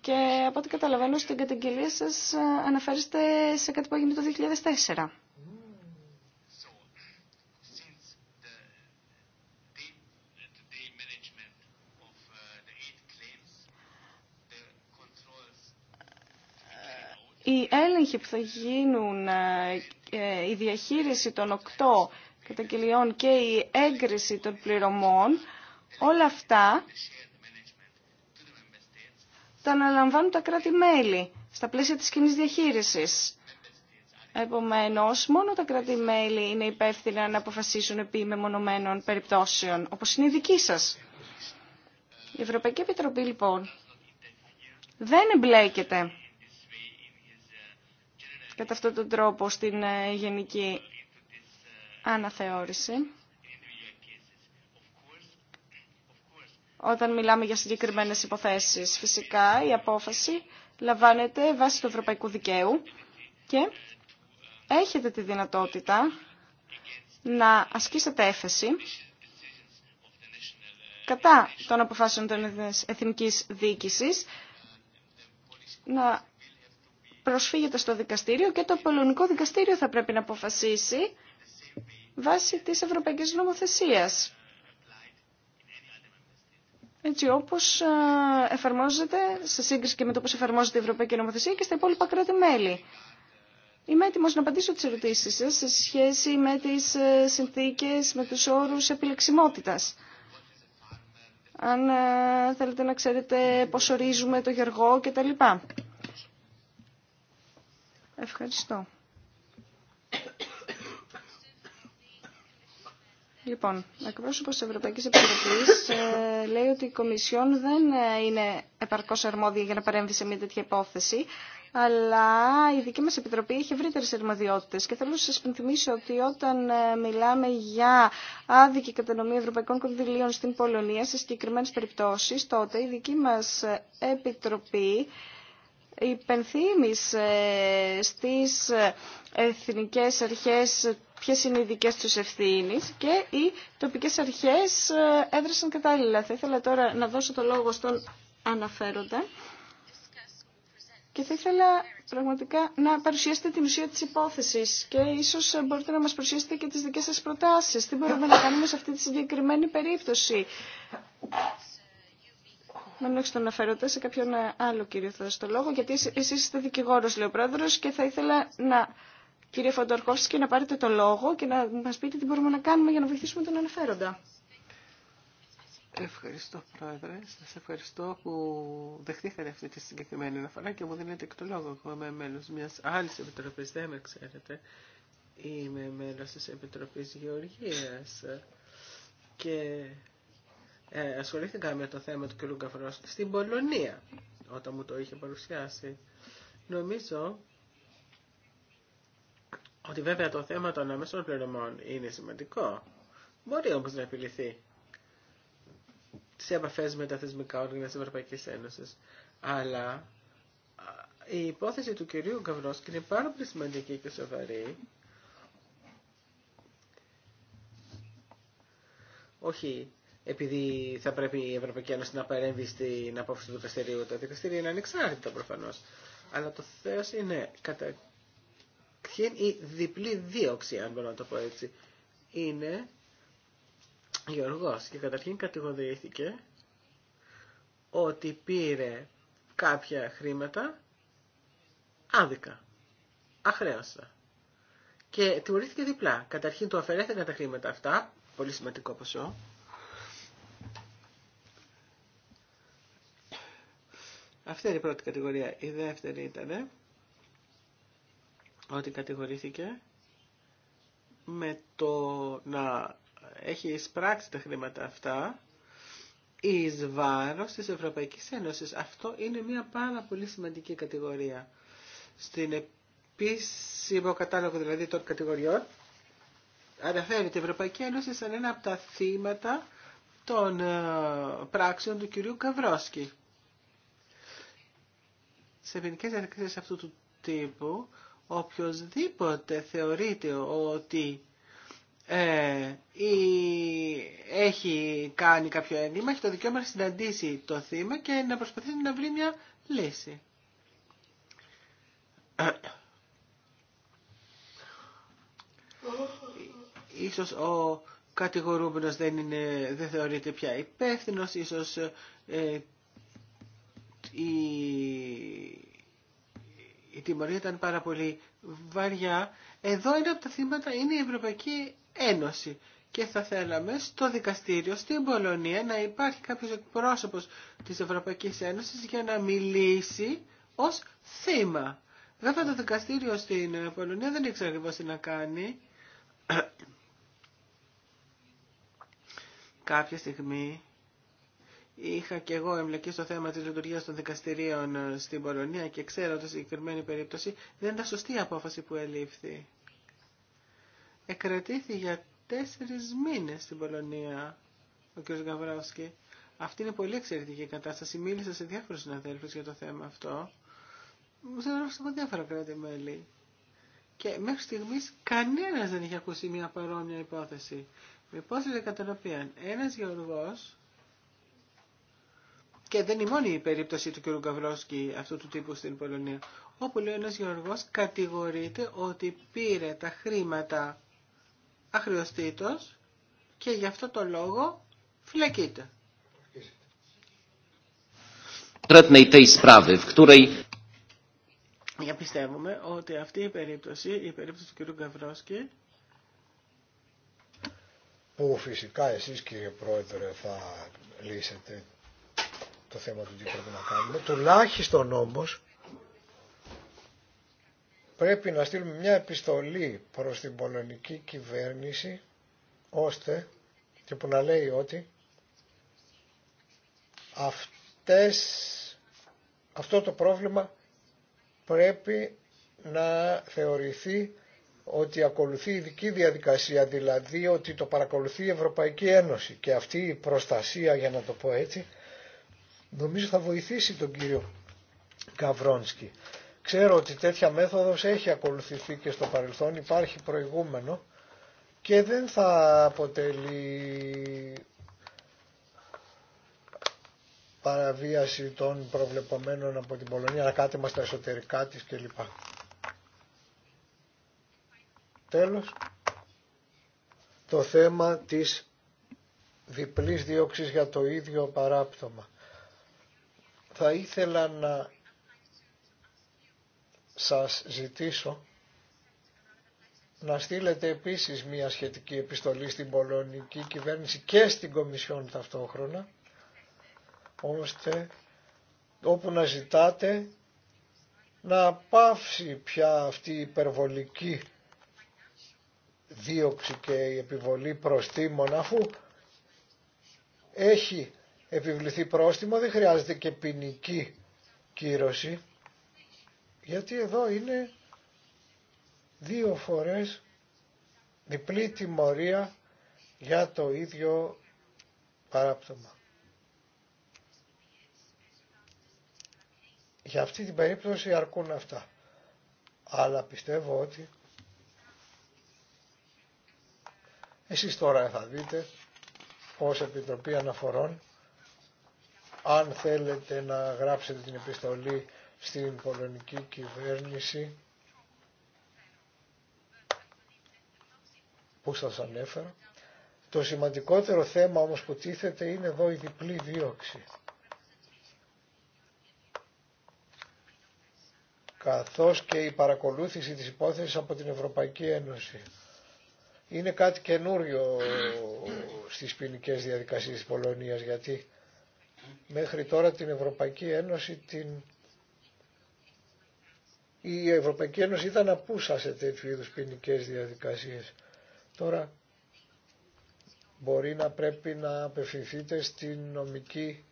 και από ό,τι καταλαβαίνω στην καταγγελία σας ε, αναφέρεστε σε κάτι που έγινε το 2004. οι έλεγχοι που θα γίνουν, ε, ε, η διαχείριση των οκτώ καταγγελιών και η έγκριση των πληρωμών, όλα αυτά τα αναλαμβάνουν τα κράτη-μέλη στα πλαίσια της κοινή διαχείρισης. Επομένως, μόνο τα κράτη-μέλη είναι υπεύθυνα να αποφασίσουν επί μεμονωμένων περιπτώσεων, όπως είναι η δική σας. Η Ευρωπαϊκή Επιτροπή, λοιπόν, δεν εμπλέκεται κατά αυτόν τον τρόπο στην ε, γενική αναθεώρηση. Όταν μιλάμε για συγκεκριμένες υποθέσεις, φυσικά η απόφαση λαμβάνεται βάσει του ευρωπαϊκού δικαίου και έχετε τη δυνατότητα να ασκήσετε έφεση κατά των αποφάσεων των εθνικής διοίκησης, να προσφύγεται στο δικαστήριο και το πολωνικό δικαστήριο θα πρέπει να αποφασίσει βάσει της ευρωπαϊκής νομοθεσίας. Έτσι όπως εφαρμόζεται, σε σύγκριση και με το πώς εφαρμόζεται η Ευρωπαϊκή Νομοθεσία και στα υπόλοιπα κράτη-μέλη. Είμαι έτοιμος να απαντήσω τις ερωτήσεις σας σε σχέση με τις ε, συνθήκες, με τους όρους επιλεξιμότητας. Αν ε, θέλετε να ξέρετε πώς ορίζουμε το γεργό κτλ. Ευχαριστώ. Λοιπόν, ο εκπρόσωπο τη Ευρωπαϊκή Επιτροπή ε, λέει ότι η Κομισιόν δεν ε, είναι επαρκώ αρμόδια για να παρέμβει σε μια τέτοια υπόθεση, αλλά η δική μα Επιτροπή έχει ευρύτερε αρμοδιότητε. Και θέλω να σα πενθυμίσω ότι όταν ε, μιλάμε για άδικη κατανομή ευρωπαϊκών κονδυλίων στην Πολωνία, σε συγκεκριμένε περιπτώσει, τότε η δική μα Επιτροπή υπενθύμησε στις εθνικές αρχές ποιες είναι οι δικές τους ευθύνες και οι τοπικές αρχές ε, έδρασαν κατάλληλα. Θα ήθελα τώρα να δώσω το λόγο στον αναφέροντα και θα ήθελα πραγματικά να παρουσιάσετε την ουσία της υπόθεσης και ίσως μπορείτε να μας παρουσιάσετε και τις δικές σας προτάσεις. Τι μπορούμε να κάνουμε σε αυτή τη συγκεκριμένη περίπτωση. Να τον αναφέροντα σε κάποιον ε, άλλο κύριο θα δώσω το λόγο, γιατί εσείς είστε δικηγόρος, λέει ο πρόεδρος, και θα ήθελα να, κύριε και να πάρετε το λόγο και να μας πείτε τι μπορούμε να κάνουμε για να βοηθήσουμε τον αναφέροντα. Ευχαριστώ, Πρόεδρε. Σας ευχαριστώ που δεχτήκατε αυτή τη συγκεκριμένη αναφορά και μου δίνετε και το λόγο. Εγώ είμαι μέλος μιας άλλης επιτροπής, δεν με ξέρετε. Είμαι μέλο τη Επιτροπή Γεωργίας και ε, ασχολήθηκα με το θέμα του κ. Καφρός στην Πολωνία όταν μου το είχε παρουσιάσει. Νομίζω ότι βέβαια το θέμα των αμέσων πληρωμών είναι σημαντικό. Μπορεί όμως να επιληθεί σε επαφέ με τα θεσμικά όργανα της Ευρωπαϊκής Ένωσης. Αλλά η υπόθεση του κυρίου Γκαβρόσκη είναι πάρα πολύ σημαντική και σοβαρή. Όχι επειδή θα πρέπει η Ευρωπαϊκή Ένωση να παρέμβει στην απόφαση του δικαστηρίου. το δικαστήρια είναι ανεξάρτητα προφανώ. Αλλά το θέο είναι κατά η διπλή δίωξη, αν μπορώ να το πω έτσι. Είναι γεωργό και καταρχήν κατηγορήθηκε ότι πήρε κάποια χρήματα άδικα, αχρέωσα. Και τιμωρήθηκε διπλά. Καταρχήν του αφαιρέθηκαν τα χρήματα αυτά, πολύ σημαντικό ποσό, Αυτή είναι η πρώτη κατηγορία. Η δεύτερη ήταν ε, ότι κατηγορήθηκε με το να έχει εισπράξει τα χρήματα αυτά εις βάρος της Ευρωπαϊκής Ένωσης. Αυτό είναι μια πάρα πολύ σημαντική κατηγορία. Στην επίσημο κατάλογο δηλαδή των κατηγοριών αναφέρει την Ευρωπαϊκή Ένωση σαν ένα από τα θύματα των ε, πράξεων του κυρίου Καβρόσκη σε ποινικές διαδικασίες αυτού του τύπου, οποιοδήποτε θεωρείται ότι ή ε, έχει κάνει κάποιο έγκλημα, έχει το δικαίωμα να συναντήσει το θύμα και να προσπαθήσει να βρει μια λύση. Ίσως ο κατηγορούμενος δεν, δεν θεωρείται πια υπεύθυνος, ίσως ε, η, η τιμωρία ήταν πάρα πολύ βαριά. Εδώ ένα από τα θύματα είναι η Ευρωπαϊκή Ένωση και θα θέλαμε στο δικαστήριο στην Πολωνία να υπάρχει κάποιος πρόσωπος της Ευρωπαϊκής Ένωσης για να μιλήσει ως θύμα. Βέβαια το δικαστήριο στην Πολωνία δεν ήξερε ακριβώ τι να κάνει. Κάποια στιγμή Είχα και εγώ εμπλακεί στο θέμα της λειτουργίας των δικαστηρίων ε, στην Πολωνία και ξέρω ότι συγκεκριμένη περίπτωση δεν ήταν σωστή η απόφαση που ελήφθη. Εκρατήθη για τέσσερις μήνες στην Πολωνία ο κ. Γκαβράουσκι. Αυτή είναι πολύ εξαιρετική κατάσταση. Μίλησα σε διάφορους συναδέλφους για το θέμα αυτό. Μου συναδέλφους από διάφορα κράτη-μέλη. Και μέχρι στιγμή κανένα δεν είχε ακούσει μια παρόμοια υπόθεση. Με υπόθεση κατά την οποία ένα γεωργό και δεν είναι η μόνη η περίπτωση του κ. Γκαβρόσκη αυτού του τύπου στην Πολωνία, όπου λέει ένας γεωργός κατηγορείται ότι πήρε τα χρήματα αχρεωστήτως και γι' αυτό το λόγο φυλακείται. Για πιστεύουμε ότι αυτή η περίπτωση, η περίπτωση του κ. Γκαβρόσκη, που φυσικά εσείς κύριε Πρόεδρε θα λύσετε το θέμα του τι πρέπει να κάνουμε. Τουλάχιστον όμω πρέπει να στείλουμε μια επιστολή προς την πολωνική κυβέρνηση ώστε και που να λέει ότι αυτές, αυτό το πρόβλημα πρέπει να θεωρηθεί ότι ακολουθεί ειδική διαδικασία, δηλαδή ότι το παρακολουθεί η Ευρωπαϊκή Ένωση και αυτή η προστασία, για να το πω έτσι, Νομίζω θα βοηθήσει τον κύριο Καβρόνσκι. Ξέρω ότι τέτοια μέθοδος έχει ακολουθηθεί και στο παρελθόν, υπάρχει προηγούμενο και δεν θα αποτελεί παραβίαση των προβλεπωμένων από την Πολωνία, να μας τα εσωτερικά της κλπ. Τέλος, το θέμα της διπλής δίωξης για το ίδιο παράπτωμα. Θα ήθελα να σας ζητήσω να στείλετε επίσης μια σχετική επιστολή στην πολωνική κυβέρνηση και στην Κομισιόν ταυτόχρονα, ώστε όπου να ζητάτε να πάυσει πια αυτή η υπερβολική δίωξη και η επιβολή προστήμων αφού έχει επιβληθεί πρόστιμο, δεν χρειάζεται και ποινική κύρωση, γιατί εδώ είναι δύο φορές διπλή τιμωρία για το ίδιο παράπτωμα. Για αυτή την περίπτωση αρκούν αυτά. Αλλά πιστεύω ότι εσείς τώρα θα δείτε ως Επιτροπή Αναφορών αν θέλετε να γράψετε την επιστολή στην πολωνική κυβέρνηση που σας ανέφερα. Το σημαντικότερο θέμα όμως που τίθεται είναι εδώ η διπλή δίωξη. καθώς και η παρακολούθηση της υπόθεσης από την Ευρωπαϊκή Ένωση. Είναι κάτι καινούριο στις ποινικέ διαδικασίες της Πολωνίας, γιατί μέχρι τώρα την Ευρωπαϊκή Ένωση την... Η Ευρωπαϊκή Ένωση ήταν απούσα σε τέτοιου είδους ποινικέ διαδικασίες. Τώρα μπορεί να πρέπει να απευθυνθείτε στην νομική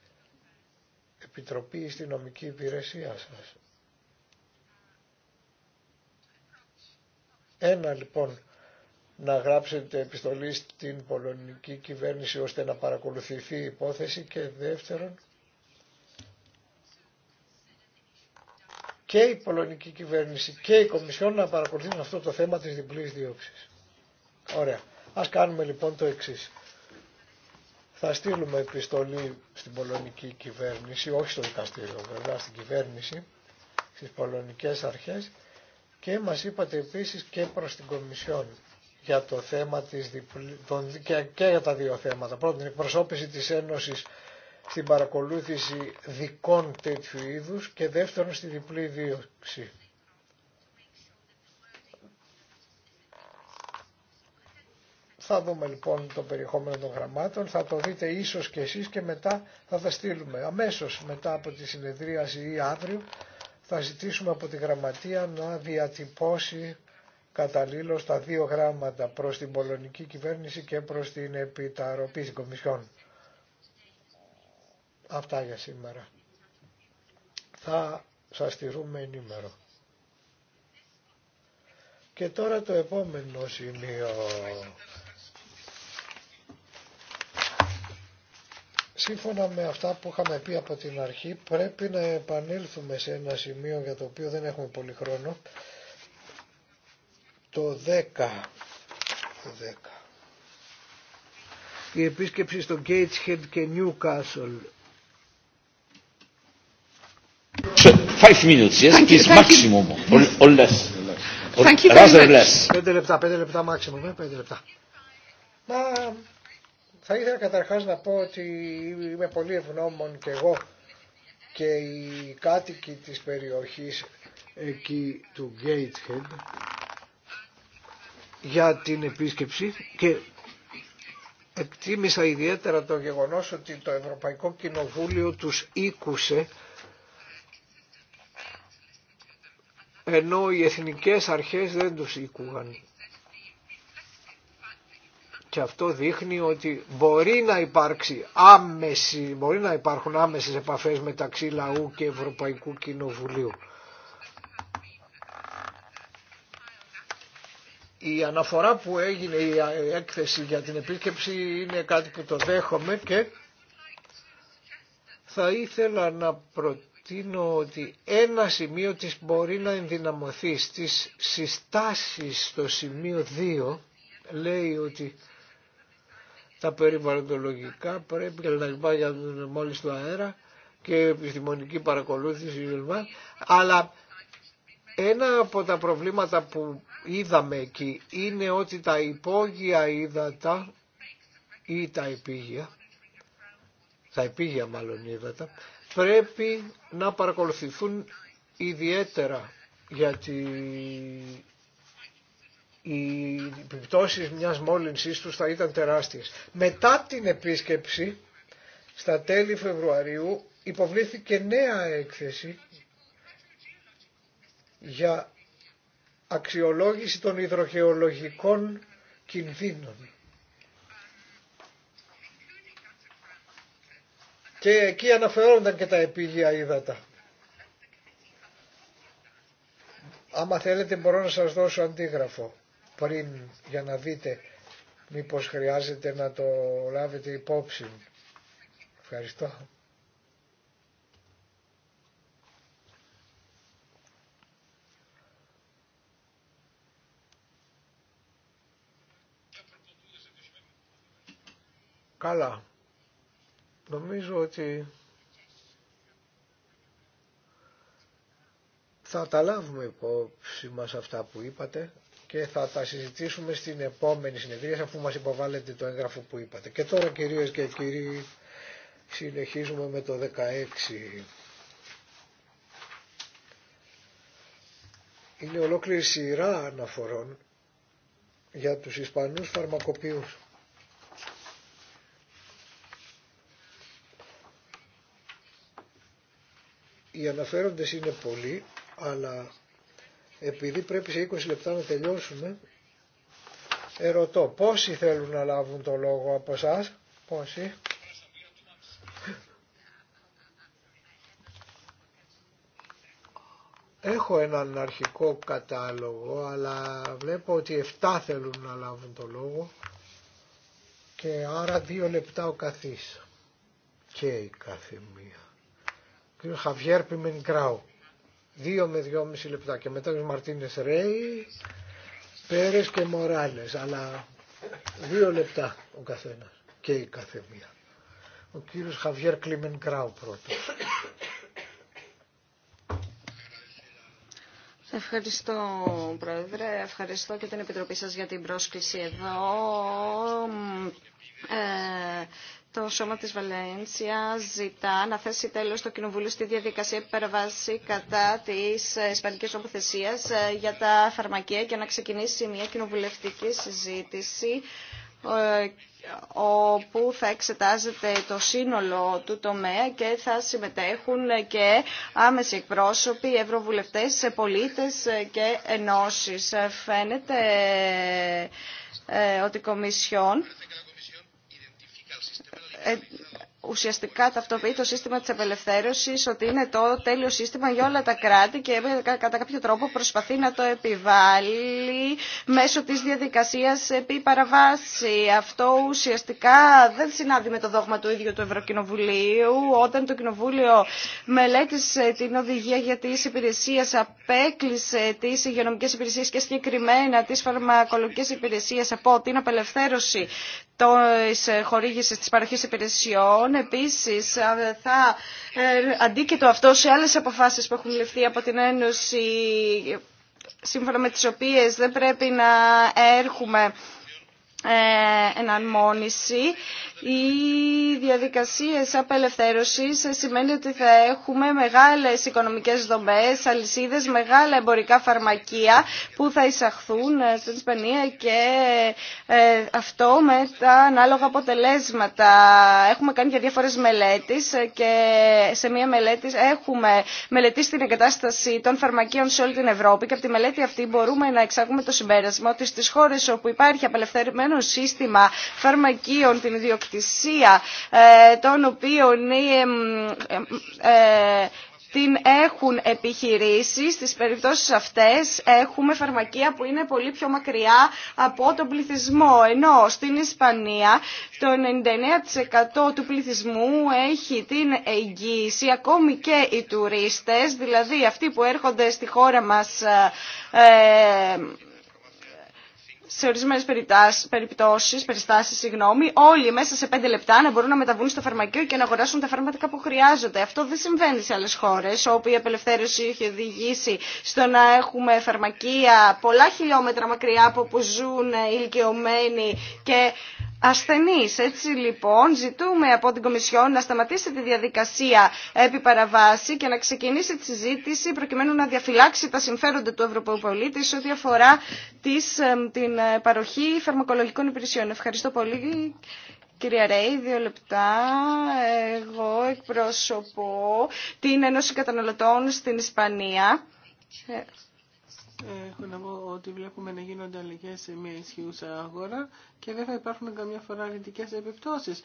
επιτροπή ή στην νομική υπηρεσία σας. Ένα λοιπόν να γράψετε επιστολή στην πολωνική κυβέρνηση ώστε να παρακολουθηθεί η υπόθεση και δεύτερον και η πολωνική κυβέρνηση και η Κομισιόν να παρακολουθήσουν αυτό το θέμα της διπλής διώξης. Ωραία. Ας κάνουμε λοιπόν το εξής. Θα στείλουμε επιστολή στην πολωνική κυβέρνηση, όχι στο δικαστήριο βέβαια, στην κυβέρνηση, στις πολωνικές αρχές και μας είπατε επίσης και προς την Κομισιόν για το θέμα της και, για τα δύο θέματα. Πρώτον, την εκπροσώπηση της Ένωσης στην παρακολούθηση δικών τέτοιου είδους και δεύτερον στη διπλή δίωξη. Θα δούμε λοιπόν το περιεχόμενο των γραμμάτων, θα το δείτε ίσως και εσείς και μετά θα τα στείλουμε. Αμέσως μετά από τη συνεδρίαση ή αύριο θα ζητήσουμε από τη γραμματεία να διατυπώσει καταλήλω τα δύο γράμματα προς την πολωνική κυβέρνηση και προς την επιταροπή συγκομισιών. Αυτά για σήμερα. Θα σας τηρούμε ενήμερο. Και τώρα το επόμενο σημείο. Σύμφωνα με αυτά που είχαμε πει από την αρχή, πρέπει να επανέλθουμε σε ένα σημείο για το οποίο δεν έχουμε πολύ χρόνο, το 10. Το 10. Η επίσκεψη στο Gateshead και Newcastle. Five minutes, yes, thank please, you, maximum, or, or less. Or thank you very rather much. less. Πέντε λεπτά, πέντε λεπτά maximum, ε, πέντε λεπτά. Μα θα ήθελα καταρχάς να πω ότι είμαι πολύ ευγνώμων και εγώ και οι κάτοικοι της περιοχής εκεί του Gatehead για την επίσκεψη και εκτίμησα ιδιαίτερα το γεγονός ότι το Ευρωπαϊκό Κοινοβούλιο τους ήκουσε ενώ οι εθνικές αρχές δεν τους ήκουγαν. Και αυτό δείχνει ότι μπορεί να υπάρξει άμεση, μπορεί να υπάρχουν άμεσες επαφές μεταξύ λαού και Ευρωπαϊκού Κοινοβουλίου. Η αναφορά που έγινε η έκθεση για την επίσκεψη είναι κάτι που το δέχομαι και θα ήθελα να προτείνω ότι ένα σημείο της μπορεί να ενδυναμωθεί στις συστάσεις στο σημείο 2 λέει ότι τα περιβαλλοντολογικά πρέπει να υπάρχουν μόλις το αέρα και επιστημονική παρακολούθηση αλλά ένα από τα προβλήματα που είδαμε εκεί είναι ότι τα υπόγεια ύδατα ή τα επίγεια, τα επίγεια μάλλον ύδατα, πρέπει να παρακολουθηθούν ιδιαίτερα γιατί οι επιπτώσεις μιας μόλυνσής τους θα ήταν τεράστιες. Μετά την επίσκεψη, στα τέλη Φεβρουαρίου, υποβλήθηκε νέα έκθεση για αξιολόγηση των υδροχεολογικών κινδύνων. Και εκεί αναφερόνταν και τα επίγεια ύδατα. Άμα θέλετε μπορώ να σας δώσω αντίγραφο πριν για να δείτε μήπως χρειάζεται να το λάβετε υπόψη. Ευχαριστώ. Καλά. Νομίζω ότι θα τα λάβουμε υπόψη μας αυτά που είπατε και θα τα συζητήσουμε στην επόμενη συνεδρία αφού μας υποβάλλετε το έγγραφο που είπατε. Και τώρα κυρίες και κύριοι συνεχίζουμε με το 16. Είναι ολόκληρη σειρά αναφορών για τους Ισπανούς φαρμακοποιούς. Οι αναφέροντες είναι πολλοί, αλλά επειδή πρέπει σε 20 λεπτά να τελειώσουμε, ερωτώ πόσοι θέλουν να λάβουν το λόγο από εσά, πόσοι. Έχω έναν αρχικό κατάλογο, αλλά βλέπω ότι 7 θέλουν να λάβουν το λόγο και άρα 2 λεπτά ο καθής και η καθεμία. Κύριο Χαβιέρ Πιμενικράου. Δύο με δυόμιση λεπτά και μετά ο Μαρτίνες Ρέι, Πέρες και Μοράλες. Αλλά δύο λεπτά ο καθένας και η καθεμία. Ο κύριος Χαβιέρ Κράου πρώτος. Ευχαριστώ Πρόεδρε, ευχαριστώ και την Επιτροπή σας για την πρόσκληση εδώ. Ε, το Σώμα της Βαλένσια ζητά να θέσει τέλος το Κοινοβούλιο στη διαδικασία υπερβάση κατά της Ισπανικής οποθεσίας ε, για τα φαρμακεία και να ξεκινήσει μια κοινοβουλευτική συζήτηση ε, όπου θα εξετάζεται το σύνολο του τομέα και θα συμμετέχουν και άμεση εκπρόσωποι, ευρωβουλευτές, πολίτες και ενώσεις. Φαίνεται ε, ότι η Κομισιόν ε, ουσιαστικά ταυτοποιεί το σύστημα της απελευθέρωσης ότι είναι το τέλειο σύστημα για όλα τα κράτη και κατά κάποιο τρόπο προσπαθεί να το επιβάλλει μέσω της διαδικασίας επί παραβάση. Αυτό ουσιαστικά δεν συνάδει με το δόγμα του ίδιου του Ευρωκοινοβουλίου. Όταν το Κοινοβούλιο μελέτησε την οδηγία για τις υπηρεσίες, απέκλεισε τις υγειονομικές υπηρεσίες και συγκεκριμένα τις φαρμακολογικές υπηρεσίες από την απελευθέρωση της ε, χορήγησης της παροχής υπηρεσιών. Επίσης, ε, θα ε, αντίκειτο αυτό σε άλλες αποφάσεις που έχουν ληφθεί από την Ένωση, σύμφωνα με τις οποίες δεν πρέπει να έρχουμε εναρμόνιση οι διαδικασίες απελευθέρωσης σημαίνει ότι θα έχουμε μεγάλες οικονομικές δομές, αλυσίδες, μεγάλα εμπορικά φαρμακεία που θα εισαχθούν ε, στην Ισπανία και ε, αυτό με τα ανάλογα αποτελέσματα. Έχουμε κάνει και διάφορες μελέτες και σε μία μελέτη έχουμε μελετήσει την εγκατάσταση των φαρμακείων σε όλη την Ευρώπη και από τη μελέτη αυτή μπορούμε να εξάγουμε το συμπέρασμα ότι στις χώρες όπου υπάρχει απελευθερωμένο σύστημα φαρμακείων την ιδιοκτήτη ιδιοκτησία ε, των οποίων ε, ε, την έχουν επιχειρήσει. Στις περιπτώσεις αυτές έχουμε φαρμακεία που είναι πολύ πιο μακριά από τον πληθυσμό. Ενώ στην Ισπανία το 99% του πληθυσμού έχει την εγγύηση, ακόμη και οι τουρίστες, δηλαδή αυτοί που έρχονται στη χώρα μας σε ορισμένε περιπτώσει, περιστάσει, συγγνώμη, όλοι μέσα σε πέντε λεπτά να μπορούν να μεταβούν στο φαρμακείο και να αγοράσουν τα φάρμακα που χρειάζονται. Αυτό δεν συμβαίνει σε άλλε χώρε, όπου η απελευθέρωση έχει οδηγήσει στο να έχουμε φαρμακεία πολλά χιλιόμετρα μακριά από όπου ζουν οι ηλικιωμένοι και ασθενείς. Έτσι λοιπόν ζητούμε από την Κομισιόν να σταματήσει τη διαδικασία επί παραβάση και να ξεκινήσει τη συζήτηση προκειμένου να διαφυλάξει τα συμφέροντα του Ευρωπαϊκού πολίτη σε ό,τι αφορά της, ε, την ε, παροχή φαρμακολογικών υπηρεσιών. Ευχαριστώ πολύ. Κυρία Ρέη, δύο λεπτά. Εγώ εκπροσωπώ την Ένωση Καταναλωτών στην Ισπανία. Ε, Έχω να πω ότι βλέπουμε να γίνονται αλλαγέ σε μια ισχυούσα αγορά και δεν θα υπάρχουν καμιά φορά αρνητικέ επιπτώσει.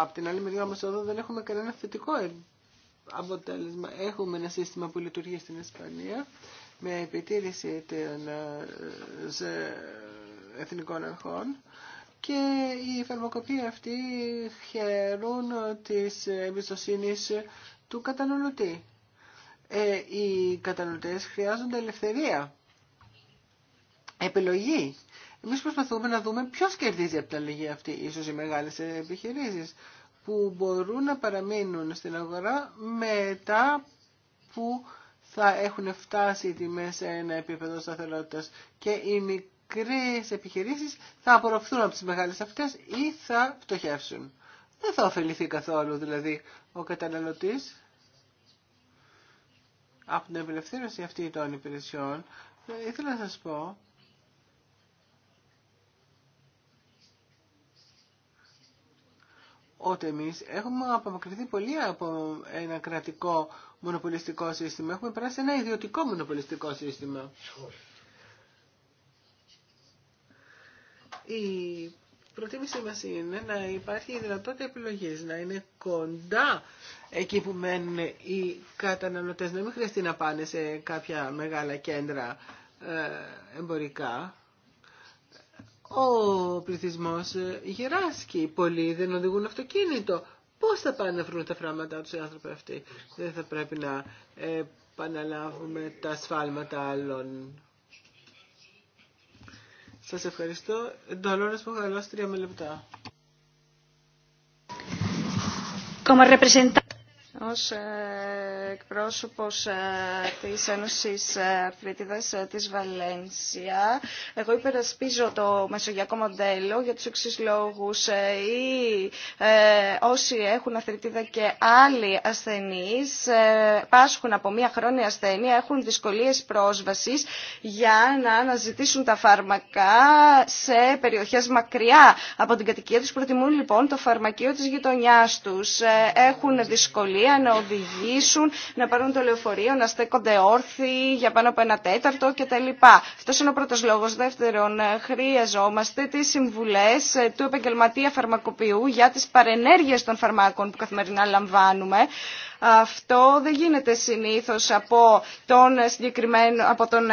Από την άλλη μεριά όμω εδώ δεν έχουμε κανένα θετικό αποτέλεσμα. Έχουμε ένα σύστημα που λειτουργεί στην Ισπανία με επιτήρηση των ε, εθνικών αρχών και οι φαρμακοποία αυτοί χαιρούν της εμπιστοσύνη του καταναλωτή. Ε, οι καταναλωτές χρειάζονται ελευθερία επιλογή. Εμείς προσπαθούμε να δούμε ποιος κερδίζει από την αλληλεγγύη αυτή. Ίσως οι μεγάλες επιχειρήσεις που μπορούν να παραμείνουν στην αγορά μετά που θα έχουν φτάσει οι τιμές σε ένα επίπεδο σταθερότητας και οι μικρές επιχειρήσεις θα απορροφθούν από τις μεγάλες αυτές ή θα φτωχεύσουν. Δεν θα ωφεληθεί καθόλου δηλαδή ο καταναλωτής από την απελευθέρωση αυτή των υπηρεσιών. Ε, ήθελα να σας πω ότι εμείς έχουμε απομακρυνθεί πολύ από ένα κρατικό μονοπολιστικό σύστημα. Έχουμε περάσει ένα ιδιωτικό μονοπολιστικό σύστημα. Η προτίμησή μας είναι να υπάρχει η δυνατότητα επιλογής, να είναι κοντά εκεί που μένουν οι καταναλωτές, να μην χρειαστεί να πάνε σε κάποια μεγάλα κέντρα ε, εμπορικά ο πληθυσμός ε, γεράσκει, πολλοί δεν οδηγούν αυτοκίνητο. Πώς θα πάνε να βρουν τα φράματά τους οι άνθρωποι αυτοί. Δεν θα πρέπει να επαναλάβουμε τα σφάλματα άλλων. Σας ευχαριστώ. Ντολόρες που τρία με λεπτά. Como representante ως ε, εκπρόσωπος ε, της Ένωσης ε, Αρθρίτιδας της Βαλένσια. Εγώ υπερασπίζω το μεσογειακό μοντέλο για τους εξής λόγους. Ή όσοι έχουν αρθρίτιδα και άλλοι ασθενείς πάσχουν από μία χρόνια ασθένεια, έχουν δυσκολίες πρόσβασης για να αναζητήσουν τα φάρμακα σε περιοχές μακριά από την κατοικία τους. Προτιμούν λοιπόν το φαρμακείο της γειτονιάς τους. Έχουν δυσκολία να οδηγήσουν, να πάρουν το λεωφορείο, να στέκονται όρθιοι για πάνω από ένα τέταρτο κτλ. Αυτό είναι ο πρώτο λόγο. Δεύτερον, ε, χρειαζόμαστε τι συμβουλέ ε, του επαγγελματία φαρμακοποιού για τι παρενέργειε των φαρμάκων που καθημερινά λαμβάνουμε. Αυτό δεν γίνεται συνήθως από τον, συγκεκριμένο, από τον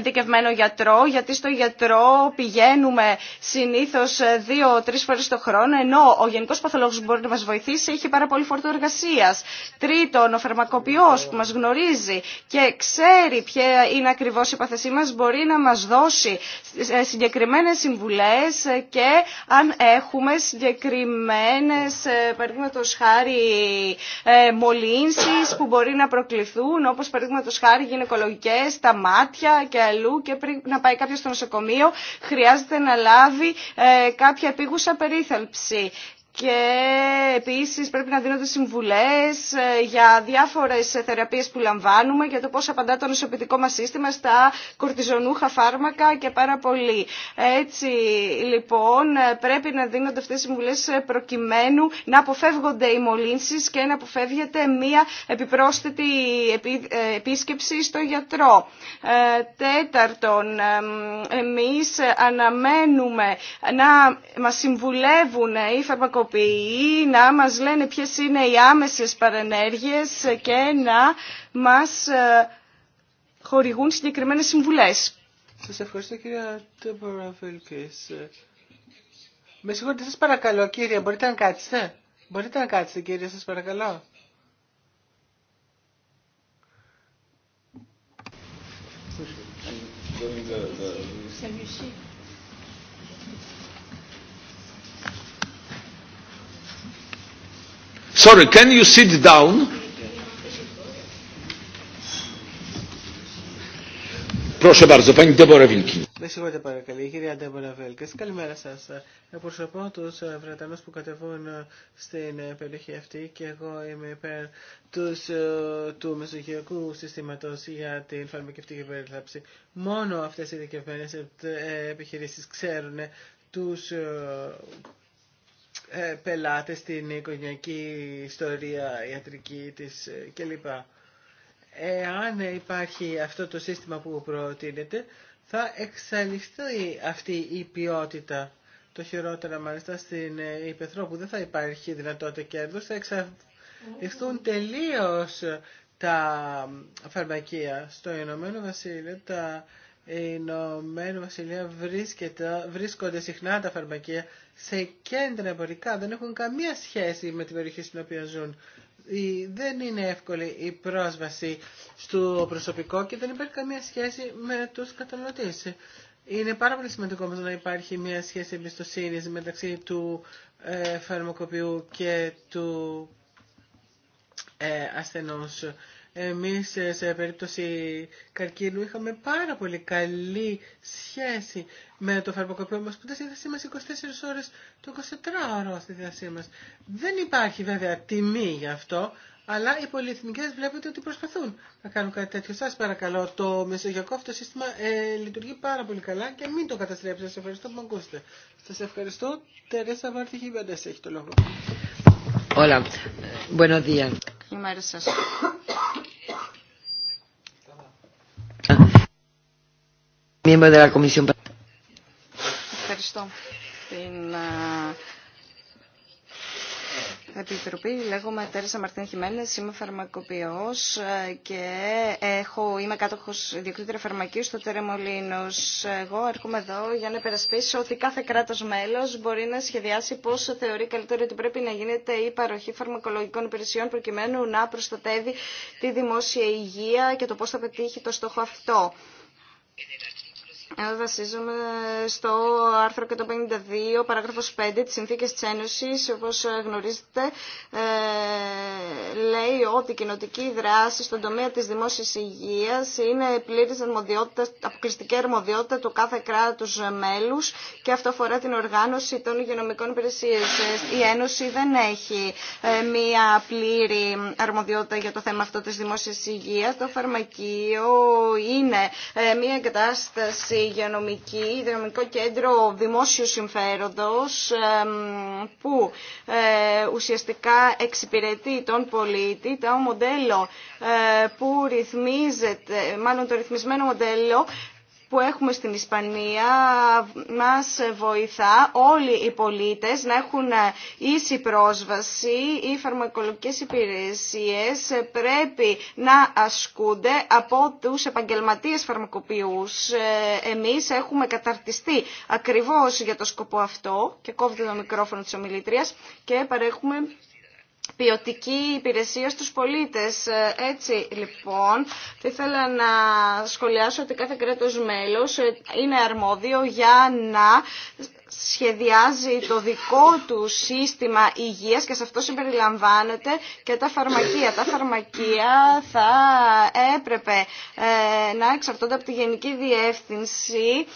ειδικευμένο γιατρό, γιατί στο γιατρό πηγαίνουμε συνήθως δύο-τρει φορέ το χρόνο, ενώ ο γενικό παθολόγος που μπορεί να μα βοηθήσει έχει πάρα πολύ φορτό εργασία. Τρίτον, ο φαρμακοποιός που μα γνωρίζει και ξέρει ποια είναι ακριβώ η παθεσή μα μπορεί να μα δώσει συγκεκριμένε συμβουλέ και αν έχουμε συγκεκριμένε, παραδείγματο χάρη, ε, μολύνσει που μπορεί να προκληθούν, όπω παραδείγματο χάρη γυναικολογικέ, τα μάτια και αλλού και πριν να πάει κάποιος στο νοσοκομείο χρειάζεται να λάβει ε, κάποια επίγουσα περίθαλψη και επίσης πρέπει να δίνονται συμβουλές ε, για διάφορες θεραπείες που λαμβάνουμε για το πώς απαντά το νοσοποιητικό μας σύστημα στα κορτιζονούχα φάρμακα και πάρα πολύ. Έτσι λοιπόν ε, πρέπει να δίνονται αυτές οι συμβουλές ε, προκειμένου να αποφεύγονται οι μολύνσεις και να αποφεύγεται μία επιπρόσθετη επίσκεψη στο γιατρό. Τέταρτον, εμείς αναμένουμε να μας συμβουλεύουν οι φαρμακοποίητες να μας λένε ποιες είναι οι άμεσες παρενέργειες και να μας ε, χορηγούν συγκεκριμένες συμβουλές. Σας ευχαριστώ κυρία Τέμπορα Φίλκης. Ε, με συγχωρείτε, σας παρακαλώ κύριε, μπορείτε να κάτσετε. Μπορείτε να κάτσετε κύριε, σας παρακαλώ. Salut. Sorry, can you sit down? Proszę bardzo, pani Debora Wilki. Με συγχωρείτε παρακαλώ, η κυρία Ντέμπορα Βέλκε. Καλημέρα σας. Εκπροσωπώ του ε, Βρετανού που κατεβούν ε, στην ε, περιοχή αυτή και εγώ είμαι υπέρ τους, του μεσογειακού συστήματο για την φαρμακευτική περίλαψη. Μόνο αυτές οι ειδικευμένε επιχειρήσει ξέρουν τους ε, πελάτες στην οικογενειακή ιστορία, ιατρική της ε, κλπ. Εάν υπάρχει αυτό το σύστημα που προτείνεται, θα εξαλειφθεί αυτή η ποιότητα. Το χειρότερα μάλιστα στην Υπεθρό ε, που δεν θα υπάρχει δυνατότητα κέρδους, θα εξαλειφθούν τελείως τα φαρμακεία. Στο Ηνωμένο Βασίλειο τα Ηνωμένη βρίσκεται, βρίσκονται συχνά τα φαρμακεία σε κέντρα εμπορικά, δεν έχουν καμία σχέση με την περιοχή στην οποία ζουν. Δεν είναι εύκολη η πρόσβαση στο προσωπικό και δεν υπάρχει καμία σχέση με τους καταναλωτές. Είναι πάρα πολύ σημαντικό όμως να υπάρχει μια σχέση εμπιστοσύνη μεταξύ του ε, φαρμακοποιού και του ε, ασθενούς. Εμείς ε, σε περίπτωση καρκίνου είχαμε πάρα πολύ καλή σχέση με το φαρμακοποιό μας που ήταν στη θέση μας 24 ώρες το 24ωρο στη διάθεσή μας. Δεν υπάρχει βέβαια τιμή γι' αυτό, αλλά οι πολυεθνικές βλέπετε ότι προσπαθούν να κάνουν κάτι τέτοιο. Σας παρακαλώ, το μεσογειακό αυτό σύστημα ε, λειτουργεί πάρα πολύ καλά και μην το καταστρέψετε. Σας ευχαριστώ που με ακούσετε. Σας ευχαριστώ. Τερέσα Βάρτη Χιβέντες έχει το λόγο. Καλημέρα σας. Ευχαριστώ. Την ε, Επιτροπή. Λέγομαι Τέρσα Μαρτίν Χιμένες, είμαι φαρμακοποιός ε, και έχω, είμαι κάτοχος ιδιοκτήτρια φαρμακείου στο Τερεμολίνος. Εγώ έρχομαι εδώ για να περασπίσω ότι κάθε κράτος μέλος μπορεί να σχεδιάσει πόσο θεωρεί καλύτερο ότι πρέπει να γίνεται η παροχή φαρμακολογικών υπηρεσιών προκειμένου να προστατεύει τη δημόσια υγεία και το πώς θα πετύχει το στόχο αυτό. Βασίζομαι στο άρθρο 152, παράγραφος 5 της Συνθήκης της Ένωσης, όπως γνωρίζετε, ε, λέει ότι η κοινοτική δράση στον τομέα της δημόσιας υγείας είναι πλήρης αρμοδιότητα, αποκλειστική αρμοδιότητα του κάθε κράτους μέλους και αυτό αφορά την οργάνωση των υγειονομικών υπηρεσίες Η Ένωση δεν έχει ε, μία πλήρη αρμοδιότητα για το θέμα αυτό της δημόσιας υγείας. Το φαρμακείο είναι ε, μία εγκατάσταση υπάρξει υγειονομική, υγειονομικό κέντρο δημόσιου συμφέροντος που ε, ουσιαστικά εξυπηρετεί τον πολίτη, το μοντέλο ε, που ρυθμίζεται, μάλλον το ρυθμισμένο μοντέλο που έχουμε στην Ισπανία μας βοηθά όλοι οι πολίτες να έχουν ίση πρόσβαση. Οι φαρμακολογικές υπηρεσίες πρέπει να ασκούνται από τους επαγγελματίες φαρμακοποιούς. Εμείς έχουμε καταρτιστεί ακριβώς για το σκοπό αυτό και κόβεται το μικρόφωνο της ομιλήτριας και παρέχουμε ποιοτική υπηρεσία στους πολίτες. Ε, έτσι λοιπόν, θα ήθελα να σχολιάσω ότι κάθε κράτος μέλος ε, είναι αρμόδιο για να σχεδιάζει το δικό του σύστημα υγείας και σε αυτό συμπεριλαμβάνεται και τα φαρμακεία. Τα φαρμακεία θα έπρεπε ε, να εξαρτώνται από τη Γενική Διεύθυνση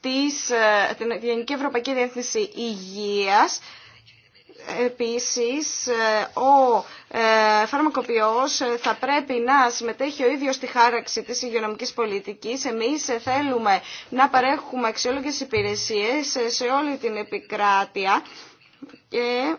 της, την Γενική Ευρωπαϊκή Διεύθυνση Υγείας Επίσης, ε, ο ε, φαρμακοποιός ε, θα πρέπει να συμμετέχει ο ίδιος στη χάραξη της υγειονομικής πολιτικής. Εμείς θέλουμε να παρέχουμε αξιόλογες υπηρεσίες σε όλη την επικράτεια και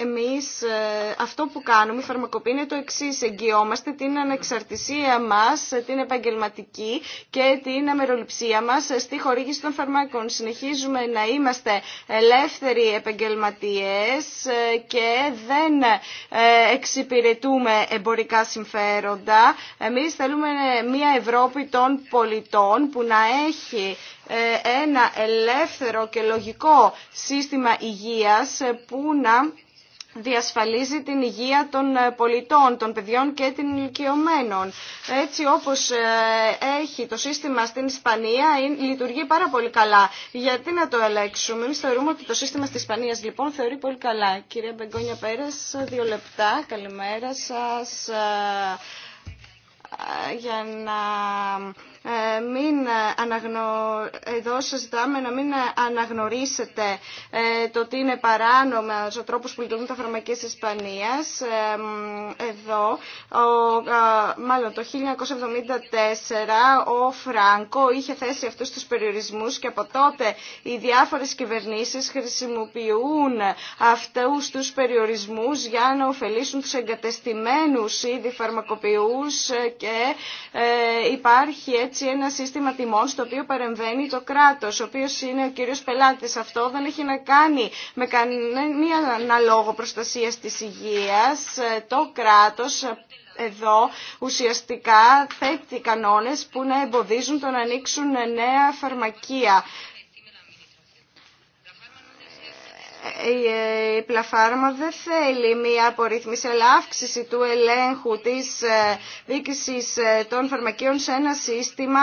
εμείς ε, αυτό που κάνουμε, η φαρμακοποίηση είναι το εξή. Εγγυόμαστε την ανεξαρτησία μας, την επαγγελματική και την αμεροληψία μας στη χορήγηση των φαρμάκων. Συνεχίζουμε να είμαστε ελεύθεροι επαγγελματίες ε, και δεν ε, εξυπηρετούμε εμπορικά συμφέροντα. Εμείς θέλουμε μια Ευρώπη των πολιτών που να έχει ένα ελεύθερο και λογικό σύστημα υγείας που να διασφαλίζει την υγεία των ε, πολιτών, των παιδιών και των ηλικιωμένων. Έτσι όπως ε, έχει το σύστημα στην Ισπανία λειτουργεί πάρα πολύ καλά. Γιατί να το ελέγξουμε. Εμείς θεωρούμε ότι το σύστημα της Ισπανίας λοιπόν θεωρεί πολύ καλά. Κυρία Μπεγκόνια Πέρας, δύο λεπτά. Καλημέρα σας. Ε, για να ε, μην ε, αναγνω... εδώ σας ζητάμε να μην ε, αναγνωρίσετε το ότι είναι παράνομα ο τρόπος που λειτουργούν τα φαρμακεία της Ισπανίας. εδώ, ο, μάλλον το 1974 ο Φράνκο είχε θέσει αυτούς τους περιορισμούς και από τότε οι διάφορες κυβερνήσεις χρησιμοποιούν αυτούς τους περιορισμούς για να ωφελήσουν τους εγκατεστημένους ήδη φαρμακοποιούς και υπάρχει έτσι ένα σύστημα τιμών στο οποίο παρεμβαίνει το κράτος, ο οποίος είναι ο κύριος πελάτης. Αυτό δεν έχει να κάνει με κανένα ανάλογο προστασίας της υγεία. Ε, το κράτος εδώ ουσιαστικά θέτει κανόνες που να εμποδίζουν το να ανοίξουν νέα φαρμακεία. η ε, πλαφάρμα δεν θέλει μία απορρίθμιση αλλά αύξηση του ελέγχου της ε, δίκησης ε, των φαρμακείων σε ένα σύστημα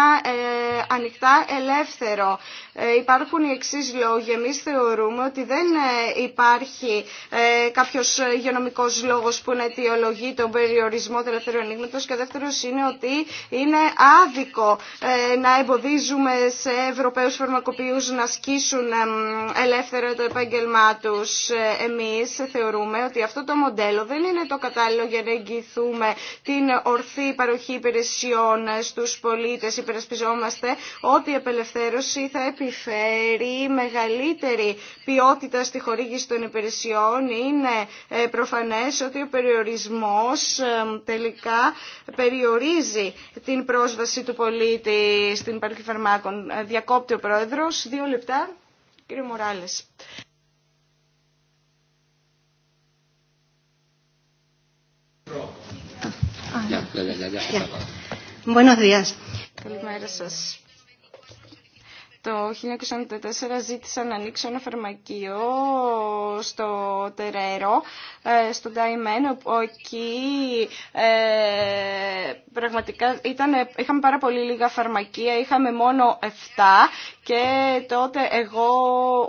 ανοιχτά ελεύθερο. Υπάρχουν οι εξής λόγοι. Εμείς θεωρούμε ότι δεν υπάρχει κάποιος υγειονομικός λόγος που να αιτιολογεί τον περιορισμό του ελεύθερου ανοίγματος και δεύτερος είναι ότι είναι άδικο να εμποδίζουμε σε Ευρωπαίους φαρμακοποιούς να ασκήσουν ελεύθερο το επάγγελμά τους. Εμείς θεωρούμε ότι αυτό το μοντέλο δεν είναι το κατάλληλο για να εγγυηθούμε την ορθή παροχή υπηρεσιών στους πολίτες. Υπερασπιζόμαστε ότι η απελευθέρωση θα επιφέρει μεγαλύτερη ποιότητα στη χορήγηση των υπηρεσιών. Είναι ε, προφανές ότι ο περιορισμός ε, τελικά περιορίζει την πρόσβαση του πολίτη στην παροχή φαρμάκων. Ε, διακόπτει ο Πρόεδρος. Δύο λεπτά. Κύριε Μοράλες. Buenos días. Καλημέρα σα. Το 1994 ζήτησα, να ανοίξω ένα φαρμακείο στο Τερέρο, ε, στο Νταϊμένο, όπου εκεί ε, πραγματικά ήταν, είχαμε πάρα πολύ λίγα φαρμακεία, είχαμε μόνο 7 και τότε εγώ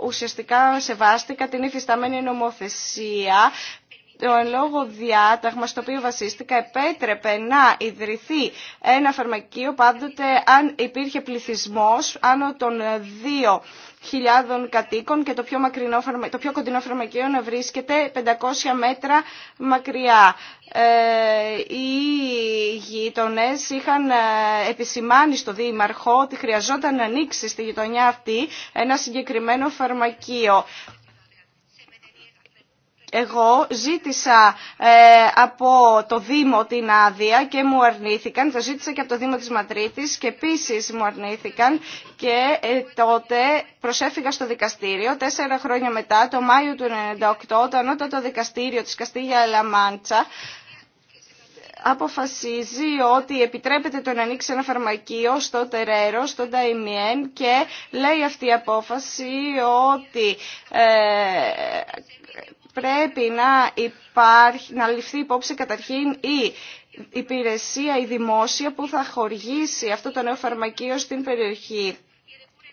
ουσιαστικά σεβάστηκα την υφιστάμενη νομοθεσία το εν λόγω διάταγμα στο οποίο βασίστηκα επέτρεπε να ιδρυθεί ένα φαρμακείο πάντοτε αν υπήρχε πληθυσμός άνω των 2.000 κατοίκων και το πιο, μακρινό, το πιο κοντινό φαρμακείο να βρίσκεται 500 μέτρα μακριά. Ε, οι γείτονε είχαν ε, επισημάνει στο Δήμαρχο ότι χρειαζόταν να ανοίξει στη γειτονιά αυτή ένα συγκεκριμένο φαρμακείο. Εγώ ζήτησα ε, από το Δήμο την άδεια και μου αρνήθηκαν. Το ζήτησα και από το Δήμο της Ματρίτης και επίσης μου αρνήθηκαν. Και ε, τότε προσέφυγα στο δικαστήριο. Τέσσερα χρόνια μετά, το Μάιο του 1998, το Δικαστήριο της Καστίγια Λαμάντσα αποφασίζει ότι επιτρέπεται το να ανοίξει ένα φαρμακείο στο Τερέρο, στο Νταϊμιέν και λέει αυτή η απόφαση ότι ε, πρέπει να, υπάρχει, να ληφθεί υπόψη καταρχήν η υπηρεσία, η δημόσια που θα χορηγήσει αυτό το νέο φαρμακείο στην περιοχή.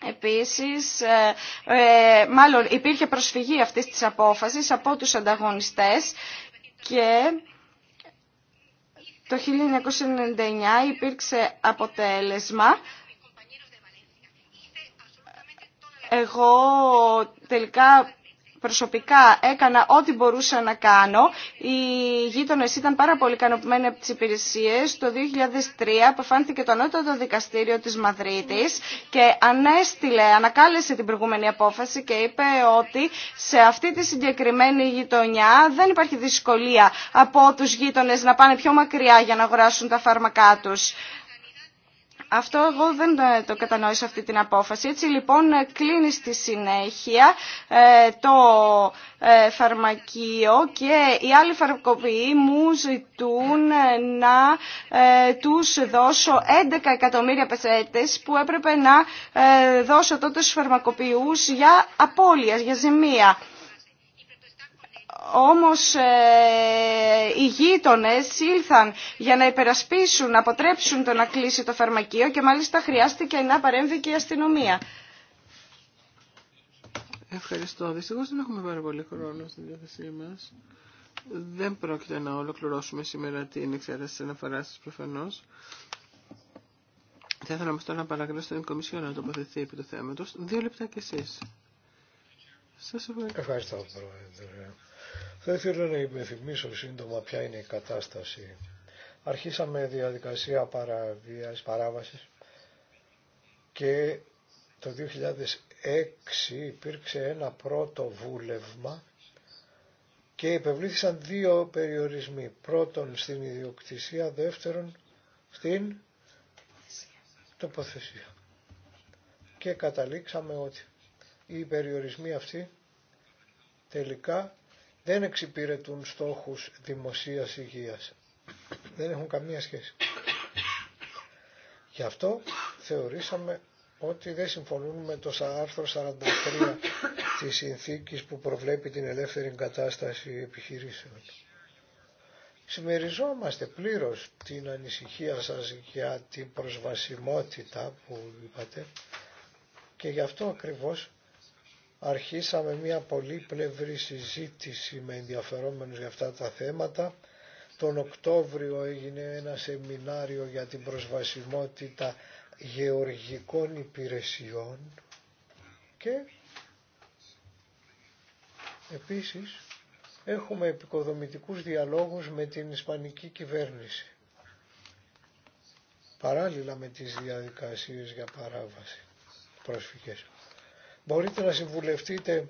Επίσης, ε, ε, μάλλον υπήρχε προσφυγή αυτής της απόφασης από τους ανταγωνιστές και το 1999 υπήρξε αποτέλεσμα. Εγώ τελικά προσωπικά έκανα ό,τι μπορούσα να κάνω. Οι γείτονε ήταν πάρα πολύ ικανοποιημένοι από τι υπηρεσίε. Το 2003 αποφάνθηκε το ανώτατο δικαστήριο τη Μαδρίτη και ανέστηλε, ανακάλεσε την προηγούμενη απόφαση και είπε ότι σε αυτή τη συγκεκριμένη γειτονιά δεν υπάρχει δυσκολία από του γείτονε να πάνε πιο μακριά για να αγοράσουν τα φάρμακά του. Αυτό εγώ δεν ε, το κατανόησα αυτή την απόφαση. Έτσι λοιπόν ε, κλείνει στη συνέχεια ε, το φαρμακείο και οι άλλοι φαρμακοποιοί μου ζητούν να τους δώσω 11 εκατομμύρια πεσέτες που έπρεπε να δώσω τότε στους φαρμακοποιούς για απώλεια, για ζημία. Όμως ε, οι γείτονες ήλθαν για να υπερασπίσουν, να αποτρέψουν το να κλείσει το φαρμακείο και μάλιστα χρειάστηκε να παρέμβει και η αστυνομία. Ευχαριστώ. Δυστυχώς δεν έχουμε πάρα πολύ χρόνο στη διάθεσή μας. Δεν πρόκειται να ολοκληρώσουμε σήμερα την εξέταση της αναφοράς της προφανώς. Θα ήθελα όμως τώρα να παρακαλώ στην Κομισιόν να τοποθετηθεί επί του θέματος. Δύο λεπτά κι εσείς. Σας ευχαριστώ. Ευχαριστώ, Πρόεδρε. Θα ήθελα να υπενθυμίσω σύντομα ποια είναι η κατάσταση. Αρχίσαμε διαδικασία παραβίας, παράβασης και το 2006 υπήρξε ένα πρώτο βούλευμα και υπευλήθησαν δύο περιορισμοί. Πρώτον στην ιδιοκτησία, δεύτερον στην τοποθεσία. Και καταλήξαμε ότι οι περιορισμοί αυτοί τελικά δεν εξυπηρετούν στόχους δημοσίας υγείας. Δεν έχουν καμία σχέση. Γι' αυτό θεωρήσαμε ότι δεν συμφωνούν με το άρθρο 43 της συνθήκης που προβλέπει την ελεύθερη εγκατάσταση επιχειρήσεων. Συμμεριζόμαστε πλήρως την ανησυχία σας για την προσβασιμότητα που είπατε και γι' αυτό ακριβώς αρχίσαμε μια πολύπλευρη συζήτηση με ενδιαφερόμενους για αυτά τα θέματα. Τον Οκτώβριο έγινε ένα σεμινάριο για την προσβασιμότητα γεωργικών υπηρεσιών και επίσης έχουμε επικοδομητικούς διαλόγους με την Ισπανική κυβέρνηση παράλληλα με τις διαδικασίες για παράβαση πρόσφυγες. Μπορείτε να συμβουλευτείτε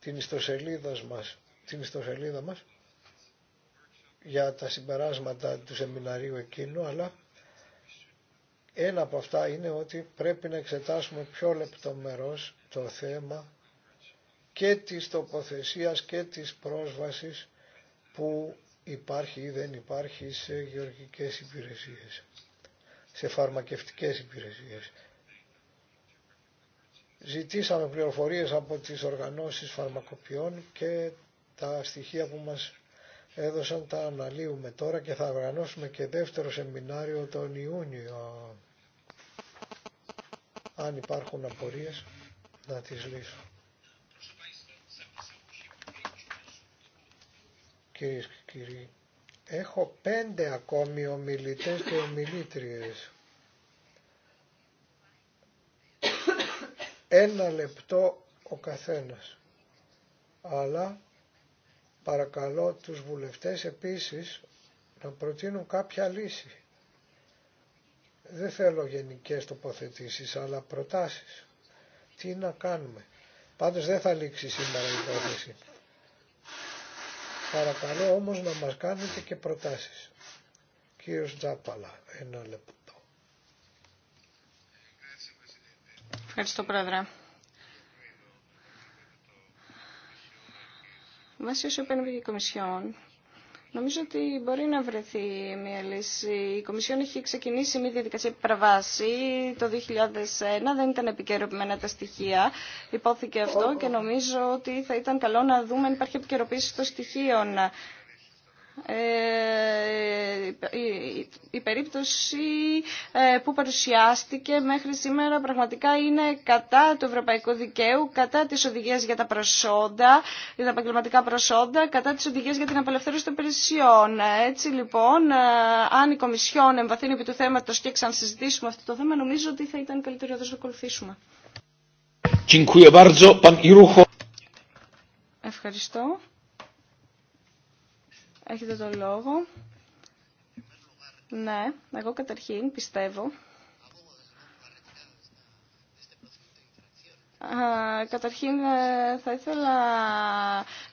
την ιστοσελίδα μας, την ιστοσελίδα μας για τα συμπεράσματα του σεμιναρίου εκείνου, αλλά ένα από αυτά είναι ότι πρέπει να εξετάσουμε πιο λεπτομερώς το θέμα και της τοποθεσίας και της πρόσβασης που υπάρχει ή δεν υπάρχει σε γεωργικές υπηρεσίες, σε φαρμακευτικές υπηρεσίες. Ζητήσαμε πληροφορίες από τις οργανώσεις φαρμακοποιών και τα στοιχεία που μας έδωσαν τα αναλύουμε τώρα και θα οργανώσουμε και δεύτερο σεμινάριο τον Ιούνιο. Αν υπάρχουν απορίες να τις λύσω. Κυρίες και κύριοι, έχω πέντε ακόμη ομιλητές και ομιλήτριες. Ένα λεπτό ο καθένας. Αλλά παρακαλώ τους βουλευτές επίσης να προτείνουν κάποια λύση. Δεν θέλω γενικές τοποθετήσεις, αλλά προτάσεις. Τι να κάνουμε. Πάντως δεν θα λήξει σήμερα η υπόθεση. Παρακαλώ όμως να μας κάνετε και προτάσεις. Κύριος Τζάπαλα, ένα λεπτό. Ευχαριστώ, Πρόεδρε. Βάσει όσο είπε η Κομισιόν, Νομίζω ότι μπορεί να βρεθεί μια λύση. Η Κομισιόν έχει ξεκινήσει μια διαδικασία επιπραβάση το 2001. Δεν ήταν επικαιροποιημένα τα στοιχεία. Υπόθηκε αυτό και νομίζω ότι θα ήταν καλό να δούμε αν υπάρχει επικαιροποίηση των στοιχείων. Ε, η περίπτωση ε, που παρουσιάστηκε μέχρι σήμερα πραγματικά είναι κατά του Ευρωπαϊκό δικαίου, κατά τις οδηγίες για τα προσόντα, για τα επαγγελματικά προσόντα, κατά τις οδηγίες για την απελευθέρωση των περισσιών ε, Έτσι λοιπόν, αν η Κομισιόν εμβαθύνει επί του θέματος και ξανασυζητήσουμε αυτό το θέμα, νομίζω ότι θα ήταν καλύτερο να το ακολουθήσουμε. Ευχαριστώ. Έχετε το λόγο. Ναι, εγώ καταρχήν πιστεύω Καταρχήν ε, θα ήθελα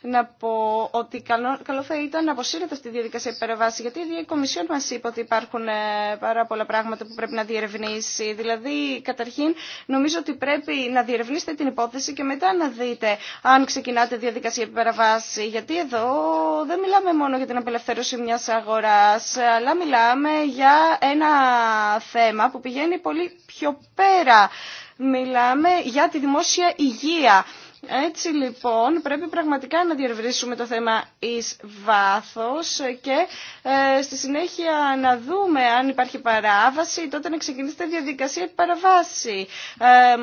να πω ότι καλό θα ήταν να αποσύρεται αυτή τη διαδικασία υπερβάση γιατί η Κομισιόν μας είπε ότι υπάρχουν ε, πάρα πολλά πράγματα που πρέπει να διερευνήσει. Δηλαδή καταρχήν νομίζω ότι πρέπει να διερευνήσετε την υπόθεση και μετά να δείτε αν ξεκινάτε διαδικασία υπερβάση γιατί εδώ δεν μιλάμε μόνο για την απελευθέρωση μιας αγοράς αλλά μιλάμε για ένα θέμα που πηγαίνει πολύ πιο πέρα μιλάμε για τη δημόσια υγεία έτσι λοιπόν πρέπει πραγματικά να διερευνήσουμε το θέμα εις βάθος και ε, στη συνέχεια να δούμε αν υπάρχει παράβαση, τότε να ξεκινήσετε διαδικασία επί παραβάση. Ε,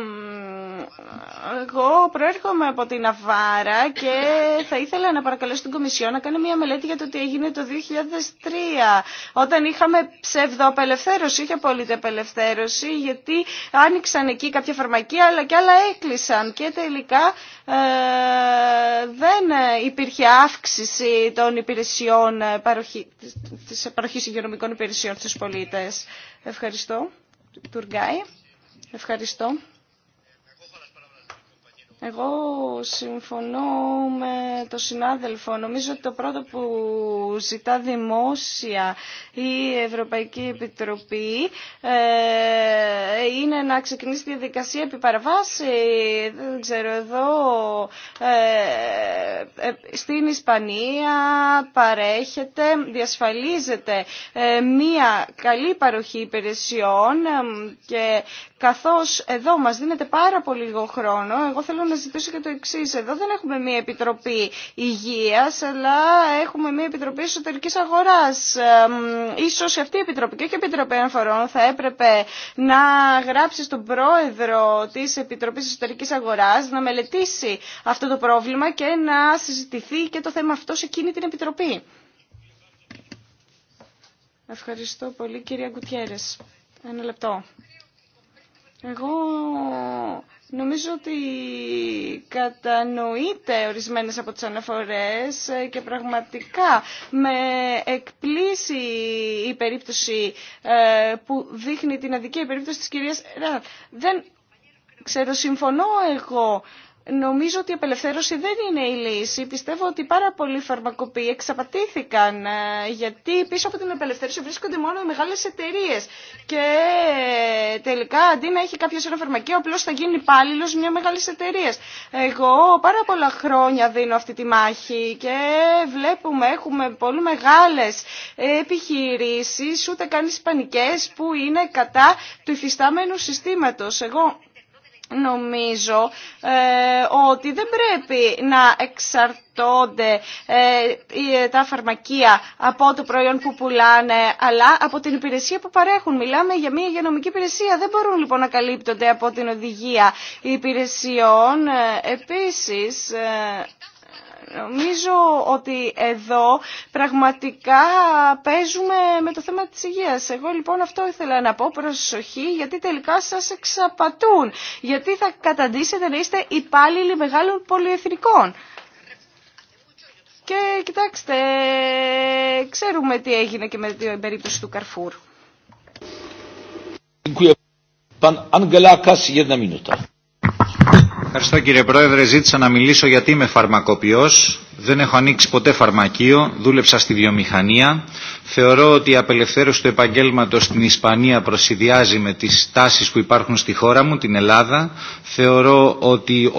εγώ προέρχομαι από την Αβάρα και θα ήθελα να παρακαλέσω την Κομισιό να κάνει μια μελέτη για το τι έγινε το 2003 όταν είχαμε ψευδοαπελευθέρωση, όχι απόλυτη απελευθέρωση γιατί άνοιξαν εκεί κάποια φαρμακεία αλλά και άλλα έκλεισαν και τελικά ε, δεν υπήρχε αύξηση των υπηρεσιών ε, της παροχής υγειονομικών υπηρεσιών στους πολίτες. Ευχαριστώ. Τουργάι. Ευχαριστώ. Εγώ συμφωνώ με το συνάδελφο. Νομίζω ότι το πρώτο που ζητά δημόσια η Ευρωπαϊκή Επιτροπή ε, είναι να ξεκινήσει τη διαδικασία επί παραβάση. Δεν ξέρω εδώ, ε, ε, στην Ισπανία παρέχεται, διασφαλίζεται μία καλή παροχή υπηρεσιών και καθώς εδώ μας δίνεται πάρα πολύ λίγο χρόνο, εγώ θέλω να ζητήσω και το εξή. Εδώ δεν έχουμε μία επιτροπή υγείας, αλλά έχουμε μία επιτροπή εσωτερικής αγοράς. Ίσως αυτή η επιτροπή και η επιτροπή αναφορών θα έπρεπε να γράψει στον πρόεδρο της Επιτροπής Εσωτερικής Αγοράς να μελετήσει αυτό το πρόβλημα και να συζητηθεί και το θέμα αυτό σε εκείνη την επιτροπή. Ευχαριστώ πολύ κυρία Γκουτιέρες. Ένα λεπτό. Εγώ νομίζω ότι κατανοείται ορισμένες από τις αναφορές και πραγματικά με εκπλήσει η περίπτωση ε, που δείχνει την αδικία περίπτωση της κυρίας Δεν ξέρω, συμφωνώ εγώ Νομίζω ότι η απελευθέρωση δεν είναι η λύση. Πιστεύω ότι πάρα πολλοί φαρμακοποιοί εξαπατήθηκαν ε, γιατί πίσω από την απελευθέρωση βρίσκονται μόνο οι μεγάλες εταιρείες και τελικά αντί να έχει κάποιος ένα φαρμακείο απλώ θα γίνει υπάλληλο μια μεγάλη εταιρεία. Εγώ πάρα πολλά χρόνια δίνω αυτή τη μάχη και βλέπουμε έχουμε πολύ μεγάλες επιχειρήσεις ούτε καν ισπανικές που είναι κατά του υφιστάμενου συστήματος. Εγώ νομίζω ε, ότι δεν πρέπει να εξαρτώνται ε, τα φαρμακεία από το προϊόν που πουλάνε, αλλά από την υπηρεσία που παρέχουν. Μιλάμε για μια υγειονομική υπηρεσία. Δεν μπορούν λοιπόν να καλύπτονται από την οδηγία υπηρεσιών. Ε, επίσης, Νομίζω ότι εδώ πραγματικά παίζουμε με το θέμα της υγείας. Εγώ λοιπόν αυτό ήθελα να πω προσοχή γιατί τελικά σας εξαπατούν. Γιατί θα καταντήσετε να είστε υπάλληλοι μεγάλων πολυεθνικών. Και κοιτάξτε, ξέρουμε τι έγινε και με την περίπτωση του Καρφούρ. Pan Angela ένα ένα Ευχαριστώ κύριε Πρόεδρε. Ζήτησα να μιλήσω γιατί είμαι φαρμακοποιός δεν έχω ανοίξει ποτέ φαρμακείο, δούλεψα στη βιομηχανία. Θεωρώ ότι η απελευθέρωση του επαγγέλματο στην Ισπανία προσυδειάζει με τι τάσει που υπάρχουν στη χώρα μου, την Ελλάδα. Θεωρώ ότι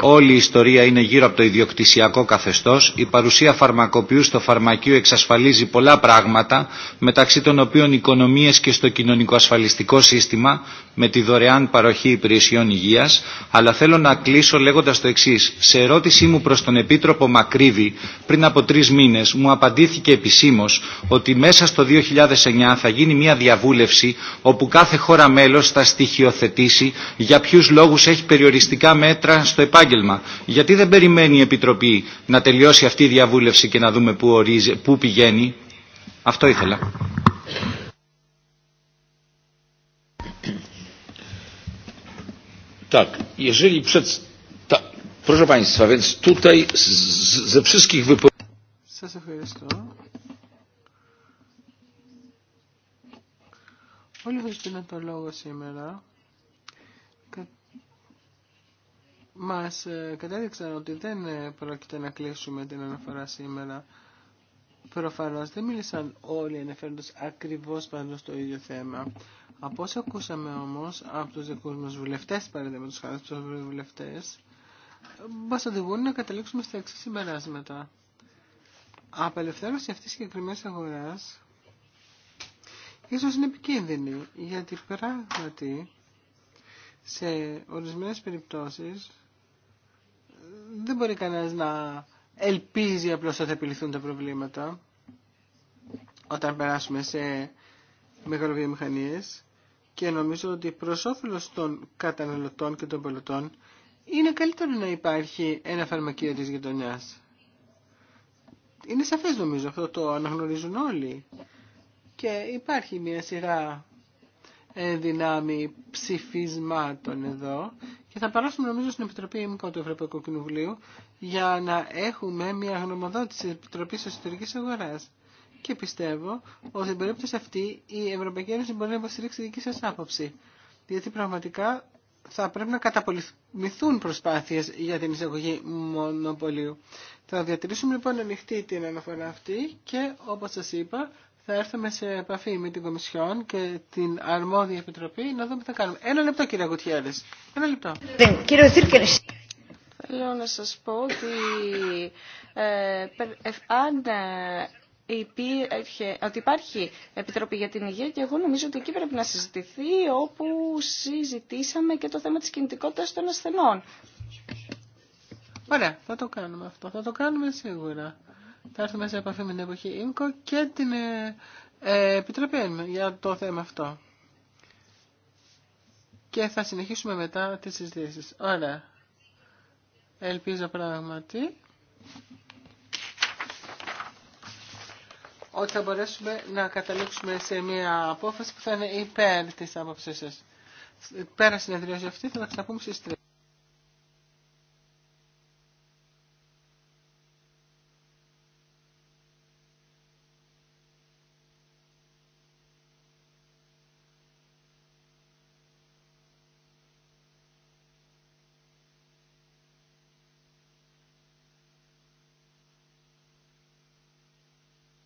όλη η ιστορία είναι γύρω από το ιδιοκτησιακό καθεστώ. Η παρουσία φαρμακοποιού στο φαρμακείο εξασφαλίζει πολλά πράγματα, μεταξύ των οποίων οικονομίε και στο κοινωνικοασφαλιστικό σύστημα, με τη δωρεάν παροχή υπηρεσιών υγεία. Αλλά θέλω να κλείσω λέγοντα το εξή. Σε ερώτησή μου προ τον Επίτροπο Μακρύ πριν από τρεις μήνες, μου απαντήθηκε επισήμως ότι μέσα στο 2009 θα γίνει μια διαβούλευση όπου κάθε χώρα μέλος θα στοιχειοθετήσει για ποιους λόγους έχει περιοριστικά μέτρα στο επάγγελμα. Γιατί δεν περιμένει η Επιτροπή να τελειώσει αυτή η διαβούλευση και να δούμε πού, πού πηγαίνει. Αυτό ήθελα. Proszę Państwa, więc tutaj ze wszystkich wypowiedzi... ευχαριστώ. Όλοι το λόγο σήμερα. μα ε, ότι δεν ε, πρόκειται να κλείσουμε την αναφορά σήμερα. Προφανώς δεν μίλησαν όλοι ενεφέροντος ακριβώς πάνω στο ίδιο θέμα. Από όσα ακούσαμε όμως από τους δικούς μας βουλευτές, παραδείγματος χάρη τους βουλευτές, μα οδηγούν να καταλήξουμε στα εξή συμπεράσματα. Απελευθέρωση αυτής τη συγκεκριμένη αγορά ίσω είναι επικίνδυνη, γιατί πράγματι σε ορισμένες περιπτώσεις δεν μπορεί κανένα να ελπίζει απλώ ότι θα επιληθούν τα προβλήματα όταν περάσουμε σε μεγαλοβιομηχανίες και νομίζω ότι προ όφελο των καταναλωτών και των πολιτών είναι καλύτερο να υπάρχει ένα φαρμακείο της γειτονιάς. Είναι σαφές νομίζω αυτό το αναγνωρίζουν όλοι. Και υπάρχει μια σειρά ε, δυνάμει ψηφισμάτων εδώ και θα παράσουμε νομίζω στην Επιτροπή ΕΜΚΟ του Ευρωπαϊκού Κοινοβουλίου για να έχουμε μια γνωμοδότηση της Επιτροπής Εσωτερικής Αγοράς. Και πιστεύω ότι στην περίπτωση αυτή η Ευρωπαϊκή Ένωση μπορεί να υποστηρίξει δική σας άποψη. Γιατί πραγματικά θα πρέπει να καταπολεμηθούν προσπάθειες για την εισαγωγή μονοπωλίου. Θα διατηρήσουμε λοιπόν ανοιχτή την αναφορά αυτή και όπως σας είπα θα έρθουμε σε επαφή με την Κομισιόν και την αρμόδια επιτροπή να δούμε τι θα κάνουμε. Ένα λεπτό κύριε Γουτιέρης. Ένα λεπτό. Θέλω να σας πω ότι ε, ε, ε ότι υπάρχει Επιτροπή για την Υγεία και εγώ νομίζω ότι εκεί πρέπει να συζητηθεί όπου συζητήσαμε και το θέμα της κινητικότητας των ασθενών. Ωραία, θα το κάνουμε αυτό. Θα το κάνουμε σίγουρα. Θα έρθουμε σε επαφή με την εποχή ΙΜΚΟ και την ε, ε Επιτροπή για το θέμα αυτό. Και θα συνεχίσουμε μετά τις συζητήσεις. Ωραία. Ελπίζω πράγματι ότι θα μπορέσουμε να καταλήξουμε σε μια απόφαση που θα είναι υπέρ της άποψής σας. Πέρα συνεδρίωση αυτή θα τα ξαναπούμε στις 3.